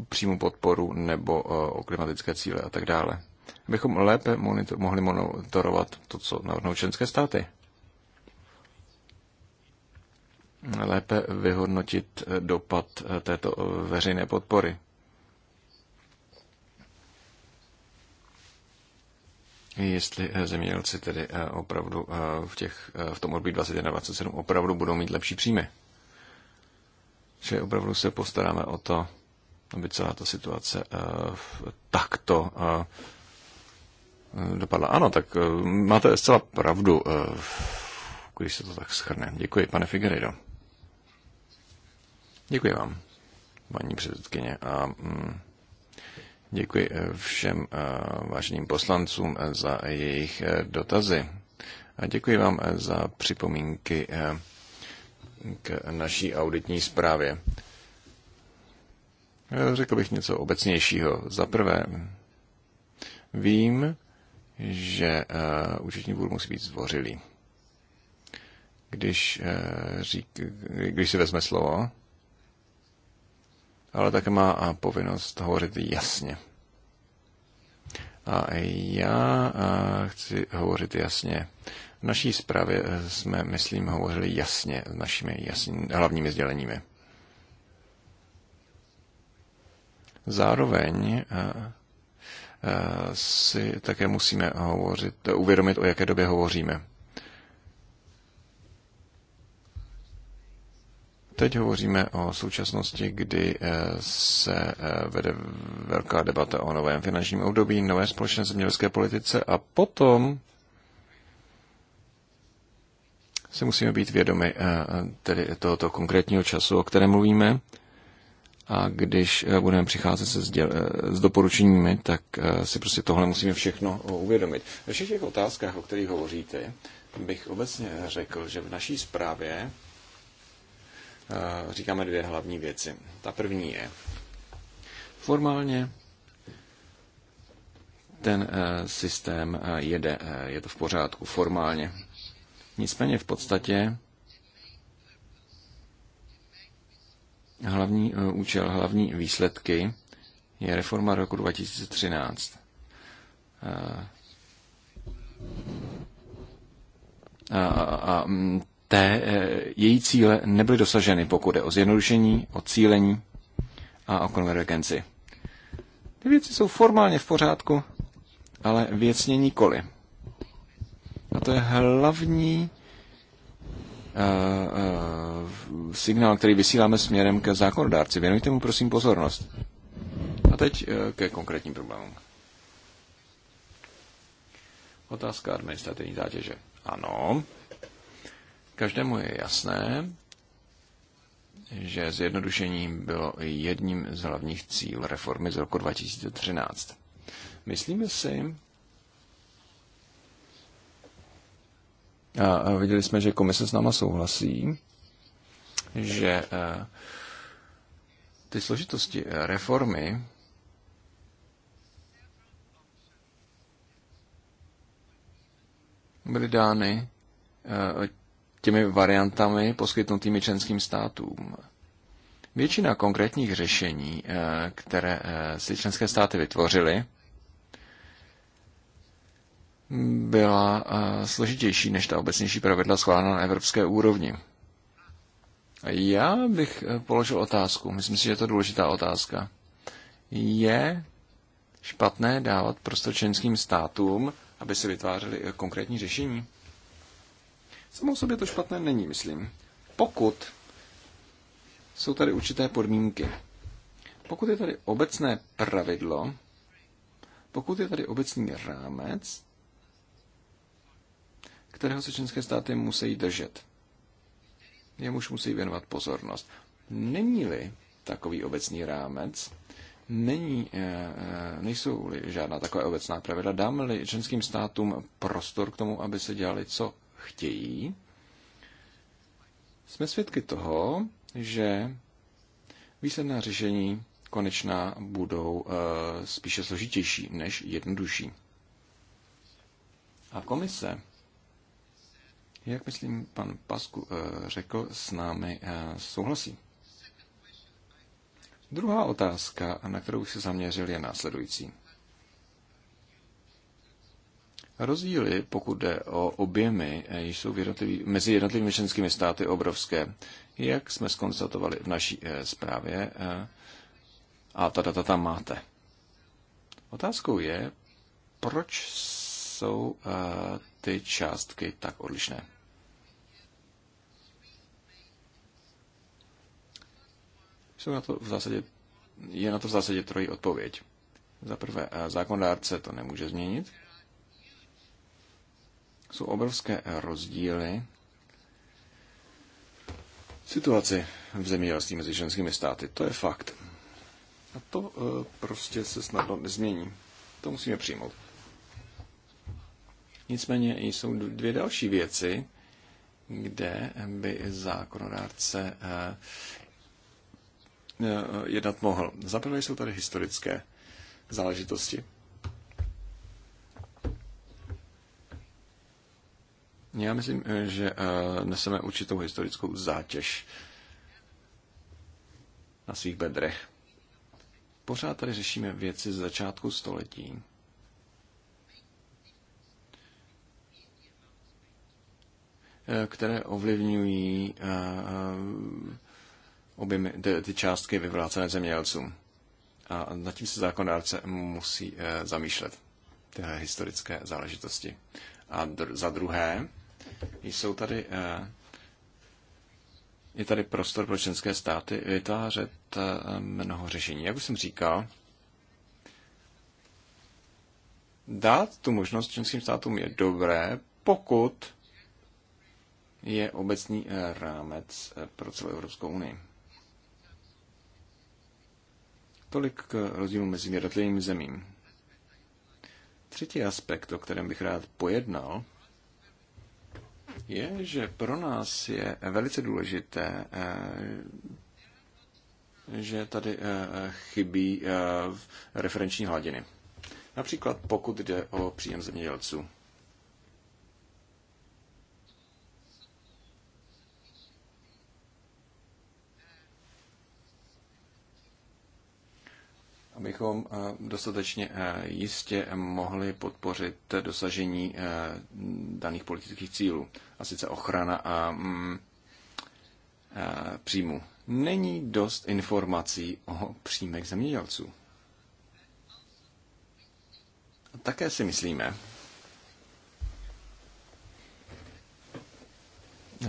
přímou podporu nebo o klimatické cíle a tak dále. Abychom lépe monitor, mohli monitorovat to, co navrhnou členské státy lépe vyhodnotit dopad eh, této eh, veřejné podpory. jestli eh, zemědělci tedy opravdu v, těch, v tom odbí 21 27 opravdu budou mít lepší příjmy. že opravdu se postaráme o to, aby celá ta situace takto dopadla. Ano, tak máte zcela pravdu, když se to tak schrne. Děkuji, pane Figueredo. Děkuji vám, paní předsedkyně. A, mm, Děkuji eh, všem eh, vážným poslancům eh, za jejich dotazy. A děkuji vám za připomínky k naší auditní zprávě. Řekl bych něco obecnějšího. Za prvé, vím, že účetní dvůr musí být zdvořilý. Když, řík, když si vezme slovo, ale také má povinnost hovořit jasně. A já chci hovořit jasně. V naší zprávě jsme, myslím, hovořili jasně s našimi jasný, hlavními sděleními. Zároveň si také musíme hovořit, uvědomit, o jaké době hovoříme. Teď hovoříme o současnosti, kdy eh, se eh, vede velká debata o novém finančním období, nové společné zemědělské politice a potom si musíme být vědomi eh, tedy tohoto konkrétního času, o kterém mluvíme. A když budeme přicházet se sděl, s doporučeními, tak si prostě tohle musíme všechno uvědomit. Ve všech těch otázkách, o kterých hovoříte, bych obecně řekl, že v naší zprávě Eh, říkáme dvě hlavní věci. Ta první je formálně ten eh, systém eh, jede, je to v pořádku formálně. Nicméně v podstatě hlavní účel, hlavní výsledky je reforma roku 2013. A, a, a mm, té, eh, její cíle nebyly dosaženy, pokud je o zjednodušení, o cílení a o konvergenci. Ty věci jsou formálně v pořádku, ale věcně nikoli. A to je hlavní uh, uh, signál, který vysíláme směrem ke zákonodárci. Věnujte mu prosím pozornost. A teď uh, ke konkrétním problémům. Otázka administrativní zátěže. Ano, Každému je jasné, že zjednodušení bylo jedním z hlavních cíl reformy z roku 2013. Myslíme si, a viděli jsme, že komise s náma souhlasí, že ty složitosti reformy byly dány těmi variantami poskytnutými členským státům. Většina konkrétních řešení, eh, které eh, si členské státy vytvořily, byla eh, složitější než ta obecnější pravidla schválená na evropské úrovni. Já bych položil otázku, myslím si, že je to důležitá otázka. Je špatné dávat prostor členským státům, aby se vytvářely konkrétní řešení? Samo sobě to špatné není, myslím. Pokud jsou tady určité podmínky, pokud je tady obecné pravidlo, pokud je tady obecný rámec, kterého se členské státy musí držet, jemuž musí věnovat pozornost. Není-li takový obecný rámec, není, eh, eh, nejsou žádná taková obecná pravidla, dáme-li členským státům prostor k tomu, aby se dělali, co chtějí, jsme svědky toho, že výsledná řešení konečná budou eh, spíše složitější než jednodušší. A komise, jak myslím pan Pasku eh, řekl, s námi eh, souhlasí. Druhá otázka, na kterou se zaměřil, je následující. Rozdíly, pokud jde o objemy, eh, jsou jednotlivý, mezi jednotlivými členskými státy obrovské. Jak jsme skonstatovali v naší eh, zprávě, eh, a ta data tam máte. Otázkou je, proč jsou ty částky tak odlišné. Jsou na to v zásadě, je na to v zásadě trojí odpověď. Za prvé, zákonodárce to nemůže změnit, jsou obrovské rozdíly situaci v zemědělství mezi ženskými státy. To je fakt. A to eh, prostě se snadno nezmění. To musíme přijmout. Nicméně jsou dvě další věci, kde by zákonodárce eh, eh, jednat mohl. Za jsou tady historické záležitosti. Já myslím, eh, že eh, neseme určitou historickou zátěž na svých bedrech. Pořád tady řešíme věci z začátku století. Eh, které ovlivňují objemy, ty, ty částky vyvrácené zemědělcům. A nad tím se zákonodárce musí zamýšlet tyhle historické záležitosti. A dr- za druhé, jsou tady, eh, je tady prostor pro členské státy vytvářet eh, mnoho řešení. Jak už jsem říkal, dát tu možnost členským státům je dobré, pokud je obecný eh, rámec pro celou Evropskou unii. Tolik k rozdílu mezi jednotlivými zemím. Třetí aspekt, o kterém bych rád pojednal, je, že pro nás je velice důležité, eh, že tady eh, chybí eh, referenční hladiny. Například pokud jde o příjem zemědělců. abychom eh, dostatečně eh, jistě mohli podpořit dosažení eh, daných politických cílů, a sice ochrana a mm, příjmu. Není dost informací o příjmech zemědělců. Také si myslíme,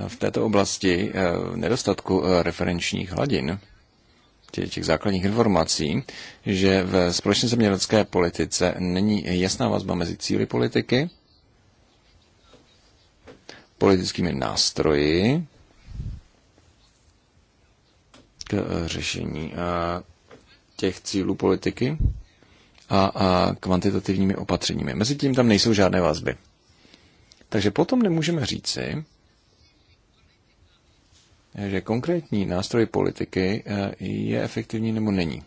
v této oblasti nedostatku referenčních hladin těch, těch základních informací, že v společné zemědělské politice není jasná vazba mezi cíly politiky, politickými nástroji k eh, řešení eh, těch cílů politiky a, a kvantitativními opatřeními. Mezi tím tam nejsou žádné vazby. Takže potom nemůžeme říci, že konkrétní nástroj politiky eh, je efektivní nebo není.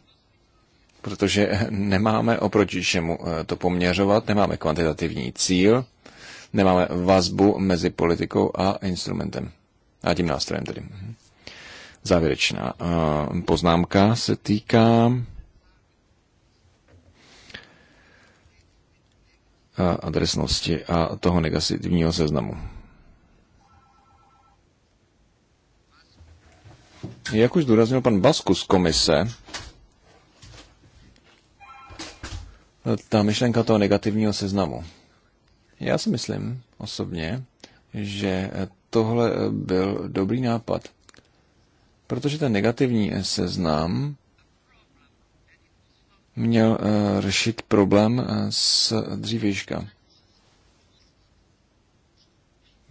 Protože nemáme oproti čemu eh, to poměřovat, nemáme kvantitativní cíl, nemáme vazbu mezi politikou a instrumentem. A tím nástrojem tedy. Závěrečná eh, poznámka se týká adresnosti a toho negativního seznamu. Jak už zdůraznil pan Basku z komise, ta myšlenka toho negativního seznamu. Já si myslím osobně, že tohle byl dobrý nápad, protože ten negativní seznam měl eh, řešit problém z eh, dřívějška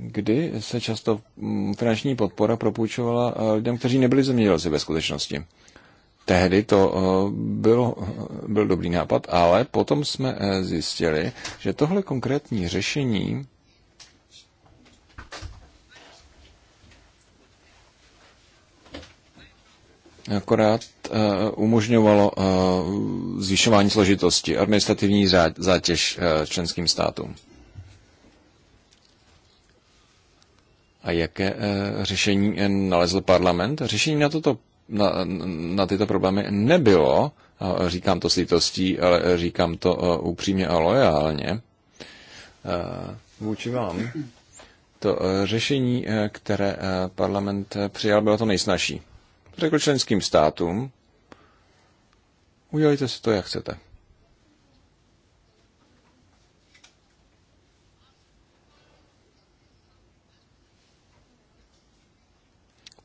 kdy se často mm, finanční podpora propůjčovala eh, lidem, kteří nebyli zemědělci ve skutečnosti. Tehdy to eh, bylo, eh, byl dobrý nápad, ale potom jsme zjistili, že tohle konkrétní řešení akorát umožňovalo zvyšování složitosti, administrativní zátěž členským státům. A jaké eh, řešení eh, nalezl parlament? Řešení na, toto, na, na tyto problémy nebylo, říkám to s lítostí, ale říkám to eh, upřímně a Uh, vůči vám. To řešení, které parlament přijal, bylo to nejsnažší. Řekl členským státům, udělejte si to, jak chcete.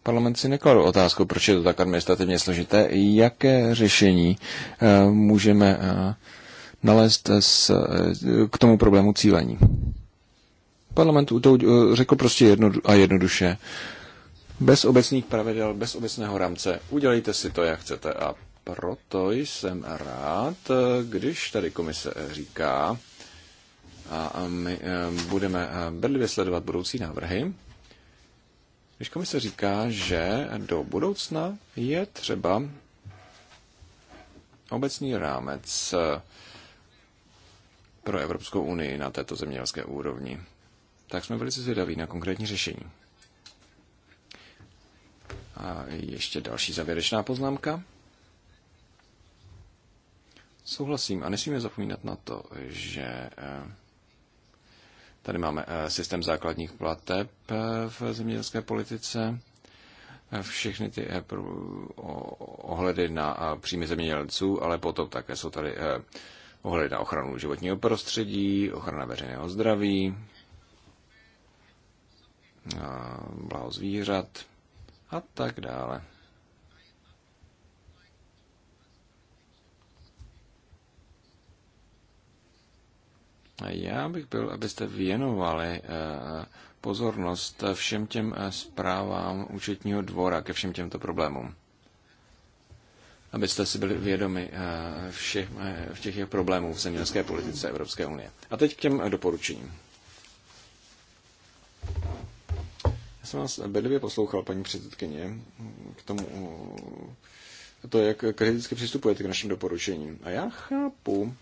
Parlament si nekladl otázku, proč je to tak administrativně složité, jaké řešení eh, můžeme eh, nalézt eh, k tomu problému cílení. Parlament to řekl prostě jedno, a jednoduše. Bez obecných pravidel, bez obecného rámce. Udělejte si to, jak chcete. A proto jsem rád, když tady komise říká, a my budeme bedlivě sledovat budoucí návrhy, když komise říká, že do budoucna je třeba obecný rámec eh, pro Evropskou unii na této zemědělské úrovni, tak jsme velice zvědaví na konkrétní řešení. A ještě další závěrečná poznámka. Souhlasím a nesmíme zapomínat na to, že eh, Tady máme eh, systém základních plateb eh, v zemědělské politice, eh, všechny ty ohledy na příjmy zemědělců, ale potom také jsou tady ohledy na ochranu životního prostředí, ochrana veřejného zdraví, blaho zvířat a tak dále. Já bych byl, abyste věnovali eh, pozornost všem těm eh, zprávám účetního dvora ke všem těmto problémům. Abyste si byli vědomi eh, všech, všech problémů v zemědělské politice Evropské unie. A teď k těm doporučením. Já jsem vás bedlivě poslouchal, paní předsedkyně, k tomu, to, jak kriticky přistupujete k našim doporučením. A já chápu,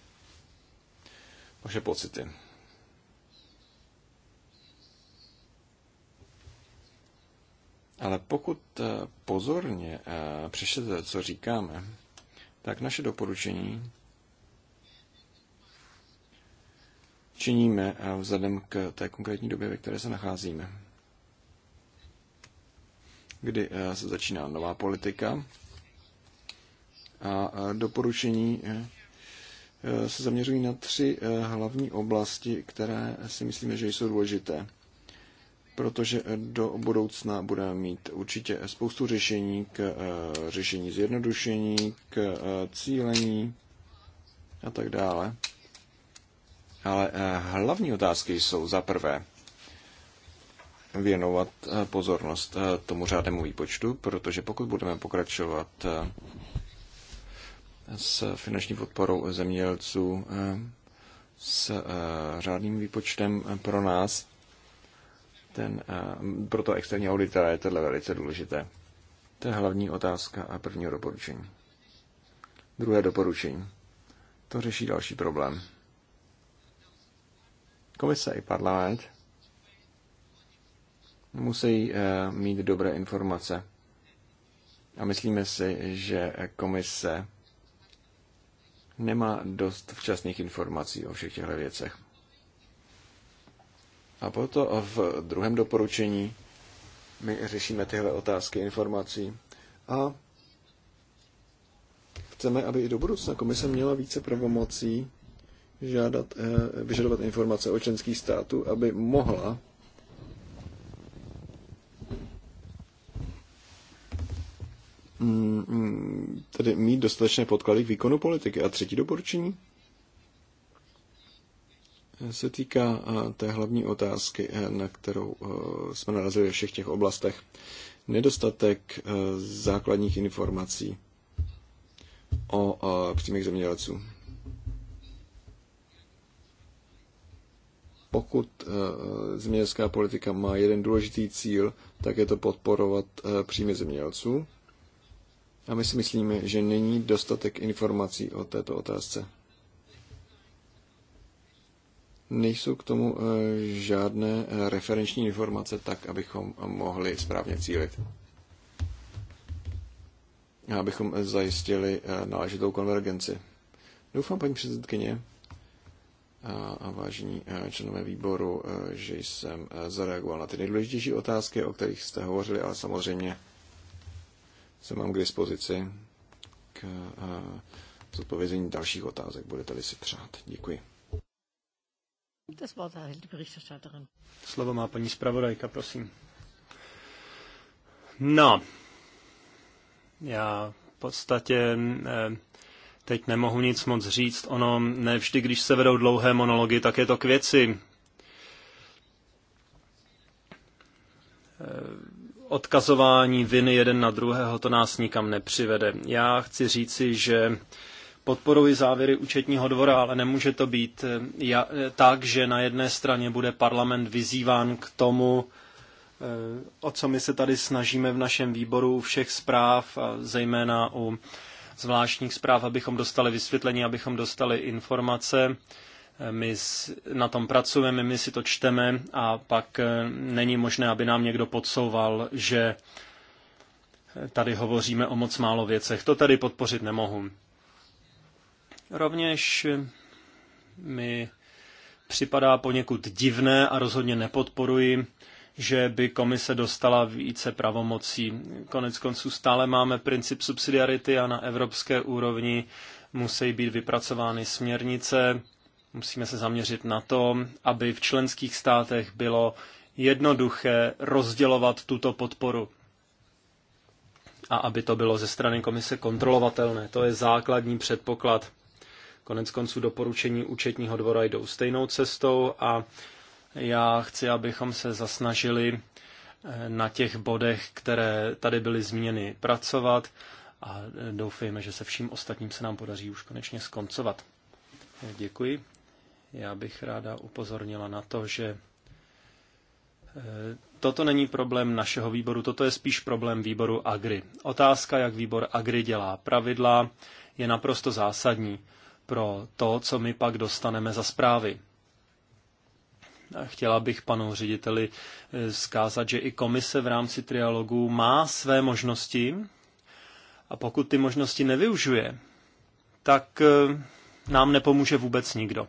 vaše pocity. Ale pokud eh, pozorně eh, přečtete, co říkáme, tak naše doporučení činíme eh, vzhledem k té konkrétní době, ve které se nacházíme. Kdy se začíná nová politika a doporučení Eh, se zaměřují na tři eh, hlavní oblasti, které si myslíme, že jsou důležité. Protože eh, do budoucna budeme mít určitě spoustu řešení k řešení zjednodušení, k cílení a tak dále. Ale hlavní otázky jsou za prvé věnovat pozornost tomu řádnému výpočtu, protože pokud budeme pokračovat s finanční podporou zemědělců, eh, s eh, řádným výpočtem eh, pro nás. Ten, pro to externí auditora je tohle velice důležité. To je hlavní otázka a prvního doporučení. Druhé doporučení. To řeší další problém. Komise i parlament musí mít dobré informace. A myslíme si, že komise nemá dost včasných informací o všech těchto věcech. A proto v druhém doporučení my řešíme tyhle otázky informací a chceme, aby i do budoucna komise měla více pravomocí žádat, eh, vyžadovat informace o členských států, aby mohla Mm, tedy mít dostatečné podklady k výkonu politiky. A třetí doporučení se týká té hlavní otázky, na kterou jsme narazili ve všech těch oblastech. Nedostatek základních informací o přímých zemědělců. pokud zemědělská politika má jeden důležitý cíl, tak je to podporovat příjmy zemědělců. A my si myslíme, že není dostatek informací o této otázce. Nejsou k tomu eh, žádné eh, referenční informace tak, abychom mohli správně cílit. A abychom eh, zajistili náležitou konvergenci. Doufám, paní předsedkyně a vážení členové výboru, že jsem zareagoval na ty nejdůležitější otázky, o kterých jste hovořili, ale samozřejmě co mám k dispozici eh, k zodpovězení dalších otázek, budete-li si přát. Děkuji. Slovo má paní zpravodajka, prosím. No, já v podstatě eh, teď nemohu nic moc říct. Ono nevždy, když se vedou dlouhé monology, tak je to k věci. Eh, odkazování viny jeden na druhého, to nás nikam nepřivede. Já chci říci, že podporuji závěry účetního dvora, ale nemůže to být eh, eh, tak, že na jedné straně bude parlament vyzýván k tomu, eh, o co my se tady snažíme v našem výboru u všech zpráv, a zejména u zvláštních zpráv, abychom dostali vysvětlení, abychom dostali informace my na tom pracujeme, my si to čteme a pak eh, není možné, aby nám někdo podsouval, že eh, tady hovoříme o moc málo věcech. To tady podpořit nemohu. Rovněž eh, mi připadá poněkud divné a rozhodně nepodporuji, že by komise dostala více pravomocí. Konec konců stále máme princip subsidiarity a na evropské úrovni musí být vypracovány směrnice, Musíme se zaměřit na to, aby v členských státech bylo jednoduché rozdělovat tuto podporu a aby to bylo ze strany komise kontrolovatelné. To je základní předpoklad. Konec konců doporučení účetního dvora jdou stejnou cestou a já chci, abychom se zasnažili eh, na těch bodech, které tady byly zmíněny, pracovat a eh, doufejme, že se vším ostatním se nám podaří už konečně skoncovat. Děkuji. Já bych ráda upozornila na to, že eh, toto není problém našeho výboru, toto je spíš problém výboru Agri. Otázka, jak výbor Agri dělá pravidla, je naprosto zásadní pro to, co my pak dostaneme za zprávy. Chtěla bych panu řediteli eh, zkázat, že i komise v rámci trialogu má své možnosti a pokud ty možnosti nevyužuje, tak eh, nám nepomůže vůbec nikdo.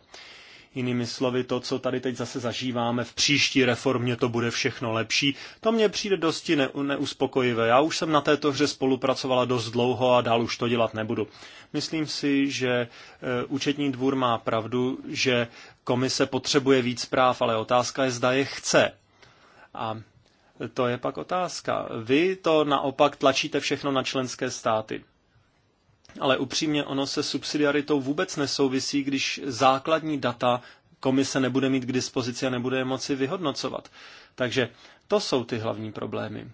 Jinými slovy, to, co tady teď zase zažíváme, v příští reformě to bude všechno lepší, to mně přijde dosti ne- neuspokojivé. Já už jsem na této hře spolupracovala dost dlouho a dál už to dělat nebudu. Myslím si, že e, účetní dvůr má pravdu, že komise potřebuje víc práv, ale otázka je, zda je chce. A to je pak otázka. Vy to naopak tlačíte všechno na členské státy ale upřímně ono se subsidiaritou vůbec nesouvisí, když základní data komise nebude mít k dispozici a nebude je moci vyhodnocovat. Takže to jsou ty hlavní problémy.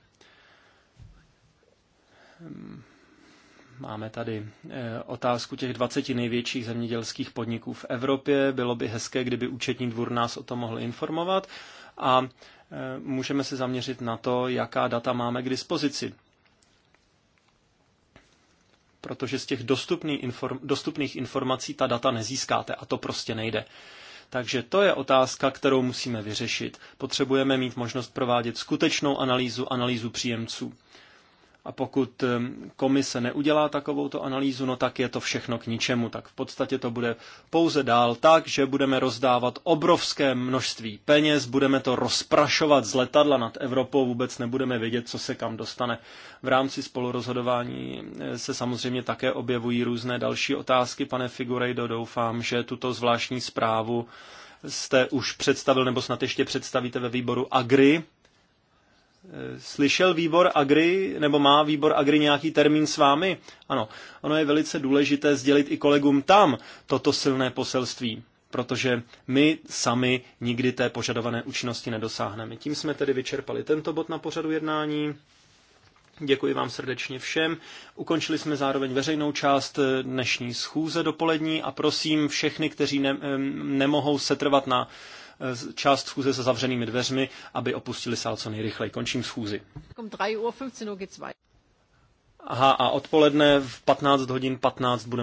Máme tady eh, otázku těch 20 největších zemědělských podniků v Evropě. Bylo by hezké, kdyby účetní dvůr nás o tom mohl informovat a eh, můžeme se zaměřit na to, jaká data máme k dispozici protože z těch dostupných, inform, dostupných informací ta data nezískáte a to prostě nejde. Takže to je otázka, kterou musíme vyřešit. Potřebujeme mít možnost provádět skutečnou analýzu, analýzu příjemců. A pokud komise neudělá takovouto analýzu, no tak je to všechno k ničemu. Tak v podstatě to bude pouze dál tak, že budeme rozdávat obrovské množství peněz, budeme to rozprašovat z letadla nad Evropou, vůbec nebudeme vědět, co se kam dostane. V rámci spolurozhodování e, se samozřejmě také objevují různé další otázky. Pane Figurejdo, doufám, že tuto zvláštní zprávu jste už představil, nebo snad ještě představíte ve výboru Agri, Eh, slyšel výbor Agri, nebo má výbor Agri nějaký termín s vámi? Ano, ono je velice důležité sdělit i kolegům tam toto silné poselství, protože my sami nikdy té požadované účinnosti nedosáhneme. Tím jsme tedy vyčerpali tento bod na pořadu jednání. Děkuji vám srdečně všem. Ukončili jsme zároveň veřejnou část eh, dnešní schůze dopolední a prosím všechny, kteří ne, eh, nemohou setrvat na Eh, část schůze se zavřenými dveřmi, aby opustili sál co nejrychleji. Končím schůzi. Aha, a odpoledne v 15 hodin 15 budeme